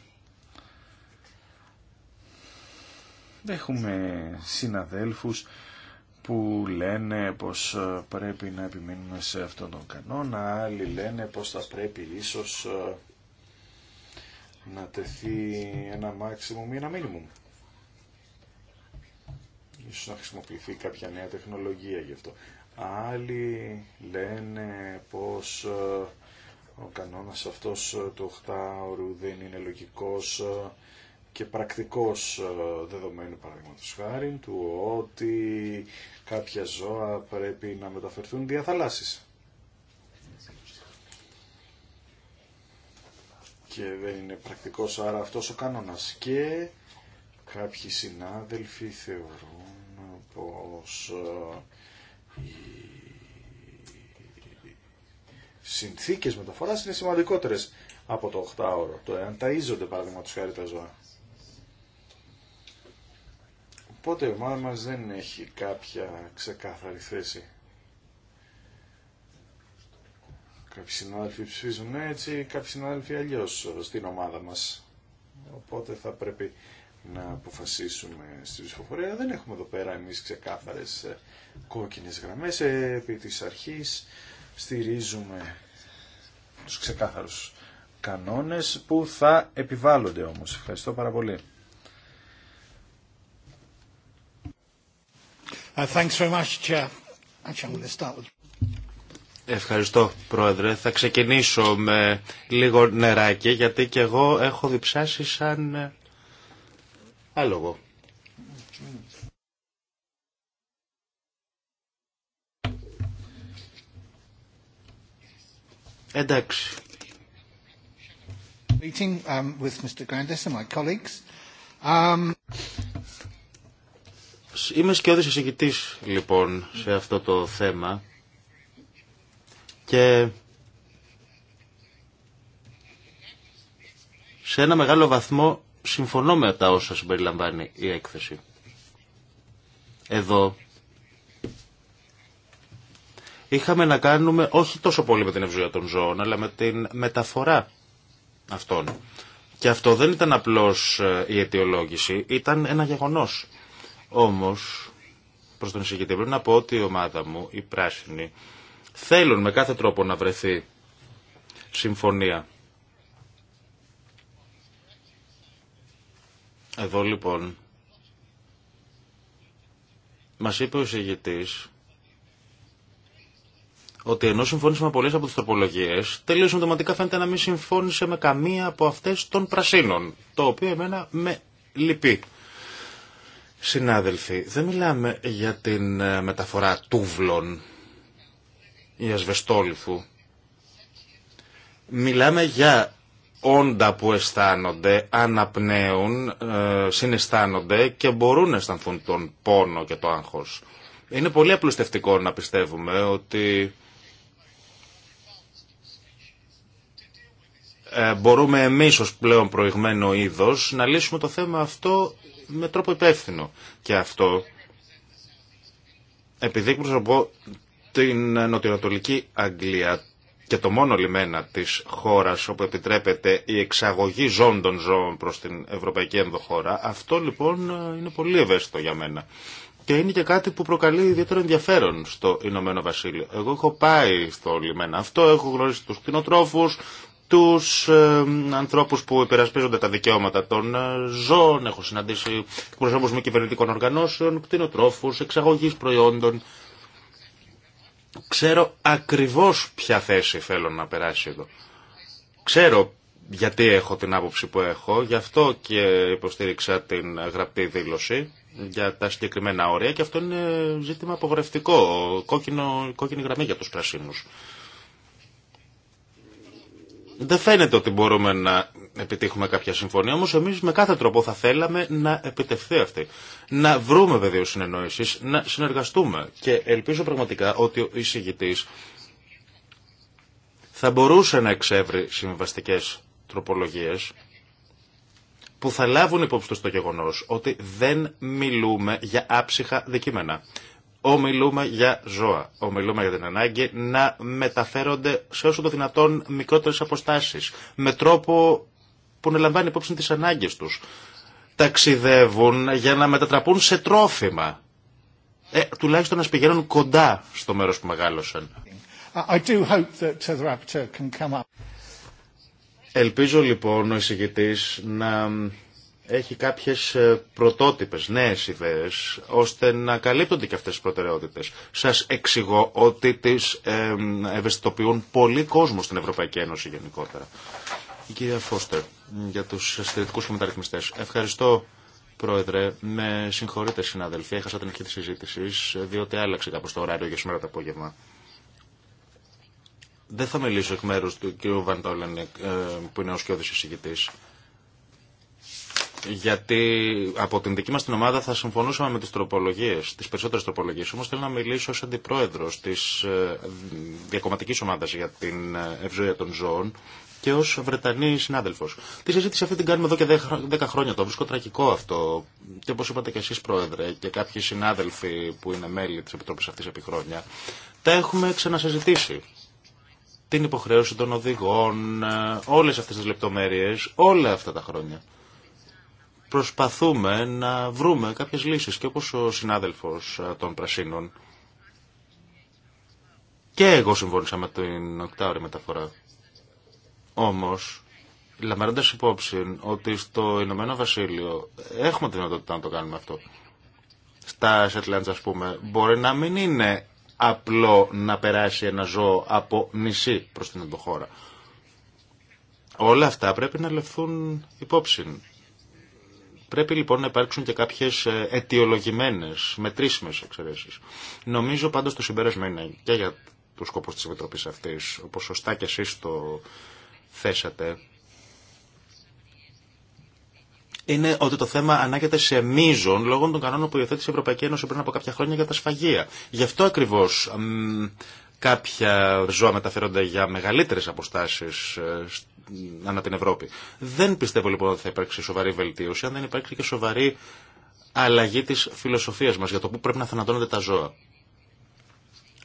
Έχουμε συναδέλφους που λένε πως ε, πρέπει να επιμείνουμε σε αυτόν τον κανόνα, άλλοι λένε πως θα πρέπει ίσως ε, να τεθεί ένα μάξιμουμ ή ένα minimum. Ίσως να χρησιμοποιηθεί κάποια νέα τεχνολογία γι' αυτό. Άλλοι λένε πως ε, ο κανόνας αυτός ε, του οχτάωρου δεν είναι λογικός ε, και πρακτικός ε, δεδομένου παραδείγματος χάρη του ότι κάποια ζώα πρέπει να μεταφερθούν δια θαλάσσης. Και δεν είναι πρακτικός άρα αυτός ο κανόνας. Και κάποιοι συνάδελφοι θεωρούν πως συνθήκες μεταφοράς είναι σημαντικότερε από το 8ωρο, το εάν ταΐζονται παραδείγματο χάρη τα ζώα. Οπότε η ομάδα μα δεν έχει κάποια ξεκάθαρη θέση. Κάποιοι συνάδελφοι ψηφίζουν έτσι, κάποιοι συνάδελφοι αλλιώ στην ομάδα μας. Οπότε θα πρέπει να αποφασίσουμε στη ψηφοφορία. Δεν έχουμε εδώ πέρα εμεί ξεκάθαρε ε, κόκκινε γραμμέ επί της αρχής στηρίζουμε τους ξεκάθαρους κανόνες που θα επιβάλλονται όμως. Ευχαριστώ πάρα πολύ. Uh, Ευχαριστώ Πρόεδρε. Θα ξεκινήσω με λίγο νεράκι γιατί και εγώ έχω διψάσει σαν ε, άλογο. Εντάξει. Um, um, Είμαι σκιώδης εισηγητής, λοιπόν, σε αυτό το θέμα και σε ένα μεγάλο βαθμό συμφωνώ με τα όσα συμπεριλαμβάνει η έκθεση. Εδώ είχαμε να κάνουμε όχι τόσο πολύ με την ευζοία των ζώων, αλλά με την μεταφορά αυτών. Και αυτό δεν ήταν απλώς ε, η αιτιολόγηση, ήταν ένα γεγονός. Όμως, προς τον εισηγητή, πρέπει να πω ότι η ομάδα μου, η πράσινη, θέλουν με κάθε τρόπο να βρεθεί συμφωνία. Εδώ λοιπόν, μας είπε ο εισηγητής ότι ενώ συμφώνησε με πολλέ από τι τροπολογίε, τελείω συντοματικά φαίνεται να μην συμφώνησε με καμία από αυτέ των πρασίνων. Το οποίο εμένα με λυπεί. Συνάδελφοι, δεν μιλάμε για την ε, μεταφορά τούβλων ή ασβεστόλιθου. Μιλάμε για όντα που αισθάνονται, αναπνέουν, ε, συναισθάνονται και μπορούν να αισθανθούν τον πόνο και το άγχος. Είναι πολύ απλουστευτικό να πιστεύουμε ότι Ε, μπορούμε εμείς ως πλέον προηγμένο είδος να λύσουμε το θέμα αυτό με τρόπο υπεύθυνο. Και αυτό, επειδή προσωπώ την νοτιοανατολική Αγγλία και το μόνο λιμένα της χώρας όπου επιτρέπεται η εξαγωγή ζών των ζώων προς την ευρωπαϊκή ενδοχώρα, αυτό λοιπόν είναι πολύ ευαίσθητο για μένα. Και είναι και κάτι που προκαλεί ιδιαίτερο ενδιαφέρον στο Ηνωμένο Βασίλειο. Εγώ έχω πάει στο λιμένα αυτό, έχω γνωρίσει τους κτηνοτρόφους, τους ε, ανθρώπους που υπερασπίζονται τα δικαιώματα των ε, ζώων. Έχω συναντήσει προσώπους με κυβερνητικών οργανώσεων, κτηνοτρόφους, εξαγωγής προϊόντων. Ξέρω ακριβώς ποια θέση θέλω να περάσει εδώ. Ξέρω γιατί έχω την άποψη που έχω, γι' αυτό και υποστήριξα την γραπτή δήλωση για τα συγκεκριμένα όρια και αυτό είναι ζήτημα απογορευτικό, κόκκινο, κόκκινη γραμμή για τους πρασίνους δεν φαίνεται ότι μπορούμε να επιτύχουμε κάποια συμφωνία, όμως εμείς με κάθε τρόπο θα θέλαμε να επιτευχθεί αυτή. Να βρούμε βεβαίως συνεννόησεις, να συνεργαστούμε και ελπίζω πραγματικά ότι ο εισηγητής θα μπορούσε να εξεύρει συμβαστικές τροπολογίες που θα λάβουν υπόψη το γεγονός ότι δεν μιλούμε για άψυχα δικείμενα. Ομιλούμε για ζώα. Ομιλούμε για την ανάγκη να μεταφέρονται σε όσο το δυνατόν μικρότερες αποστάσεις. Με τρόπο που να λαμβάνει υπόψη τις ανάγκες τους. Ταξιδεύουν για να μετατραπούν σε τρόφιμα. Ε, τουλάχιστον να πηγαίνουν κοντά στο μέρος που μεγάλωσαν. Ελπίζω λοιπόν ο εισηγητής να έχει κάποιες ε, πρωτότυπες, νέες ιδέες, ώστε να καλύπτονται και αυτές τις προτεραιότητες. Σας εξηγώ ότι τις ε, ευαισθητοποιούν πολλοί κόσμο στην Ευρωπαϊκή Ένωση γενικότερα. Η κυρία Φώστερ, για τους αστυνομικούς και μεταρρυθμιστές. Ευχαριστώ. Πρόεδρε, με συγχωρείτε συναδελφοί, έχασα την αρχή της συζήτησης, διότι άλλαξε κάπως το ωράριο για σήμερα το απόγευμα. Δεν θα μιλήσω εκ μέρους του κ. Βαντόλεν, ε, που είναι ο σκιώδης εισηγητής γιατί από την δική μα την ομάδα θα συμφωνούσαμε με τι τροπολογίε, τι περισσότερε τροπολογίε Όμως θέλω να μιλήσω ω αντιπρόεδρος της ε, διακομματική ομάδα για την ε, ευζοία των ζώων και ω Βρετανή συνάδελφο. Τη συζήτηση αυτή την κάνουμε εδώ και 10 χρόνια. Το βρίσκω τραγικό αυτό. Και όπω είπατε και εσεί πρόεδρε και κάποιοι συνάδελφοι που είναι μέλη τη Επιτροπής αυτή επί χρόνια, τα έχουμε ξανασυζητήσει την υποχρέωση των οδηγών, ε, όλε αυτέ τι λεπτομέρειε, όλα αυτά τα χρόνια προσπαθούμε να βρούμε κάποιες λύσεις και όπως ο συνάδελφος ε, των Πρασίνων και εγώ συμφώνησα με την οκτάωρη μεταφορά. Όμως, λαμβάνοντας υπόψη ότι στο Ηνωμένο Βασίλειο έχουμε τη δυνατότητα να το κάνουμε αυτό. Στα Σετλάντζ, ας πούμε μπορεί να μην είναι απλό να περάσει ένα ζώο από νησί προς την ενδοχώρα. Όλα αυτά πρέπει να λεφθούν υπόψη. Πρέπει λοιπόν να υπάρξουν και κάποιε αιτιολογημένε, μετρήσιμε εξαιρέσει. Νομίζω πάντω το συμπέρασμα είναι και για του σκοπού τη Επιτροπή αυτή, όπω σωστά και εσεί το θέσατε, είναι ότι το θέμα ανάγεται σε μείζον λόγω των κανόνων που υιοθέτησε η Ευρωπαϊκή Ένωση πριν από κάποια χρόνια για τα σφαγεία. Γι' αυτό ακριβώ κάποια ζώα μεταφέρονται για μεγαλύτερε αποστάσει ε, ανά την Ευρώπη. Δεν πιστεύω λοιπόν ότι θα υπάρξει σοβαρή βελτίωση αν δεν υπάρξει και σοβαρή αλλαγή της φιλοσοφίας μας για το πού πρέπει να θανατώνονται τα ζώα.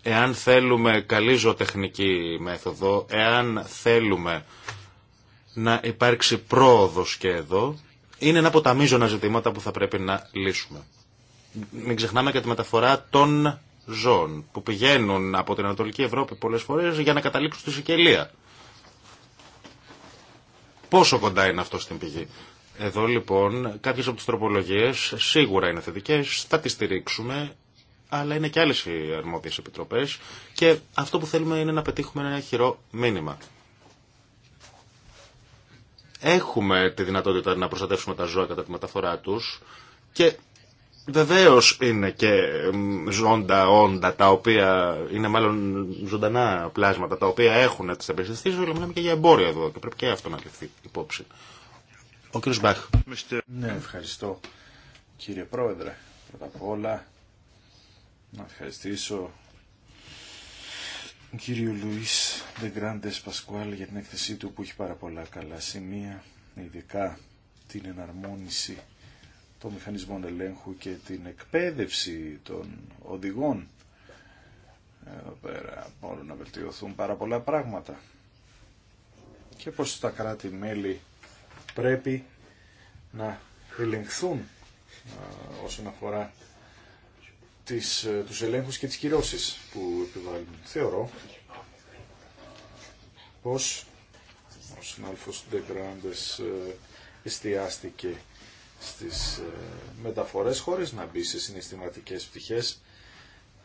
Εάν θέλουμε καλή ζωοτεχνική μέθοδο, εάν θέλουμε να υπάρξει πρόοδος και εδώ, είναι ένα από τα μείζωνα ζητήματα που θα πρέπει να λύσουμε. Μην ξεχνάμε και τη μεταφορά των ζώων που πηγαίνουν από την Ανατολική Ευρώπη πολλές φορές για να καταλήξουν στη Σικελία πόσο κοντά είναι αυτό στην πηγή. Εδώ λοιπόν κάποιε από τι τροπολογίες σίγουρα είναι θετικέ, θα τι στηρίξουμε, αλλά είναι και άλλες οι αρμόδιες επιτροπές και αυτό που θέλουμε είναι να πετύχουμε ένα χειρό μήνυμα. Έχουμε τη δυνατότητα να προστατεύσουμε τα ζώα κατά τη μεταφορά τους και Βεβαίω είναι και ζώντα όντα τα οποία είναι μάλλον ζωντανά πλάσματα τα οποία έχουν τι απεριστήσει, αλλά μιλάμε και για εμπόρια εδώ και πρέπει και αυτό να ληφθεί υπόψη. Ο κύριος Μπάχ. Ναι, ευχαριστώ κύριε Πρόεδρε. Πρώτα απ' όλα να ευχαριστήσω τον κύριο Λουίς Δεγκράντες Πασκουάλ για την έκθεσή του που έχει πάρα πολλά καλά σημεία, ειδικά την εναρμόνιση των μηχανισμών ελέγχου και την εκπαίδευση των οδηγών. Εδώ πέρα μπορούν να βελτιωθούν πάρα πολλά πράγματα. Και πως τα κράτη-μέλη πρέπει να ελεγχθούν ε, όσον αφορά τις, ε, τους ελέγχους και τις κυρώσεις που επιβάλλουν. Θεωρώ πως ο συνάδελφος Ντεγκράντες ε, εστιάστηκε στις ε, μεταφορές χωρίς να μπει σε συναισθηματικές πτυχές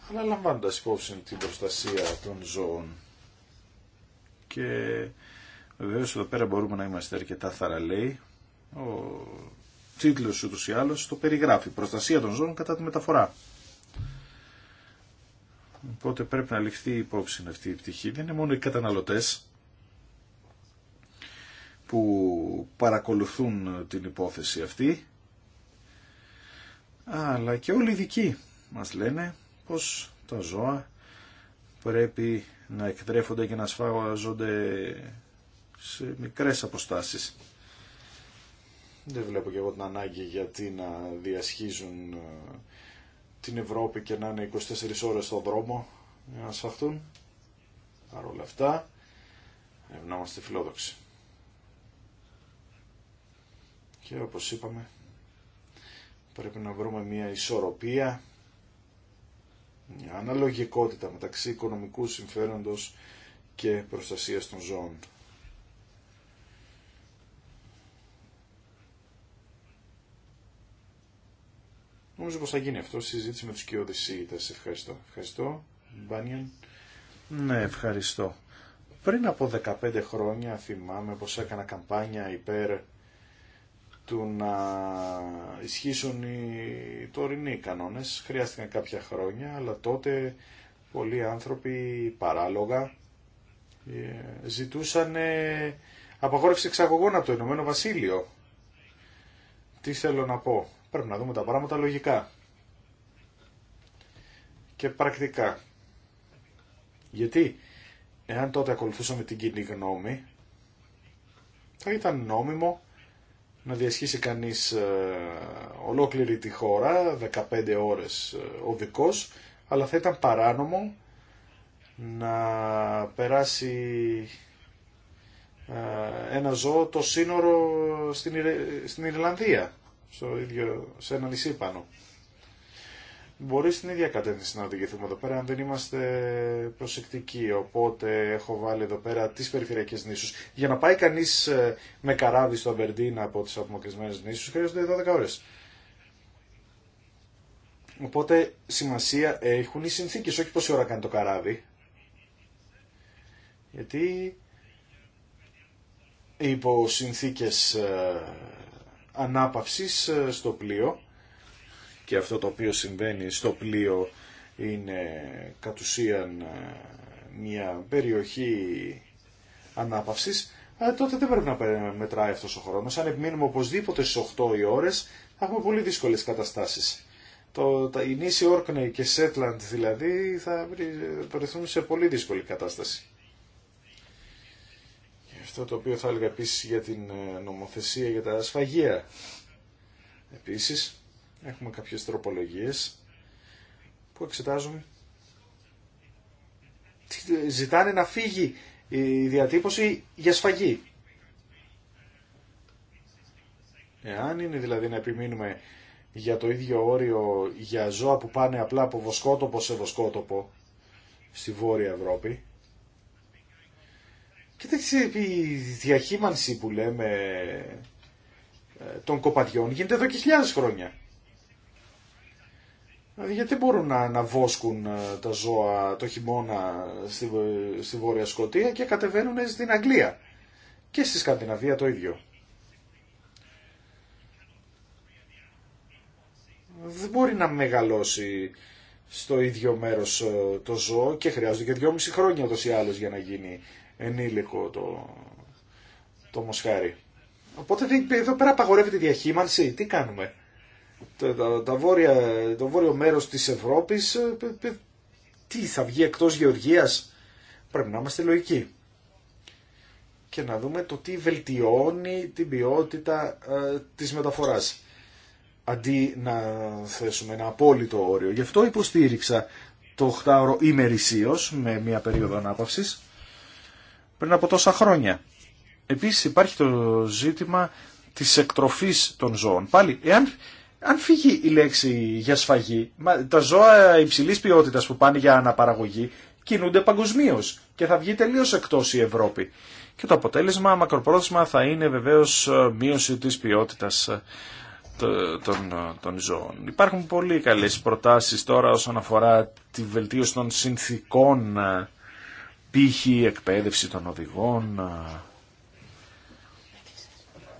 αλλά λαμβάνοντας υπόψη την προστασία των ζώων. Και βεβαίως εδώ πέρα μπορούμε να είμαστε αρκετά θαραλέοι. Ο τίτλος ούτως ή άλλως το περιγράφει. Προστασία των ζώων κατά τη μεταφορά. Οπότε πρέπει να ληφθεί υπόψη αυτή η πτυχή. Δεν είναι μόνο οι καταναλωτές που παρακολουθούν την υπόθεση αυτή, αλλά και όλοι οι δικοί μας λένε πως τα ζώα πρέπει να εκτρέφονται και να σφάγονται σε μικρές αποστάσεις. Δεν βλέπω και εγώ την ανάγκη γιατί να διασχίζουν ε, την Ευρώπη και να είναι 24 ώρες στον δρόμο για να σφαχτούν. Παρ' όλα αυτά, ευνόμαστε φιλόδοξοι και όπως είπαμε πρέπει να βρούμε μια ισορροπία, μια αναλογικότητα μεταξύ οικονομικού συμφέροντος και προστασίας των ζώων. Νομίζω πως θα γίνει αυτό στη συζήτηση με τους κοιόδησίτες. Ευχαριστώ. Ευχαριστώ. Ναι, ευχαριστώ. Πριν από 15 χρόνια θυμάμαι πως έκανα καμπάνια υπέρ του να ισχύσουν οι τωρινοί κανόνες. Χρειάστηκαν κάποια χρόνια, αλλά τότε πολλοί άνθρωποι παράλογα ε, ζητούσαν ε, απαγόρευση εξαγωγών από το Ηνωμένο Βασίλειο. Τι θέλω να πω. Πρέπει να δούμε τα πράγματα λογικά και πρακτικά. Γιατί εάν τότε ακολουθούσαμε την κοινή γνώμη θα ήταν νόμιμο να διασχίσει κανείς ε, ολόκληρη τη χώρα, 15 ώρες ε, οδικός, αλλά θα ήταν παράνομο να περάσει ε, ένα ζώο το σύνορο στην, Ιρλανδία, στο ίδιο, σε ένα νησί πάνω μπορεί στην ίδια κατεύθυνση να οδηγηθούμε εδώ πέρα αν δεν είμαστε προσεκτικοί. Οπότε έχω βάλει εδώ πέρα τι περιφερειακέ νήσου. Για να πάει κανεί ε, με καράβι στο Αμπερντίν από τι απομακρυσμένε νήσου χρειάζονται 12 ώρε. Οπότε σημασία έχουν οι συνθήκε, όχι πόση ώρα κάνει το καράβι. Γιατί υπό συνθήκες ε, ανάπαυσης ε, στο πλοίο και αυτό το οποίο συμβαίνει στο πλοίο είναι κατ' ουσίαν ε, μια περιοχή ανάπαυσης, ε, τότε δεν πρέπει να μετράει αυτός ο χρόνος. Αν επιμείνουμε οπωσδήποτε στι 8 οι ώρες, θα έχουμε πολύ δύσκολες καταστάσεις. Το, τα, οι Όρκνεϊ και Σέτλαντ δηλαδή θα βρεθούν σε πολύ δύσκολη κατάσταση. Και αυτό το οποίο θα έλεγα επίσης για την ε, νομοθεσία για τα ασφαγεία. Επίσης, Έχουμε κάποιες τροπολογίες που εξετάζουμε. Ζητάνε να φύγει η διατύπωση για σφαγή. Εάν είναι δηλαδή να επιμείνουμε για το ίδιο όριο για ζώα που πάνε απλά από βοσκότοπο σε βοσκότοπο στη Βόρεια Ευρώπη. Κοιτάξτε, η διαχείμανση που λέμε ε, των κοπαδιών γίνεται εδώ και χιλιάδες χρόνια γιατί μπορούν να, να βόσκουν ε, τα ζώα το χειμώνα στη, Βόρεια Σκοτία και κατεβαίνουν στην Αγγλία. Και στη Σκανδιναβία το ίδιο. Δεν μπορεί να μεγαλώσει στο ίδιο μέρος ε, το ζώο και χρειάζονται και δυόμιση χρόνια ούτως ή για να γίνει ενήλικο το, το μοσχάρι. Οπότε εδώ πέρα απαγορεύεται η διαχείμανση. Τι κάνουμε τα, τα το βόρειο μέρος της Ευρώπης ε, τι θα βγει εκτός γεωργίας πρέπει να είμαστε λογικοί και να δούμε το τι βελτιώνει την ποιότητα ε, της μεταφοράς αντί να θέσουμε ένα απόλυτο όριο. Γι' αυτό υποστήριξα το 8ωρο ημερησίως με μια περίοδο ανάπαυσης πριν από τόσα χρόνια. Επίσης υπάρχει το ζήτημα της εκτροφής των ζώων. Πάλι, εάν αν φύγει η λέξη για σφαγή, τα ζώα υψηλή ποιότητας που πάνε για αναπαραγωγή κινούνται παγκοσμίω και θα βγει τελείω εκτός η Ευρώπη. Και το αποτέλεσμα μακροπρόθεσμα θα είναι βεβαίως ε, μείωση τη ποιότητας ε, των, ε, των ζώων. Υπάρχουν πολύ καλέ προτάσει τώρα όσον αφορά τη βελτίωση των συνθήκων π.χ. εκπαίδευση των οδηγών,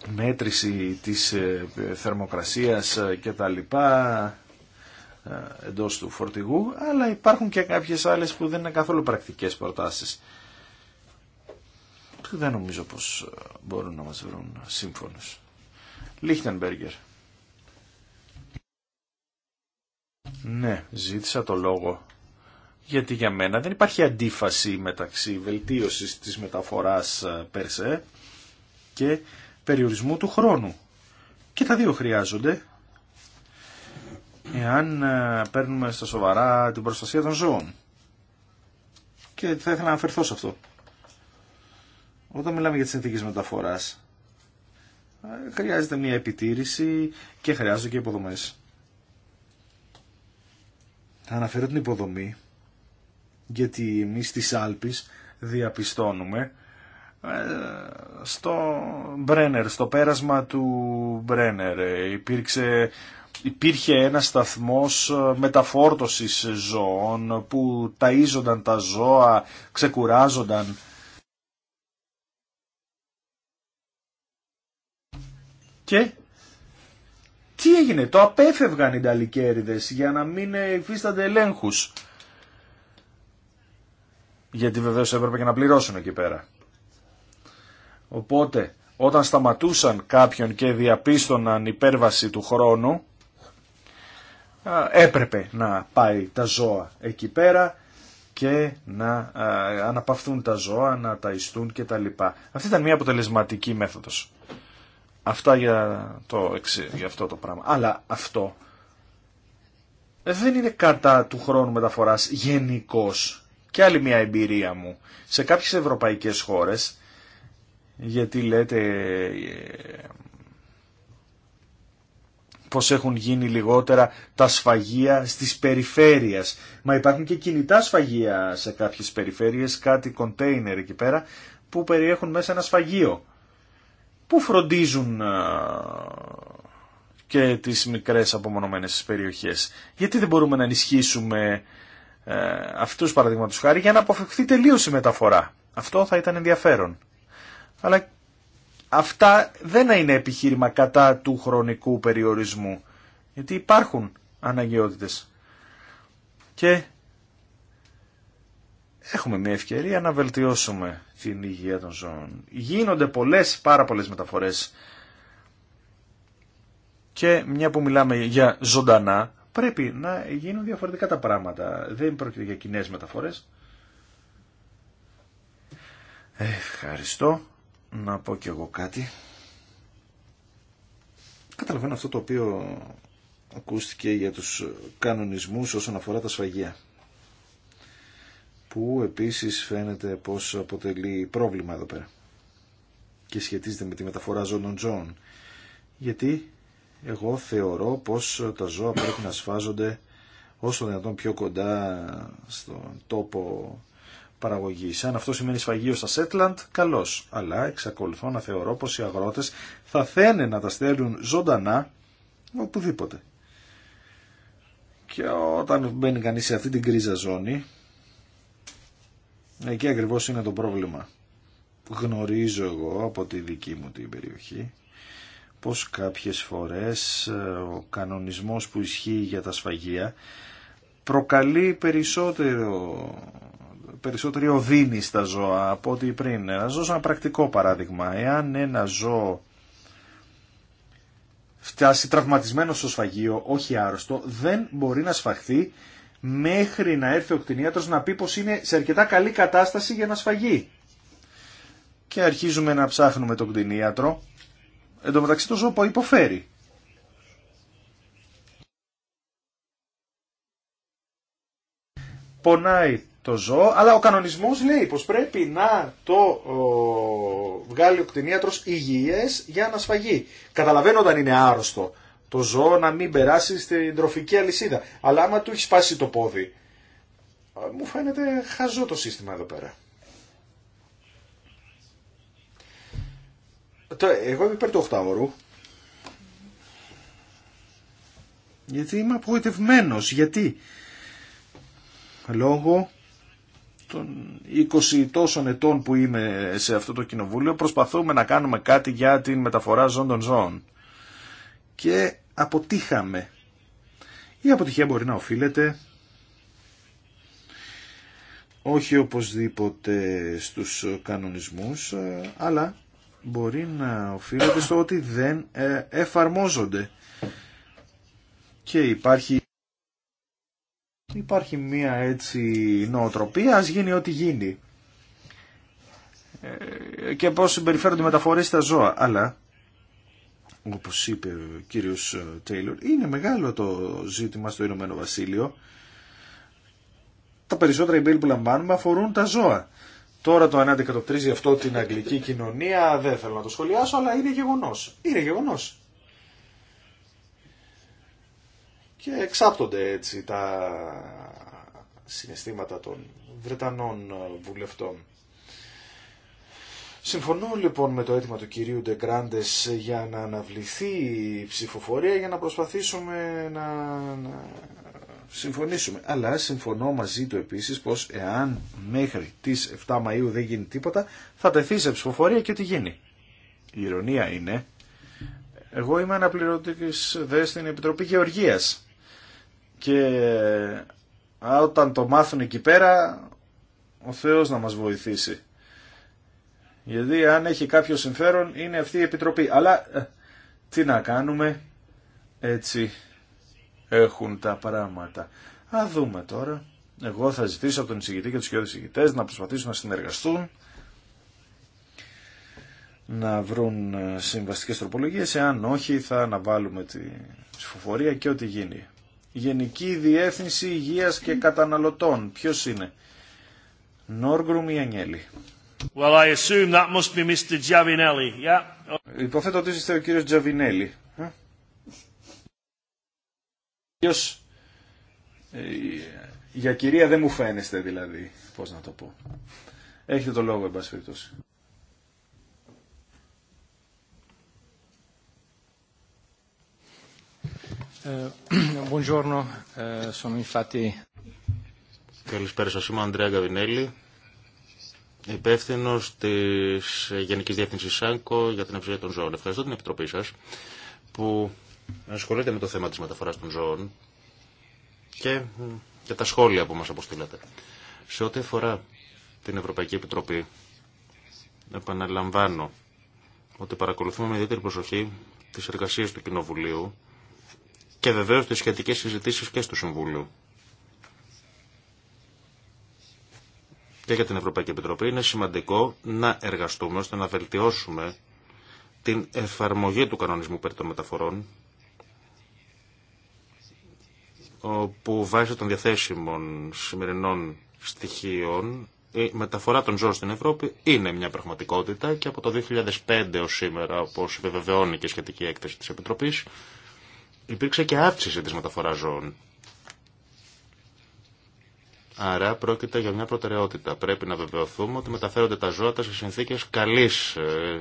μέτρηση της ε, θερμοκρασίας ε, και τα λοιπά ε, εντός του φορτηγού, αλλά υπάρχουν και κάποιες άλλες που δεν είναι καθόλου πρακτικές προτάσεις. δεν νομίζω πως μπορούν να μας βρουν σύμφωνος. Λίχτενμπεργκερ. Ναι, ζήτησα το λόγο. Γιατί για μένα δεν υπάρχει αντίφαση μεταξύ βελτίωσης της μεταφοράς περσέ και περιορισμού του χρόνου. Και τα δύο χρειάζονται εάν ε, παίρνουμε στα σοβαρά την προστασία των ζώων. Και θα ήθελα να αναφερθώ σε αυτό. Όταν μιλάμε για τις συνθήκες μεταφοράς, ε, χρειάζεται μια επιτήρηση και χρειάζονται και υποδομές. Θα αναφέρω την υποδομή, γιατί εμείς στις Άλπεις διαπιστώνουμε ε, στο Μπρένερ, στο πέρασμα του Μπρένερ. Ε, υπήρξε, υπήρχε ένα σταθμός ε, μεταφόρτωσης ζώων που ταΐζονταν τα ζώα, ξεκουράζονταν. Και τι έγινε, το απέφευγαν οι ταλικέριδες για να μην υφίστανται ελέγχους. Γιατί βεβαίως έπρεπε και να πληρώσουν εκεί πέρα. Οπότε, όταν σταματούσαν κάποιον και διαπίστωναν υπέρβαση του χρόνου, έπρεπε να πάει τα ζώα εκεί πέρα και να αναπαυθούν τα ζώα, να ταϊστούν και τα Αυτή ήταν μια αποτελεσματική μέθοδος. Αυτά για, το, για αυτό το πράγμα. Αλλά αυτό ε, δεν είναι κατά του χρόνου μεταφοράς γενικώ. Και άλλη μια εμπειρία μου. Σε κάποιες ευρωπαϊκές χώρες γιατί λέτε ε, πως έχουν γίνει λιγότερα τα σφαγεία στις περιφέρειες. Μα υπάρχουν και κινητά σφαγεία σε κάποιες περιφέρειες, κάτι κοντέινερ εκεί πέρα, που περιέχουν μέσα ένα σφαγείο, που φροντίζουν ε, και τις μικρές απομονωμένες περιοχές. Γιατί δεν μπορούμε να ενισχύσουμε ε, αυτούς παραδείγματος χάρη για να αποφευχθεί τελείως η μεταφορά. Αυτό θα ήταν ενδιαφέρον αλλά αυτά δεν είναι επιχείρημα κατά του χρονικού περιορισμού, γιατί υπάρχουν αναγκαιότητες. Και έχουμε μια ευκαιρία να βελτιώσουμε την υγεία των ζώων. Γίνονται πολλές, πάρα πολλές μεταφορές και μια που μιλάμε για ζωντανά, πρέπει να γίνουν διαφορετικά τα πράγματα. Δεν πρόκειται για κοινέ μεταφορές. Ευχαριστώ να πω κι εγώ κάτι. Καταλαβαίνω αυτό το οποίο ακούστηκε για τους κανονισμούς όσον αφορά τα σφαγεία που επίσης φαίνεται πως αποτελεί πρόβλημα εδώ πέρα και σχετίζεται με τη μεταφορά ζώων ζώων γιατί εγώ θεωρώ πως τα ζώα πρέπει να σφάζονται όσο δυνατόν πιο κοντά στον τόπο αν αυτό σημαίνει σφαγείο στα Σέτλαντ, καλώς. Αλλά εξακολουθώ να θεωρώ πως οι αγρότες θα θένε να τα στέλνουν ζωντανά οπουδήποτε. Και όταν μπαίνει κανείς σε αυτή την κρίζα ζώνη, εκεί ακριβώς είναι το πρόβλημα. Γνωρίζω εγώ από τη δική μου την περιοχή πως κάποιες φορές ε, ο κανονισμός που ισχύει για τα σφαγεία προκαλεί περισσότερο Περισσότερο οδύνη στα ζώα από ό,τι πριν. Να δώσω ένα πρακτικό παράδειγμα. Εάν ένα ζώο φτάσει τραυματισμένο στο σφαγείο, όχι άρρωστο, δεν μπορεί να σφαχθεί μέχρι να έρθει ο κτηνίατρος να πει πως είναι σε αρκετά καλή κατάσταση για να σφαγεί. Και αρχίζουμε να ψάχνουμε τον κτηνίατρο. Εν τω μεταξύ το ζώο υποφέρει. Πονάει το ζώο, αλλά ο κανονισμός λέει πως πρέπει να το βγάλει ο κτηνίατρος υγιές για να σφαγεί. Καταλαβαίνω όταν είναι άρρωστο το ζώο να μην περάσει στην τροφική αλυσίδα, αλλά άμα του έχει σπάσει το πόδι, μου φαίνεται χαζό το σύστημα εδώ πέρα. Εγώ είμαι υπέρ του 8 Γιατί είμαι απογοητευμένος. Γιατί. Λόγω των 20 τόσων ετών που είμαι σε αυτό το κοινοβούλιο προσπαθούμε να κάνουμε κάτι για την μεταφορά ζών των ζώων. Και αποτύχαμε. Η αποτυχία μπορεί να οφείλεται όχι οπωσδήποτε στους κανονισμούς, αλλά μπορεί να οφείλεται στο ότι δεν ε, εφαρμόζονται. Και υπάρχει υπάρχει μία έτσι νοοτροπία, ας γίνει ό,τι γίνει. Ε, και πώς συμπεριφέρονται οι μεταφορές στα ζώα. Αλλά, όπως είπε ο κύριος ε, Τέιλορ, είναι μεγάλο το ζήτημα στο Ηνωμένο Βασίλειο. Τα περισσότερα email που λαμβάνουμε αφορούν τα ζώα. Τώρα το αν αντικατοπτρίζει αυτό την αγγλική κοινωνία δεν θέλω να το σχολιάσω, αλλά είναι γεγονός. Είναι γεγονός. και εξάπτονται έτσι τα συναισθήματα των Βρετανών ε, βουλευτών. Συμφωνώ λοιπόν με το αίτημα του κυρίου Ντεγκράντες για να αναβληθεί η ψηφοφορία για να προσπαθήσουμε να, να συμφωνήσουμε. Αλλά συμφωνώ μαζί του επίσης πως εάν μέχρι τις 7 Μαΐου δεν γίνει τίποτα θα τεθεί σε ψηφοφορία και τι γίνει. Η ειρωνία είναι εγώ είμαι αναπληρωτής δε στην Επιτροπή Γεωργίας και όταν το μάθουν εκεί πέρα, ο Θεός να μας βοηθήσει. Γιατί αν έχει κάποιο συμφέρον είναι αυτή η Επιτροπή. Αλλά ε, τι να κάνουμε, έτσι έχουν τα πράγματα. Α δούμε τώρα. Εγώ θα ζητήσω από τον εισηγητή και τους κοιόδους εισηγητές να προσπαθήσουν να συνεργαστούν, να βρουν ε, συμβαστικές τροπολογίες. Εάν όχι θα αναβάλουμε τη ψηφοφορία και ό,τι γίνει. Γενική Διεύθυνση Υγείας και Καταναλωτών. Ποιος είναι. Νόργκρουμ ή Ανιέλη. Well, I assume that must be Mr. Giavinelli. Yeah. Υποθέτω ότι είστε ο κύριος Τζαβινέλη. Ε? Ποιος... Ε, για κυρία δεν μου φαίνεστε δηλαδή, πώς να το πω. Έχετε το λόγο, εν πάση Ε, ε, Καλησπέρα σα είμαι ο Αντρέα Γκαβινέλη, υπεύθυνο της γενική διεύθυνση ΣΑΝΚΟ για την ευζοία των ζώων. Ευχαριστώ την Επιτροπή σα που ασχολείται με το θέμα τη μεταφορά των ζώων και, για τα σχόλια που μα αποστήλατε. Σε ό,τι αφορά την Ευρωπαϊκή Επιτροπή, επαναλαμβάνω ότι παρακολουθούμε με ιδιαίτερη προσοχή τι εργασίε του Κοινοβουλίου και βεβαίω τι σχετικέ συζητήσει και στο Συμβούλιο. Και για την Ευρωπαϊκή Επιτροπή είναι σημαντικό να εργαστούμε ώστε να βελτιώσουμε την εφαρμογή του κανονισμού περί των μεταφορών όπου βάσει των διαθέσιμων σημερινών στοιχείων η μεταφορά των ζώων στην Ευρώπη είναι μια πραγματικότητα και από το 2005 ως σήμερα, όπως επιβεβαιώνει και η σχετική έκθεση της Επιτροπής, υπήρξε και αύξηση της μεταφοράς ζώων. Άρα πρόκειται για μια προτεραιότητα. Πρέπει να βεβαιωθούμε ότι μεταφέρονται τα ζώα σε συνθήκες καλής, ε,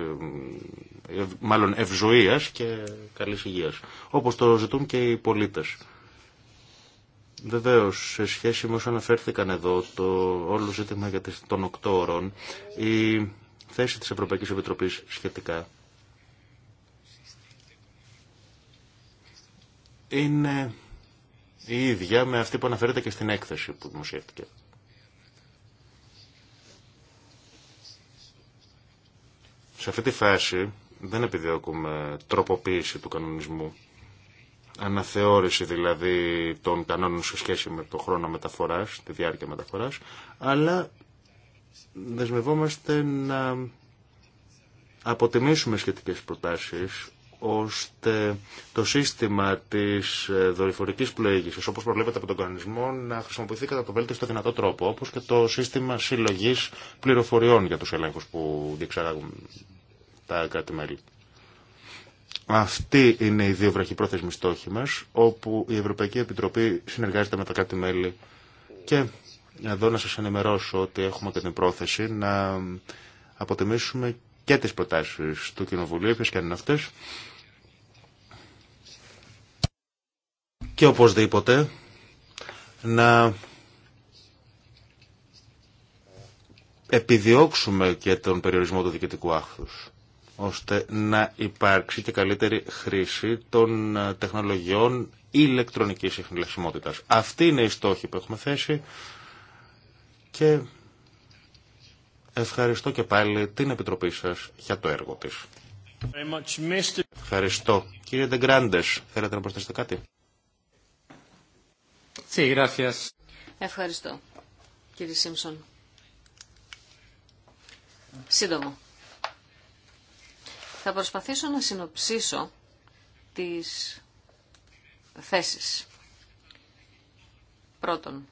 μάλλον ευζωίας και καλής υγείας. Όπως το ζητούν και οι πολίτες. Βεβαίω, σε σχέση με όσο αναφέρθηκαν εδώ, το όλο ζήτημα για τις, των οκτώ η θέση της Ευρωπαϊκής Επιτροπής σχετικά είναι η ίδια με αυτή που αναφέρεται και στην έκθεση που δημοσιεύτηκε. Σε αυτή τη φάση δεν επιδιώκουμε τροποποίηση του κανονισμού, αναθεώρηση δηλαδή των κανόνων σε σχέση με το χρόνο μεταφοράς, τη διάρκεια μεταφοράς, αλλά δεσμευόμαστε να αποτιμήσουμε σχετικές προτάσεις ώστε το σύστημα της ε, δορυφορικής πλοήγησης, όπως προβλέπεται από τον κανονισμό, να χρησιμοποιηθεί κατά το βέλτιστο δυνατό τρόπο, όπως και το σύστημα συλλογής πληροφοριών για τους ελέγχους που διεξάγουν τα κράτη-μέλη. Αυτή είναι η δύο βραχυπρόθεσμοι στόχοι μας, όπου η Ευρωπαϊκή Επιτροπή συνεργάζεται με τα κράτη-μέλη και εδώ να σας ενημερώσω ότι έχουμε και την πρόθεση να αποτιμήσουμε και τις προτάσεις του Κοινοβουλίου, ποιες και αν είναι αυτές, και οπωσδήποτε να επιδιώξουμε και τον περιορισμό του διοικητικού άχθους ώστε να υπάρξει και καλύτερη χρήση των ε, τεχνολογιών ηλεκτρονικής συχνηλεξιμότητας. Αυτή είναι η στόχη που έχουμε θέσει και ευχαριστώ και πάλι την Επιτροπή σας για το έργο της. Ευχαριστώ. Κύριε Ντεγκράντες, θέλετε να προσθέσετε κάτι. Ευχαριστώ, κύριε Σίμψον. Σύντομο. Θα προσπαθήσω να συνοψίσω τις θέσεις. Πρώτον,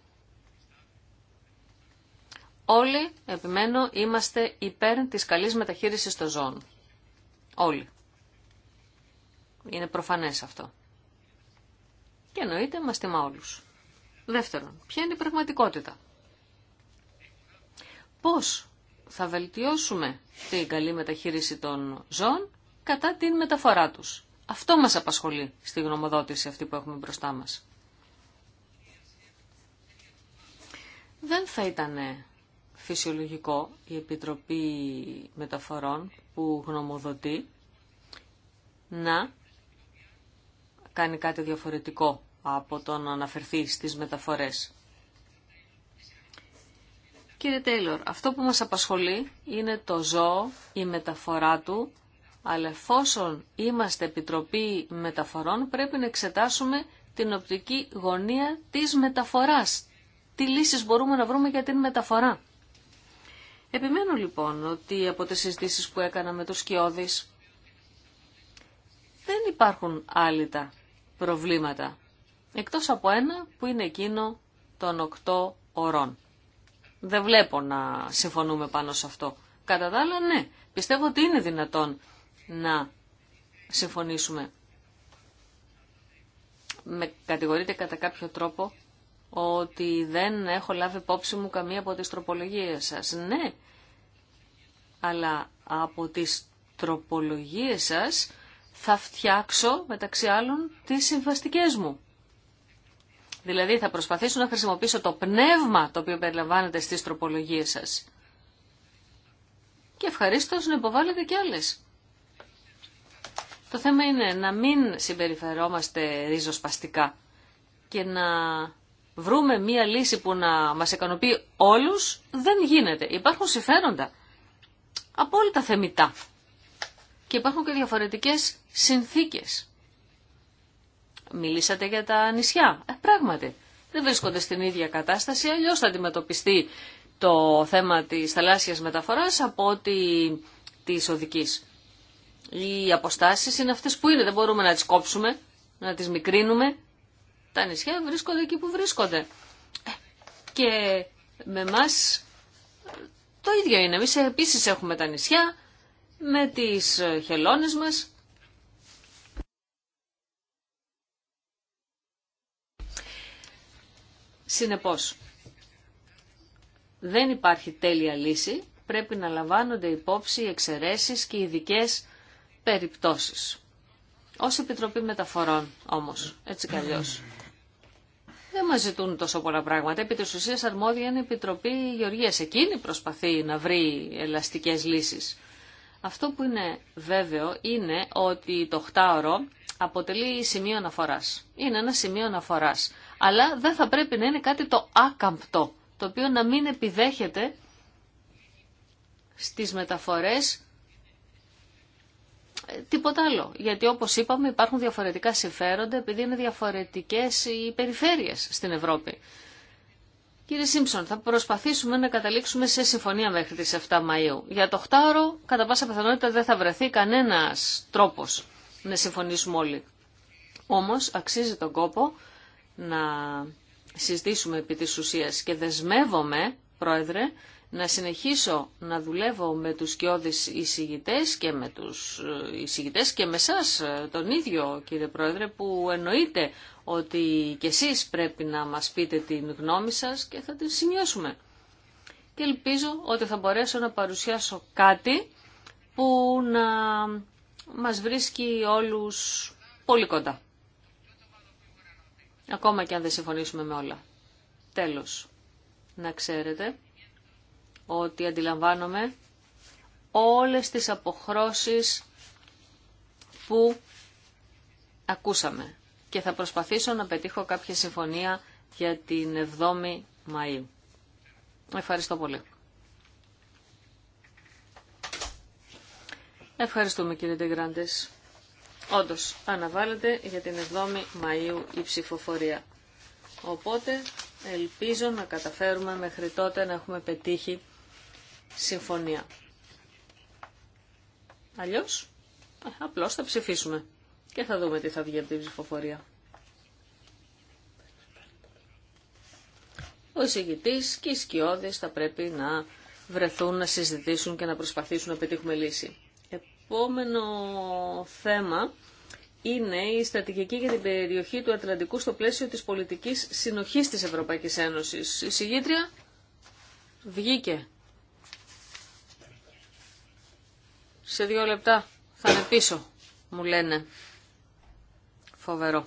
όλοι, επιμένω, είμαστε υπέρ της καλής μεταχείρισης των ζώων. Όλοι. Είναι προφανές αυτό. Και εννοείται μας τιμά όλους. Δεύτερον, ποια είναι η πραγματικότητα. Πώς θα βελτιώσουμε την καλή μεταχείριση των ζώων κατά την μεταφορά τους. Αυτό μας απασχολεί στη γνωμοδότηση αυτή που έχουμε μπροστά μας. Δεν θα ήταν φυσιολογικό η Επιτροπή Μεταφορών που γνωμοδοτεί να κάνει κάτι διαφορετικό από το να αναφερθεί στις μεταφορές. Κύριε Τέιλορ, αυτό που μας απασχολεί είναι το ζώο, η μεταφορά του, αλλά εφόσον είμαστε Επιτροπή Μεταφορών πρέπει να εξετάσουμε την οπτική γωνία της μεταφοράς. Τι λύσεις μπορούμε να βρούμε για την μεταφορά. Επιμένω λοιπόν ότι από τις συζητήσεις που έκανα με τους Σκιώδης δεν υπάρχουν άλυτα προβλήματα. Εκτός από ένα που είναι εκείνο των οκτώ ωρών. Δεν βλέπω να συμφωνούμε πάνω σε αυτό. Κατά τα άλλα, ναι, πιστεύω ότι είναι δυνατόν να συμφωνήσουμε. Με κατηγορείτε κατά κάποιο τρόπο ότι δεν έχω λάβει υπόψη μου καμία από τις τροπολογίες σας. Ναι, αλλά από τις τροπολογίες σας θα φτιάξω μεταξύ άλλων τις συμβαστικές μου. Δηλαδή θα προσπαθήσω να χρησιμοποιήσω το πνεύμα το οποίο περιλαμβάνεται στις τροπολογίες σας. Και ευχαρίστω να υποβάλλετε και άλλες. Το θέμα είναι να μην συμπεριφερόμαστε ριζοσπαστικά και να βρούμε μία λύση που να μας ικανοποιεί όλους δεν γίνεται. Υπάρχουν συμφέροντα απόλυτα θεμητά και υπάρχουν και διαφορετικές συνθήκες. Μιλήσατε για τα νησιά. Ε, πράγματι, δεν βρίσκονται στην ίδια κατάσταση, αλλιώς θα αντιμετωπιστεί το θέμα της θαλάσσιας μεταφοράς από ότι της οδικής. Οι αποστάσεις είναι αυτές που είναι, δεν μπορούμε να τις κόψουμε, να τις μικρύνουμε. Τα νησιά βρίσκονται εκεί που βρίσκονται. Ε, και με εμά το ίδιο είναι. εμεί επίση έχουμε τα νησιά με τι χελώνες μα. Συνεπώς, δεν υπάρχει τέλεια λύση, πρέπει να λαμβάνονται υπόψη εξαιρέσεις και ειδικέ περιπτώσεις. Ως Επιτροπή Μεταφορών όμως, έτσι κι Δεν μα ζητούν τόσο πολλά πράγματα. Επί τη ουσία αρμόδια είναι η Επιτροπή Γεωργίας. Εκείνη προσπαθεί να βρει ελαστικές λύσεις. Αυτό που είναι βέβαιο είναι ότι το 8 αποτελεί σημείο αναφορά. Είναι ένα σημείο αναφορά αλλά δεν θα πρέπει να είναι κάτι το άκαμπτο, το οποίο να μην επιδέχεται στις μεταφορές ε, τίποτα άλλο. Γιατί όπως είπαμε υπάρχουν διαφορετικά συμφέροντα επειδή είναι διαφορετικές οι περιφέρειες στην Ευρώπη. Κύριε Σίμψον, θα προσπαθήσουμε να καταλήξουμε σε συμφωνία μέχρι τις 7 Μαΐου. Για το 8ωρο, κατά πάσα πιθανότητα, δεν θα βρεθεί κανένας τρόπος να συμφωνήσουμε όλοι. Όμως, αξίζει τον κόπο να συζητήσουμε επί της ουσίας και δεσμεύομαι, Πρόεδρε, να συνεχίσω να δουλεύω με τους κοιόδης εισηγητές και με τους ε, εισηγητές και με σας ε, τον ίδιο κύριε Πρόεδρε που εννοείται ότι και εσείς πρέπει να μας πείτε την γνώμη σας και θα την σημειώσουμε. Και ελπίζω ότι θα μπορέσω να παρουσιάσω κάτι που να μας βρίσκει όλους πολύ κοντά. Ακόμα και αν δεν συμφωνήσουμε με όλα. Τέλος, να ξέρετε ότι αντιλαμβάνομαι όλες τις αποχρώσεις που ακούσαμε και θα προσπαθήσω να πετύχω κάποια συμφωνία για την 7η Μαΐου. Ευχαριστώ πολύ. Ευχαριστούμε κύριε Τεγκράντες. Όντω αναβάλλεται για την 7η Μαΐου η ψηφοφορία. Οπότε, ελπίζω να καταφέρουμε μέχρι τότε να έχουμε πετύχει συμφωνία. Αλλιώς, απλώς θα ψηφίσουμε και θα δούμε τι θα βγει από την ψηφοφορία. Ο εισηγητή και οι σκιώδες θα πρέπει να βρεθούν να συζητήσουν και να προσπαθήσουν να πετύχουμε λύση επόμενο θέμα είναι η στρατηγική για την περιοχή του Ατλαντικού στο πλαίσιο της πολιτικής συνοχής της Ευρωπαϊκής Ένωσης. Η συγγήτρια βγήκε. Σε δύο λεπτά θα είναι πίσω, μου λένε. Φοβερό.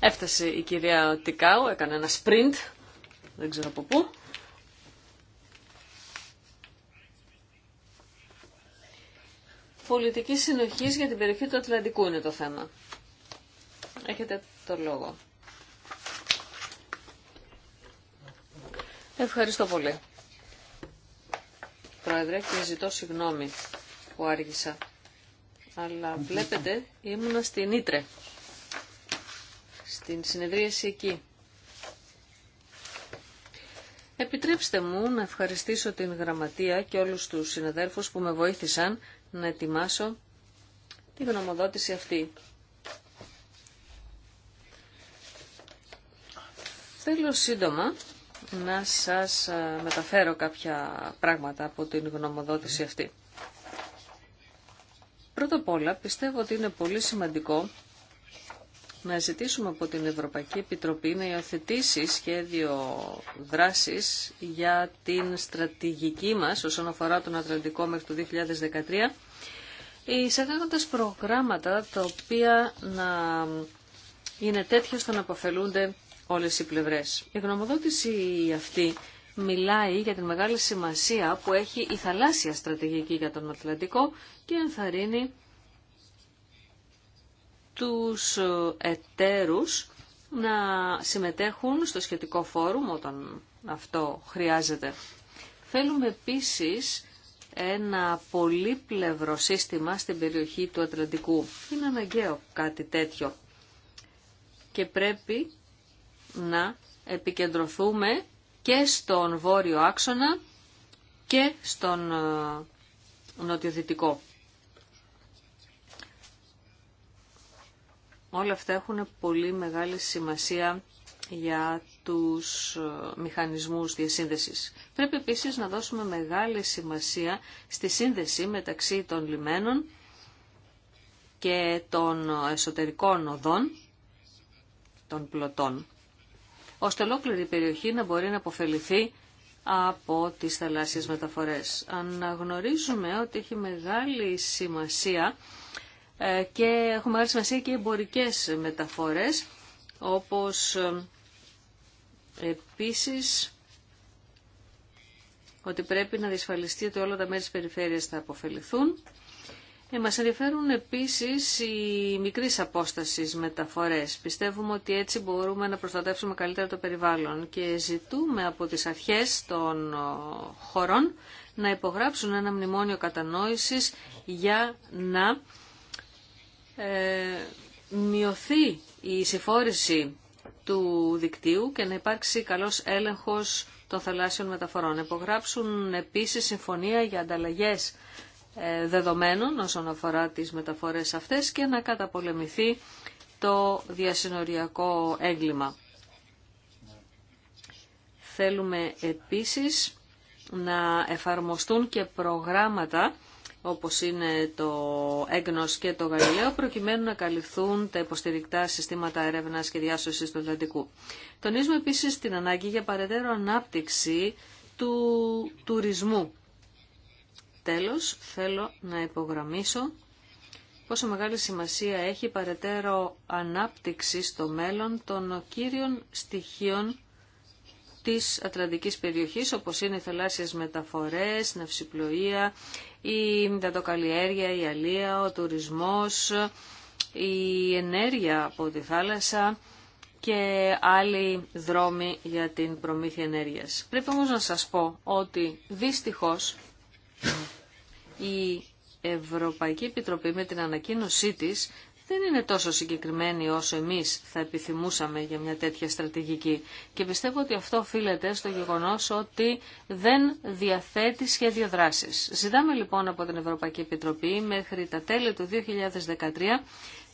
Έφτασε η κυρία Τικάου, έκανε ένα sprint, δεν ξέρω από πού. Πολιτική συνοχή για την περιοχή του Ατλαντικού είναι το θέμα. Έχετε το λόγο. Ευχαριστώ πολύ. Πρόεδρε, και ζητώ συγγνώμη που άργησα αλλά βλέπετε ήμουνα στην Ήτρε, στην συνεδρίαση εκεί. Επιτρέψτε μου να ευχαριστήσω την Γραμματεία και όλους τους συναδέρφους που με βοήθησαν να ετοιμάσω τη γνωμοδότηση αυτή. Θέλω σύντομα να σας μεταφέρω κάποια πράγματα από την γνωμοδότηση αυτή. Πρώτα απ' όλα πιστεύω ότι είναι πολύ σημαντικό να ζητήσουμε από την Ευρωπαϊκή Επιτροπή να υιοθετήσει σχέδιο δράσης για την στρατηγική μας όσον αφορά τον Ατλαντικό μέχρι το 2013 εισαγάγοντας προγράμματα τα οποία να είναι τέτοια ώστε να αποφελούνται όλες οι πλευρές. Η γνωμοδότηση αυτή μιλάει για την μεγάλη σημασία που έχει η θαλάσσια στρατηγική για τον Ατλαντικό και ενθαρρύνει τους ε, εταίρους να συμμετέχουν στο σχετικό φόρουμ όταν αυτό χρειάζεται. Θέλουμε επίσης ένα πολύπλευρο σύστημα στην περιοχή του Ατλαντικού. Είναι αναγκαίο κάτι τέτοιο. Και πρέπει να επικεντρωθούμε και στον βόρειο άξονα και στον ε, νοτιοδυτικό. Όλα αυτά έχουν πολύ μεγάλη σημασία για τους ε, μηχανισμούς διασύνδεσης. Πρέπει επίσης να δώσουμε μεγάλη σημασία στη σύνδεση μεταξύ των λιμένων και των εσωτερικών οδών των πλωτών ώστε ολόκληρη η περιοχή να μπορεί να αποφεληθεί από τις θαλάσσιες μεταφορές. Αναγνωρίζουμε ότι έχει μεγάλη σημασία ε, και έχουν μεγάλη σημασία και οι εμπορικές μεταφορές, όπως ε, επίσης ότι πρέπει να διασφαλιστεί ότι όλα τα μέρη της περιφέρειας θα αποφεληθούν ε, μας ενδιαφέρουν επίσης οι μικρής απόστασης μεταφορές. Πιστεύουμε ότι έτσι μπορούμε να προστατεύσουμε καλύτερα το περιβάλλον και ζητούμε από τις αρχές των χωρών να υπογράψουν ένα μνημόνιο κατανόησης για να ε, μειωθεί η συμφόρηση του δικτύου και να υπάρξει καλός έλεγχος των θαλάσσιων μεταφορών. Υπογράψουν επίσης συμφωνία για ανταλλαγές ε, δεδομένων όσον αφορά τις μεταφορές αυτές και να καταπολεμηθεί το διασυνοριακό έγκλημα. Θέλουμε επίσης να εφαρμοστούν και προγράμματα όπως είναι το έγνος και το γαλιλαίο, προκειμένου να καλυφθούν τα υποστηρικτά συστήματα έρευνας και διάσωσης του Ατλαντικού. Τονίζουμε επίσης την ανάγκη για παρετέρω ανάπτυξη του τουρισμού Τέλος, θέλω να υπογραμμίσω πόσο μεγάλη σημασία έχει παρετέρω ανάπτυξη στο μέλλον των κύριων στοιχείων της Ατλαντικής περιοχής, όπως είναι οι θαλάσσιες μεταφορές, ναυσιπλοεία, η δατοκαλλιέργεια, η αλία, ο τουρισμός, η ενέργεια από τη θάλασσα και άλλοι δρόμοι για την προμήθεια ενέργειας. Πρέπει όμως να σας πω ότι δυστυχώς η Ευρωπαϊκή Επιτροπή με την ανακοίνωσή της δεν είναι τόσο συγκεκριμένη όσο εμείς θα επιθυμούσαμε για μια τέτοια στρατηγική. Και πιστεύω ότι αυτό οφείλεται στο γεγονός ότι δεν διαθέτει σχέδιο δράσης. Ζητάμε λοιπόν από την Ευρωπαϊκή Επιτροπή μέχρι τα τέλη του 2013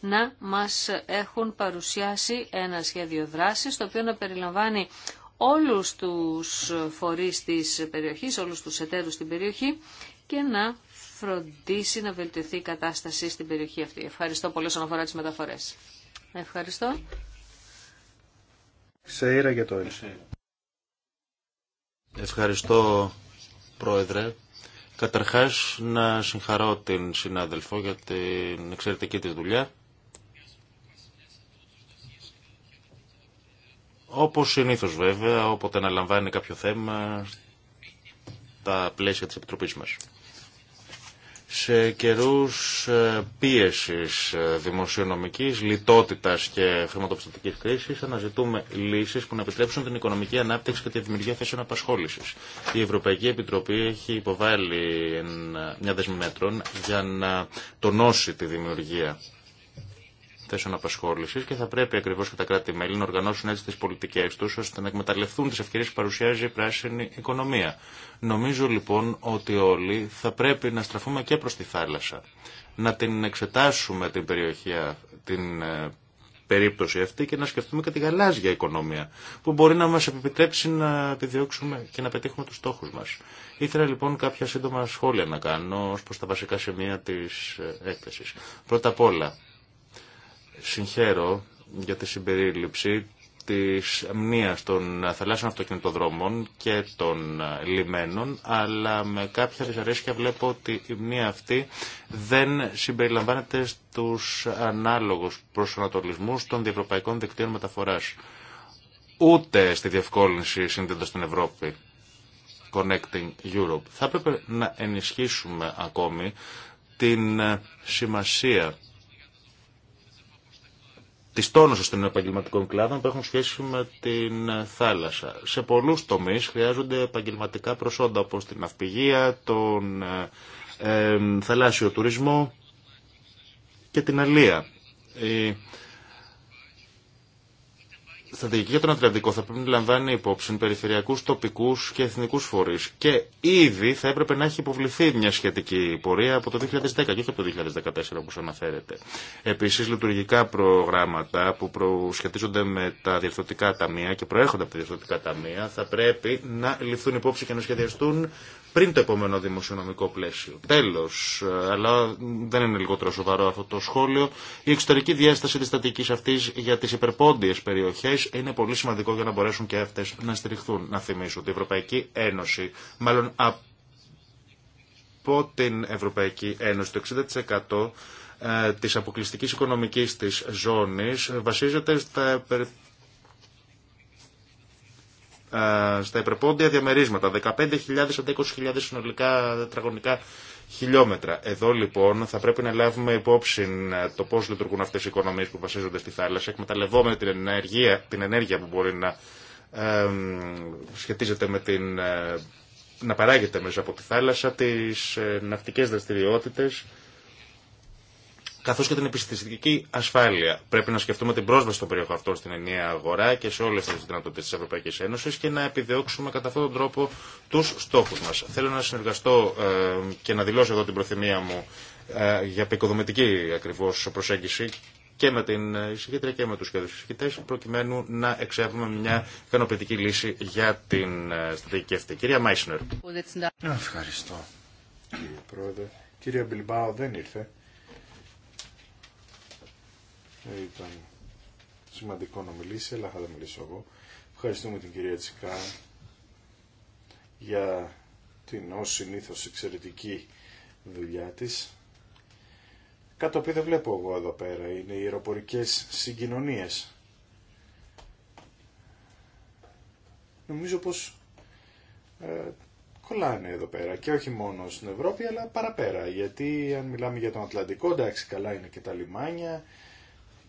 να μας έχουν παρουσιάσει ένα σχέδιο δράσης το οποίο να περιλαμβάνει όλους τους φορείς της περιοχής, όλους τους εταίρους στην περιοχή και να φροντίσει να βελτιωθεί η κατάσταση στην περιοχή αυτή. Ευχαριστώ πολύ όσον αφορά τι μεταφορές. Ευχαριστώ. Σε για το Ευχαριστώ, Πρόεδρε. Καταρχάς, να συγχαρώ την συνάδελφο για την εξαιρετική τη δουλειά. Όπως συνήθως βέβαια, όποτε αναλαμβάνει κάποιο θέμα, τα πλαίσια της Επιτροπής μας σε καιρούς ε, πίεσης ε, δημοσιονομικής, λιτότητας και χρηματοπιστωτικής κρίσης αναζητούμε λύσεις που να επιτρέψουν την οικονομική ανάπτυξη και τη δημιουργία θέσεων απασχόλησης. Η Ευρωπαϊκή Επιτροπή έχει υποβάλει μια δεσμή μέτρων για να τονώσει τη δημιουργία θέσεων απασχόληση και θα πρέπει ακριβώ και τα κράτη-μέλη να οργανώσουν έτσι τι πολιτικέ του ώστε να εκμεταλλευτούν τι ευκαιρίε που παρουσιάζει η πράσινη οικονομία. Νομίζω λοιπόν ότι όλοι θα πρέπει να στραφούμε και προ τη θάλασσα. Να την εξετάσουμε την περιοχή, την ε, περίπτωση αυτή και να σκεφτούμε και τη γαλάζια οικονομία που μπορεί να μας επιτρέψει να επιδιώξουμε και να πετύχουμε τους στόχους μας. Ήθελα λοιπόν κάποια σύντομα σχόλια να κάνω ως προς τα βασικά σημεία της ε, έκθεσης. Πρώτα απ' όλα, συγχαίρω για τη συμπερίληψη της μνήας των θαλάσσιων αυτοκινητοδρόμων και των λιμένων, αλλά με κάποια δυσαρέσκεια βλέπω ότι η μνήα αυτή δεν συμπεριλαμβάνεται στους ανάλογους προσανατολισμούς των διευρωπαϊκών δικτύων μεταφοράς, ούτε στη διευκόλυνση σύνδετας στην Ευρώπη. Connecting Europe. Θα έπρεπε να ενισχύσουμε ακόμη την σημασία τη τόνωση των επαγγελματικών κλάδων που έχουν σχέση με την θάλασσα. Σε πολλού τομεί χρειάζονται επαγγελματικά προσόντα όπω την αυπηγία, τον ε, ε, θαλάσσιο τουρισμό και την αλεία στρατηγική για τον Ατλαντικό θα πρέπει να λαμβάνει υπόψη περιφερειακούς, τοπικούς και εθνικούς φορεί. και ήδη θα έπρεπε να έχει υποβληθεί μια σχετική πορεία από το 2010 και όχι από το 2014 όπως αναφέρεται. Επίσης λειτουργικά προγράμματα που σχετίζονται με τα διευθυντικά ταμεία και προέρχονται από τα διευθυντικά ταμεία θα πρέπει να ληφθούν υπόψη και να σχεδιαστούν πριν το επόμενο δημοσιονομικό πλαίσιο. Τέλο, ε, αλλά δεν είναι λιγότερο σοβαρό αυτό το σχόλιο, η εξωτερική διάσταση της στατική αυτής για τις υπερπόντιες περιοχές είναι πολύ σημαντικό για να μπορέσουν και αυτές να στηριχθούν. Να θυμίσω ότι η Ευρωπαϊκή Ένωση, μάλλον από την Ευρωπαϊκή Ένωση, το 60% ε, της αποκλειστικής οικονομικής της ζώνης βασίζεται στα ε, στα υπερπόντια διαμερίσματα, 15.000 20.000 συνολικά τετραγωνικά χιλιόμετρα. Εδώ λοιπόν θα πρέπει να λάβουμε υπόψη ε, το πώς λειτουργούν αυτές οι οικονομίες που βασίζονται στη θάλασσα, εκμεταλλευόμενοι την ενέργεια, την ενέργεια που μπορεί να σχετίζεται με την, ε, να παράγεται μέσα από τη θάλασσα, τις ναυτικές δραστηριότητες, καθώ και την επιστημιστική ασφάλεια. Πρέπει να σκεφτούμε την πρόσβαση των περιοχών αυτών στην ενιαία αγορά και σε όλε τι δυνατότητε τη Ευρωπαϊκή Ένωση και να επιδιώξουμε κατά αυτόν τον τρόπο του στόχου μα. Θέλω να συνεργαστώ ε, και να δηλώσω εδώ την προθυμία μου ε, για επικοδομητική ακριβώ προσέγγιση και με την εισηγήτρια και με του κέντρου εισηγητέ, προκειμένου να εξεύρουμε μια ικανοποιητική λύση για την ε, στρατηγική αυτή. Κυρία Μάισνερ. Ευχαριστώ. Κύριε Πρόεδρε, κυρία Μπιλμπάο δεν ήρθε. Ήταν σημαντικό να μιλήσει, αλλά θα τα μιλήσω εγώ. Ευχαριστούμε την κυρία Τσικά για την ως συνήθως εξαιρετική δουλειά της. Κάτω το δεν βλέπω εγώ εδώ πέρα είναι οι αεροπορικές συγκοινωνίες. Νομίζω πως ε, κολλάνε εδώ πέρα και όχι μόνο στην Ευρώπη αλλά παραπέρα γιατί αν μιλάμε για τον Ατλαντικό εντάξει καλά είναι και τα λιμάνια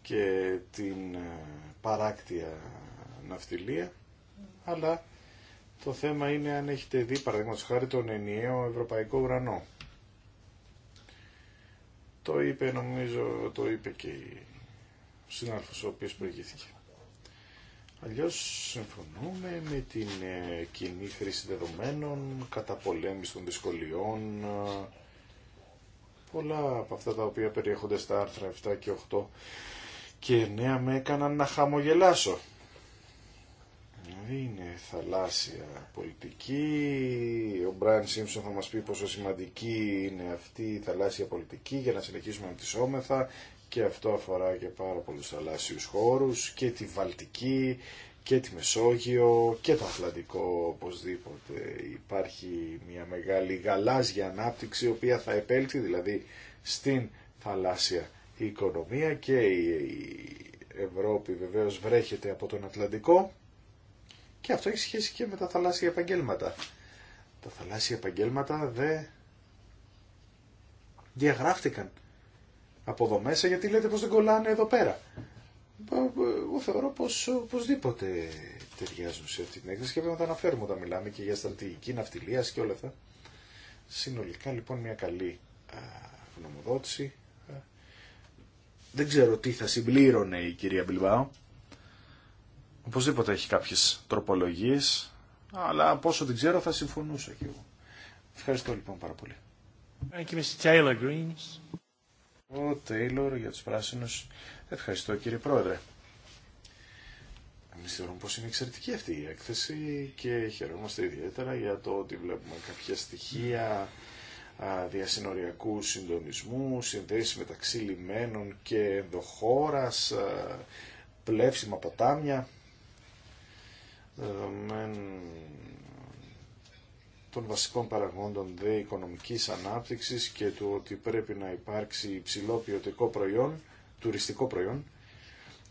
και την ε, παράκτια ναυτιλία, αλλά το θέμα είναι αν έχετε δει, παραδείγματος χάρη, τον ενιαίο ευρωπαϊκό ουρανό. Το είπε, νομίζω, το είπε και ο συνάρφος ο οποίος προηγήθηκε. Αλλιώς συμφωνούμε με την ε, κοινή χρήση δεδομένων, καταπολέμηση των δυσκολιών, ε, πολλά από αυτά τα οποία περιέχονται στα άρθρα 7 και 8 και νέα με έκαναν να χαμογελάσω. Είναι θαλάσσια πολιτική. Ο Μπράιν Σίμψον θα μας πει πόσο σημαντική είναι αυτή η θαλάσσια πολιτική για να συνεχίσουμε σώμεθα και αυτό αφορά και πάρα πολλούς θαλάσσιους χώρους και τη Βαλτική και τη Μεσόγειο και το Ατλαντικό οπωσδήποτε. Υπάρχει μια μεγάλη γαλάζια ανάπτυξη η οποία θα επέλθει δηλαδή στην θαλάσσια η οικονομία και η Ευρώπη βεβαίως βρέχεται από τον Ατλαντικό και αυτό έχει σχέση και με τα θαλάσσια επαγγέλματα. Τα θαλάσσια επαγγέλματα δεν διαγράφτηκαν από εδώ μέσα γιατί λέτε πως δεν κολλάνε εδώ πέρα. Εγώ θεωρώ πως οπωσδήποτε ταιριάζουν σε αυτή την έκθεση και πρέπει να τα αναφέρουμε όταν μιλάμε και για στρατηγική ναυτιλία και όλα αυτά. Συνολικά λοιπόν μια καλή γνωμοδότηση δεν ξέρω τι θα συμπλήρωνε η κυρία Μπιλβάου. Οπωσδήποτε έχει κάποιες τροπολογίες, αλλά από όσο την ξέρω θα συμφωνούσα κι εγώ. Ευχαριστώ λοιπόν πάρα πολύ. Ο Τέιλορ για τους πράσινους. Ευχαριστώ κύριε Πρόεδρε. Εμείς θεωρούμε πως είναι εξαιρετική αυτή η έκθεση και χαιρόμαστε ιδιαίτερα για το ότι βλέπουμε κάποια στοιχεία διασυνοριακού συντονισμού, συνδέσει μεταξύ λιμένων και ενδοχώρας, ε, πλεύσιμα ποτάμια, των βασικών παραγόντων δε οικονομική ανάπτυξης και του ότι πρέπει να υπάρξει υψηλό ποιοτικό προϊόν, τουριστικό προϊόν,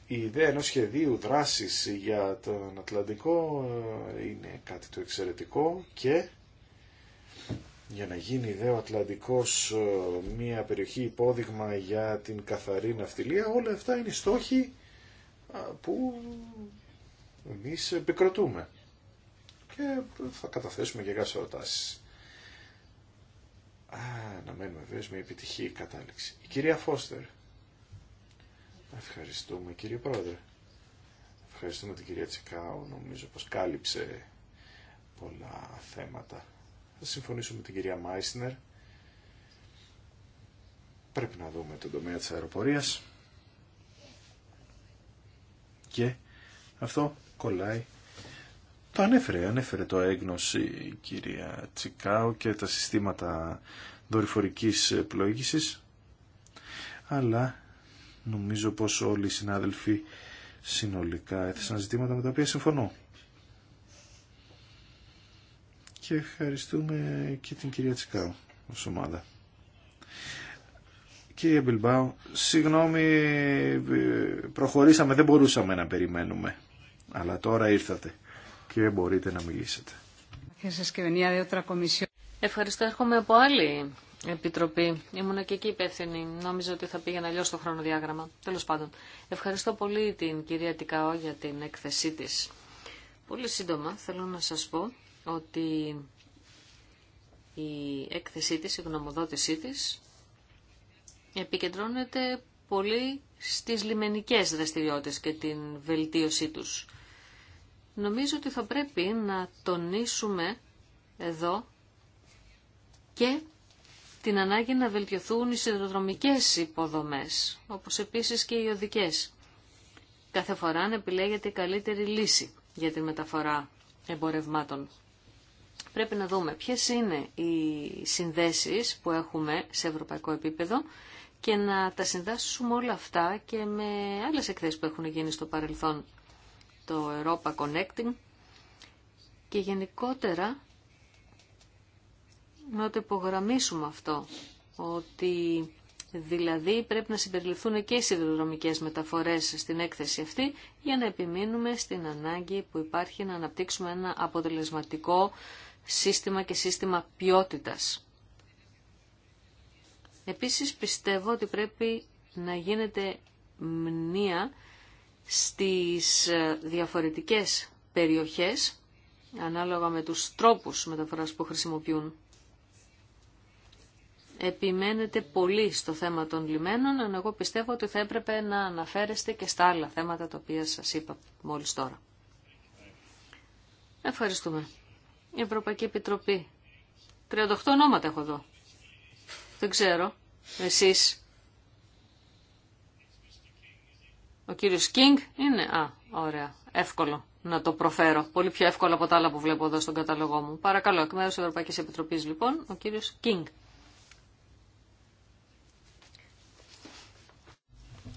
η ιδέα ενός σχεδίου δράσης για τον Ατλαντικό ε, είναι κάτι το εξαιρετικό και για να γίνει δε ο Ατλαντικός ε, μια περιοχή υπόδειγμα για την καθαρή ναυτιλία, όλα αυτά είναι στόχοι που εμείς επικροτούμε και θα καταθέσουμε και κάποιες ερωτάσεις. Α, να μένουμε βέβαια με επιτυχή κατάληξη. Η κυρία Φώστερ. Ευχαριστούμε κύριε Πρόεδρε. Ευχαριστούμε την κυρία Τσικάου, νομίζω πως κάλυψε πολλά θέματα θα συμφωνήσω με την κυρία Μάισνερ. Πρέπει να δούμε τον τομέα της αεροπορίας. Και αυτό κολλάει. Το ανέφερε, ανέφερε το έγνωση η κυρία Τσικάου και τα συστήματα δορυφορικής πλοήγησης. Αλλά νομίζω πως όλοι οι συνάδελφοι συνολικά έθεσαν ζητήματα με τα οποία συμφωνώ και ευχαριστούμε και την κυρία Τσικάου ως ομάδα. Κύριε Μπιλμπάου, συγγνώμη, προχωρήσαμε, δεν μπορούσαμε να περιμένουμε. Αλλά τώρα ήρθατε και μπορείτε να μιλήσετε. Ευχαριστώ, έρχομαι από άλλη επιτροπή. Ήμουν και εκεί υπεύθυνη. Νόμιζα ότι θα πήγαινε αλλιώ το χρονοδιάγραμμα. Τέλο πάντων, ευχαριστώ πολύ την κυρία Τικαό για την έκθεσή τη. Πολύ σύντομα θέλω να σας πω ότι η έκθεσή της, η γνωμοδότησή της επικεντρώνεται πολύ στις λιμενικές δραστηριότητες και την βελτίωσή τους. Νομίζω ότι θα πρέπει να τονίσουμε εδώ και την ανάγκη να βελτιωθούν οι σιδηροδρομικές υποδομές, όπως επίσης και οι οδικές. Κάθε φορά να επιλέγεται η καλύτερη λύση για τη μεταφορά εμπορευμάτων πρέπει να δούμε ποιες είναι οι συνδέσεις που έχουμε σε ευρωπαϊκό επίπεδο και να τα συνδέσουμε όλα αυτά και με άλλες εκθέσεις που έχουν γίνει στο παρελθόν, το Europa Connecting και γενικότερα να το υπογραμμίσουμε αυτό, ότι δηλαδή πρέπει να συμπεριληφθούν και οι σιδηροδρομικές μεταφορές στην έκθεση αυτή για να επιμείνουμε στην ανάγκη που υπάρχει να αναπτύξουμε ένα αποτελεσματικό σύστημα και σύστημα ποιότητας. Επίσης πιστεύω ότι πρέπει να γίνεται μνήα στις διαφορετικές περιοχές ανάλογα με τους τρόπους μεταφοράς που χρησιμοποιούν. Επιμένετε πολύ στο θέμα των λιμένων, ενώ εγώ πιστεύω ότι θα έπρεπε να αναφέρεστε και στα άλλα θέματα τα οποία σας είπα μόλις τώρα. Ευχαριστούμε. Η Ευρωπαϊκή Επιτροπή. 38 ονόματα έχω εδώ. Δεν ξέρω. Εσείς. Ο κύριος Κίνγκ είναι... Α, ωραία. Εύκολο να το προφέρω. Πολύ πιο εύκολο από τα άλλα που βλέπω εδώ στον καταλογό μου. Παρακαλώ, εκ μέρους Ευρωπαϊκής Επιτροπής λοιπόν, ο κύριος Κίνγκ.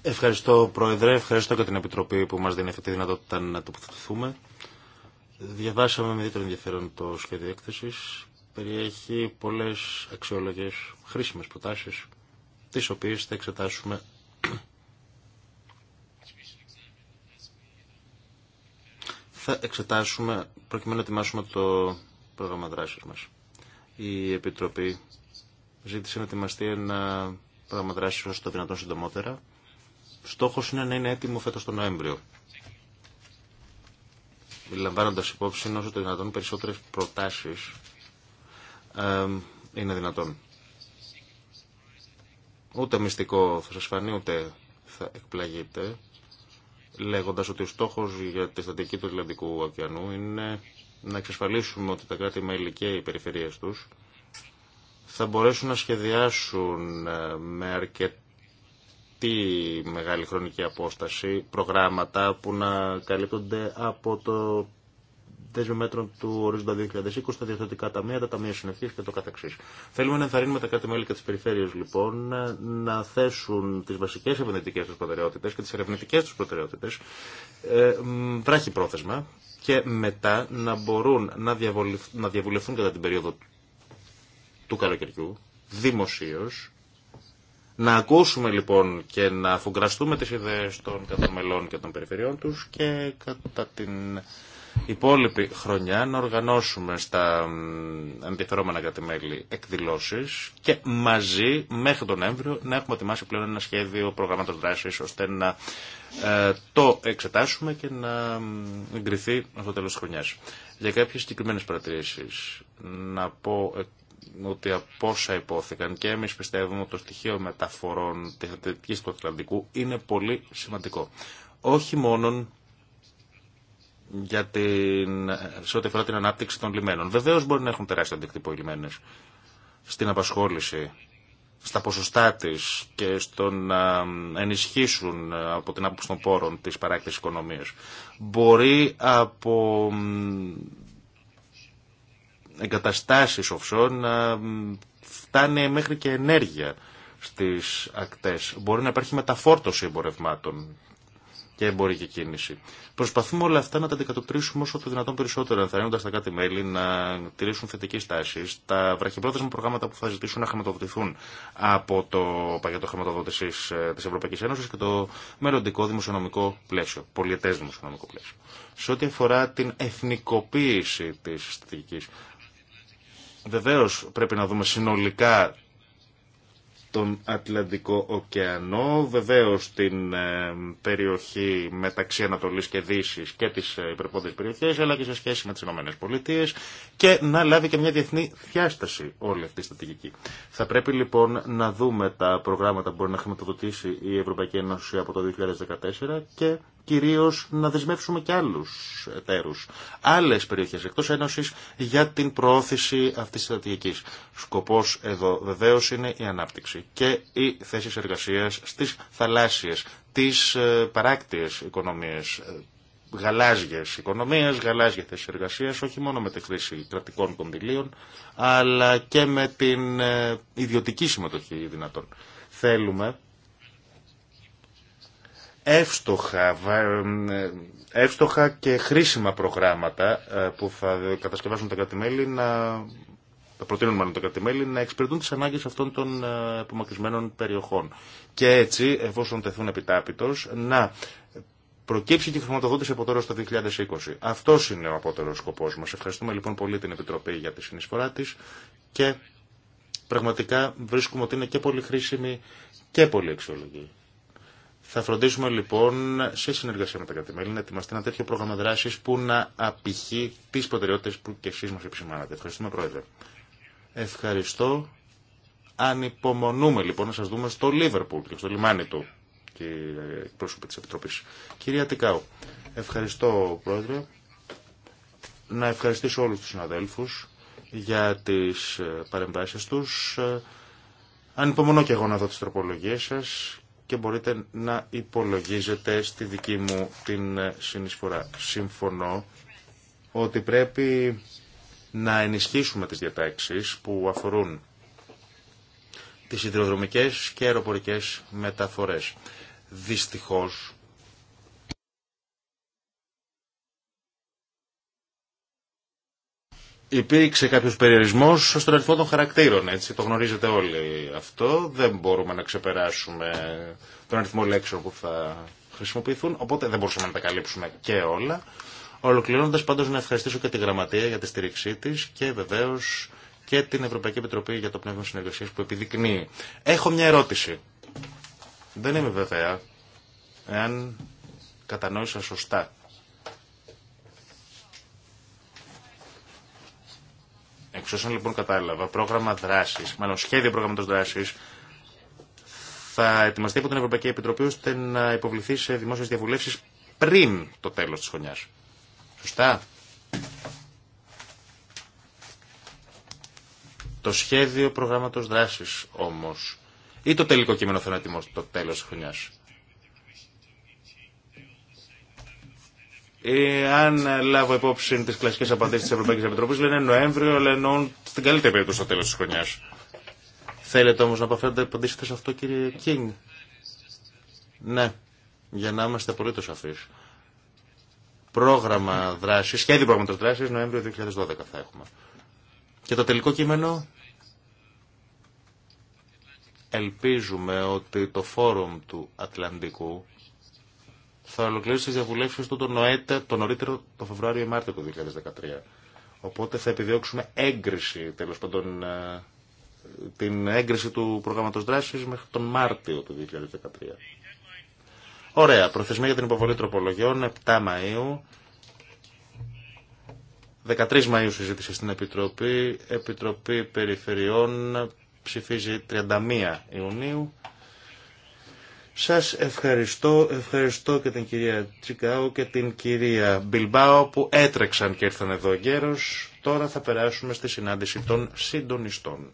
Ευχαριστώ Πρόεδρε, ευχαριστώ και την Επιτροπή που μας δίνει αυτή τη δυνατότητα να τοποθετηθούμε. Διαβάσαμε με ιδιαίτερο ενδιαφέρον το σχέδιο έκθεση. Περιέχει πολλέ αξιόλογε χρήσιμε προτάσει, τι οποίε θα εξετάσουμε. Θα εξετάσουμε προκειμένου να ετοιμάσουμε το πρόγραμμα δράσης μα. Η Επιτροπή ζήτησε να ετοιμαστεί ένα πρόγραμμα δράση όσο το δυνατόν συντομότερα. Στόχος είναι να είναι έτοιμο φέτος τον Νοέμβριο. Λαμβάνοντα υπόψη όσο το δυνατόν περισσότερες προτάσεις είναι δυνατόν. Ούτε μυστικό θα σα φανεί, ούτε θα εκπλαγείτε, λέγοντας ότι ο στόχος για τη στατική του Ατλαντικού ωκεανού είναι να εξασφαλίσουμε ότι τα κράτη-μέλη και οι περιφερειές τους θα μπορέσουν να σχεδιάσουν ε, με αρκετά τη μεγάλη χρονική απόσταση προγράμματα που να καλύπτονται από το δέσμη μέτρο του ορίζοντα 2020, τα διευθυντικά ταμεία, τα ταμεία συνεχή και το καθεξή. Θέλουμε να ενθαρρύνουμε τα κράτη-μέλη και τι περιφέρειε λοιπόν να θέσουν τι βασικέ επενδυτικέ του προτεραιότητε και τι ερευνητικέ του προτεραιότητε ε, πρόθεσμα και μετά να μπορούν να, να διαβουλευτούν κατά την περίοδο του καλοκαιριού δημοσίω να ακούσουμε λοιπόν και να αφουγκραστούμε τις ιδέες των καθομελών και των περιφερειών τους και κατά την υπόλοιπη χρονιά να οργανώσουμε στα ενδιαφερόμενα κατημέλη εκδηλώσεις και μαζί μέχρι τον Νοέμβριο να έχουμε ετοιμάσει πλέον ένα σχέδιο προγράμματος δράσης ώστε να ε, το εξετάσουμε και να εγκριθεί στο τέλος της χρονιάς. Για κάποιες συγκεκριμένες παρατηρήσεις να πω ότι από όσα υπόθηκαν και εμείς πιστεύουμε ότι το στοιχείο μεταφορών της του Ατλαντικού είναι πολύ σημαντικό. Όχι μόνον για την, σε ό,τι αφορά την ανάπτυξη των λιμένων. Βεβαίως μπορεί να έχουν τεράστιο αντίκτυπο οι στην απασχόληση, στα ποσοστά της και στο να ενισχύσουν ε, από την άποψη των πόρων της παράκτησης οικονομίας. Μπορεί από εγκαταστάσεις offshore να φτάνει μέχρι και ενέργεια στις ακτές. Μπορεί να υπάρχει μεταφόρτωση εμπορευμάτων και εμπορική κίνηση. Προσπαθούμε όλα αυτά να τα αντικατοπτρίσουμε όσο το δυνατόν περισσότερο, ενθαρρύνοντα τα κάτι μέλη να τηρήσουν θετική στάση Τα βραχυπρόθεσμα προγράμματα που θα ζητήσουν να χρηματοδοτηθούν από το πακέτο χρηματοδότηση ε, τη Ευρωπαϊκή Ένωση και το μελλοντικό δημοσιονομικό πλαίσιο, πολιετέ δημοσιονομικό πλαίσιο. Σε ό,τι αφορά την εθνικοποίηση τη Βεβαίως πρέπει να δούμε συνολικά τον Ατλαντικό ωκεανό, βεβαίως την ε, περιοχή μεταξύ Ανατολής και Δύσης και τις ε, υπερπόδειε περιοχές, αλλά και σε σχέση με τις ΗΠΑ και να λάβει και μια διεθνή διάσταση όλη αυτή η στρατηγική. Θα πρέπει λοιπόν να δούμε τα προγράμματα που μπορεί να χρηματοδοτήσει η Ευρωπαϊκή Ένωση από το 2014 και κυρίως να δεσμεύσουμε και άλλους εταίρους, άλλες περιοχές εκτός Ένωσης για την προώθηση αυτής της στρατηγικής. Σκοπός εδώ βεβαίως είναι η ανάπτυξη και οι θέσεις εργασίας στις θαλάσσιες, τις ε, παράκτιες οικονομίες, ε, γαλάζιες οικονομίε, γαλάζιε θέσει εργασία, όχι μόνο με τη χρήση κρατικών κονδυλίων, αλλά και με την ε, ιδιωτική συμμετοχή δυνατών. Θέλουμε εύστοχα, εύστοχα και χρήσιμα προγράμματα ε, που θα κατασκευάσουν τα κρατημέλη να προτείνουν μάλλον τα κρατημέλη να εξυπηρετούν τι ανάγκε αυτών των ε, απομακρυσμένων περιοχών. Και έτσι, εφόσον τεθούν επιτάπητο, να προκύψει και η χρηματοδότηση από τώρα στο 2020. Αυτό είναι ο απότερο σκοπό μα. Ευχαριστούμε λοιπόν πολύ την Επιτροπή για τη συνεισφορά τη και πραγματικά βρίσκουμε ότι είναι και πολύ χρήσιμη και πολύ αξιολογή. Θα φροντίσουμε λοιπόν σε συνεργασία με τα κρατημέλη να ετοιμαστεί ένα τέτοιο πρόγραμμα δράση που να απηχεί τι προτεραιότητε που και εσεί μα επισημάνατε. Ευχαριστούμε, Πρόεδρε. Ευχαριστώ. Ανυπομονούμε λοιπόν να σα δούμε στο Λίβερπουλ και στο λιμάνι του, κύριε πρόσωπε τη Επιτροπή. Κυρία Τικάου, ευχαριστώ, Πρόεδρε. Να ευχαριστήσω όλου του συναδέλφου για τι παρεμβάσει του. Ανυπομονώ και εγώ να δω τι τροπολογίε σα και μπορείτε να υπολογίζετε στη δική μου την ε, συνεισφορά. Συμφωνώ ότι πρέπει να ενισχύσουμε τις διατάξεις που αφορούν τις υδροδρομικές και αεροπορικές μεταφορές. Δυστυχώς Υπήρξε κάποιος περιορισμός στον αριθμό των χαρακτήρων, έτσι, το γνωρίζετε όλοι αυτό. Δεν μπορούμε να ξεπεράσουμε τον αριθμό λέξεων που θα χρησιμοποιηθούν, οπότε δεν μπορούσαμε να τα καλύψουμε και όλα. Ολοκληρώνοντας πάντως να ευχαριστήσω και τη Γραμματεία για τη στήριξή της και βεβαίως και την Ευρωπαϊκή Επιτροπή για το Πνεύμα Συνεργασίας που επιδεικνύει. Έχω μια ερώτηση. Δεν είμαι βέβαια εάν κατανόησα σωστά Εξ όσων λοιπόν κατάλαβα, πρόγραμμα δράση, μάλλον σχέδιο πρόγραμματο δράση, θα ετοιμαστεί από την Ευρωπαϊκή Επιτροπή ώστε να υποβληθεί σε δημόσιε διαβουλεύσει πριν το τέλο τη χρονιά. Σωστά. Το σχέδιο προγράμματος δράσης όμως ή το τελικό κείμενο θα είναι έτοιμο το τέλος της χρονιάς. Ε, αν λάβω υπόψη τι κλασικέ απαντήσει τη Ευρωπαϊκή Επιτροπή, λένε Νοέμβριο, αλλά εννοούν στην καλύτερη περίπτωση στο τέλο τη χρονιά. Θέλετε όμω να απαντήσετε σε αυτό, κύριε Κίνγκ. Ναι, για να είμαστε απολύτω σαφεί. Πρόγραμμα δράση, σχέδιο πρόγραμματο δράση, Νοέμβριο 2012 θα έχουμε. Και το τελικό κείμενο. Ελπίζουμε ότι το φόρουμ του Ατλαντικού θα ολοκληρώσει τι διαβουλεύσει του τον το νωρίτερο το Φεβρουάριο ή Μάρτιο του 2013. Οπότε θα επιδιώξουμε έγκριση, τέλο πάντων, ε, την έγκριση του προγράμματο δράση μέχρι τον Μάρτιο του 2013. Ωραία. Προθεσμία για την υποβολή τροπολογιών 7 Μαου. 13 Μαΐου συζήτηση στην Επιτροπή. Επιτροπή Περιφερειών ψηφίζει 31 Ιουνίου σας ευχαριστώ, ευχαριστώ και την κυρία Τσικάου και την κυρία Μπιλμπάου που έτρεξαν και ήρθαν εδώ γέρος. Τώρα θα περάσουμε στη συνάντηση των συντονιστών.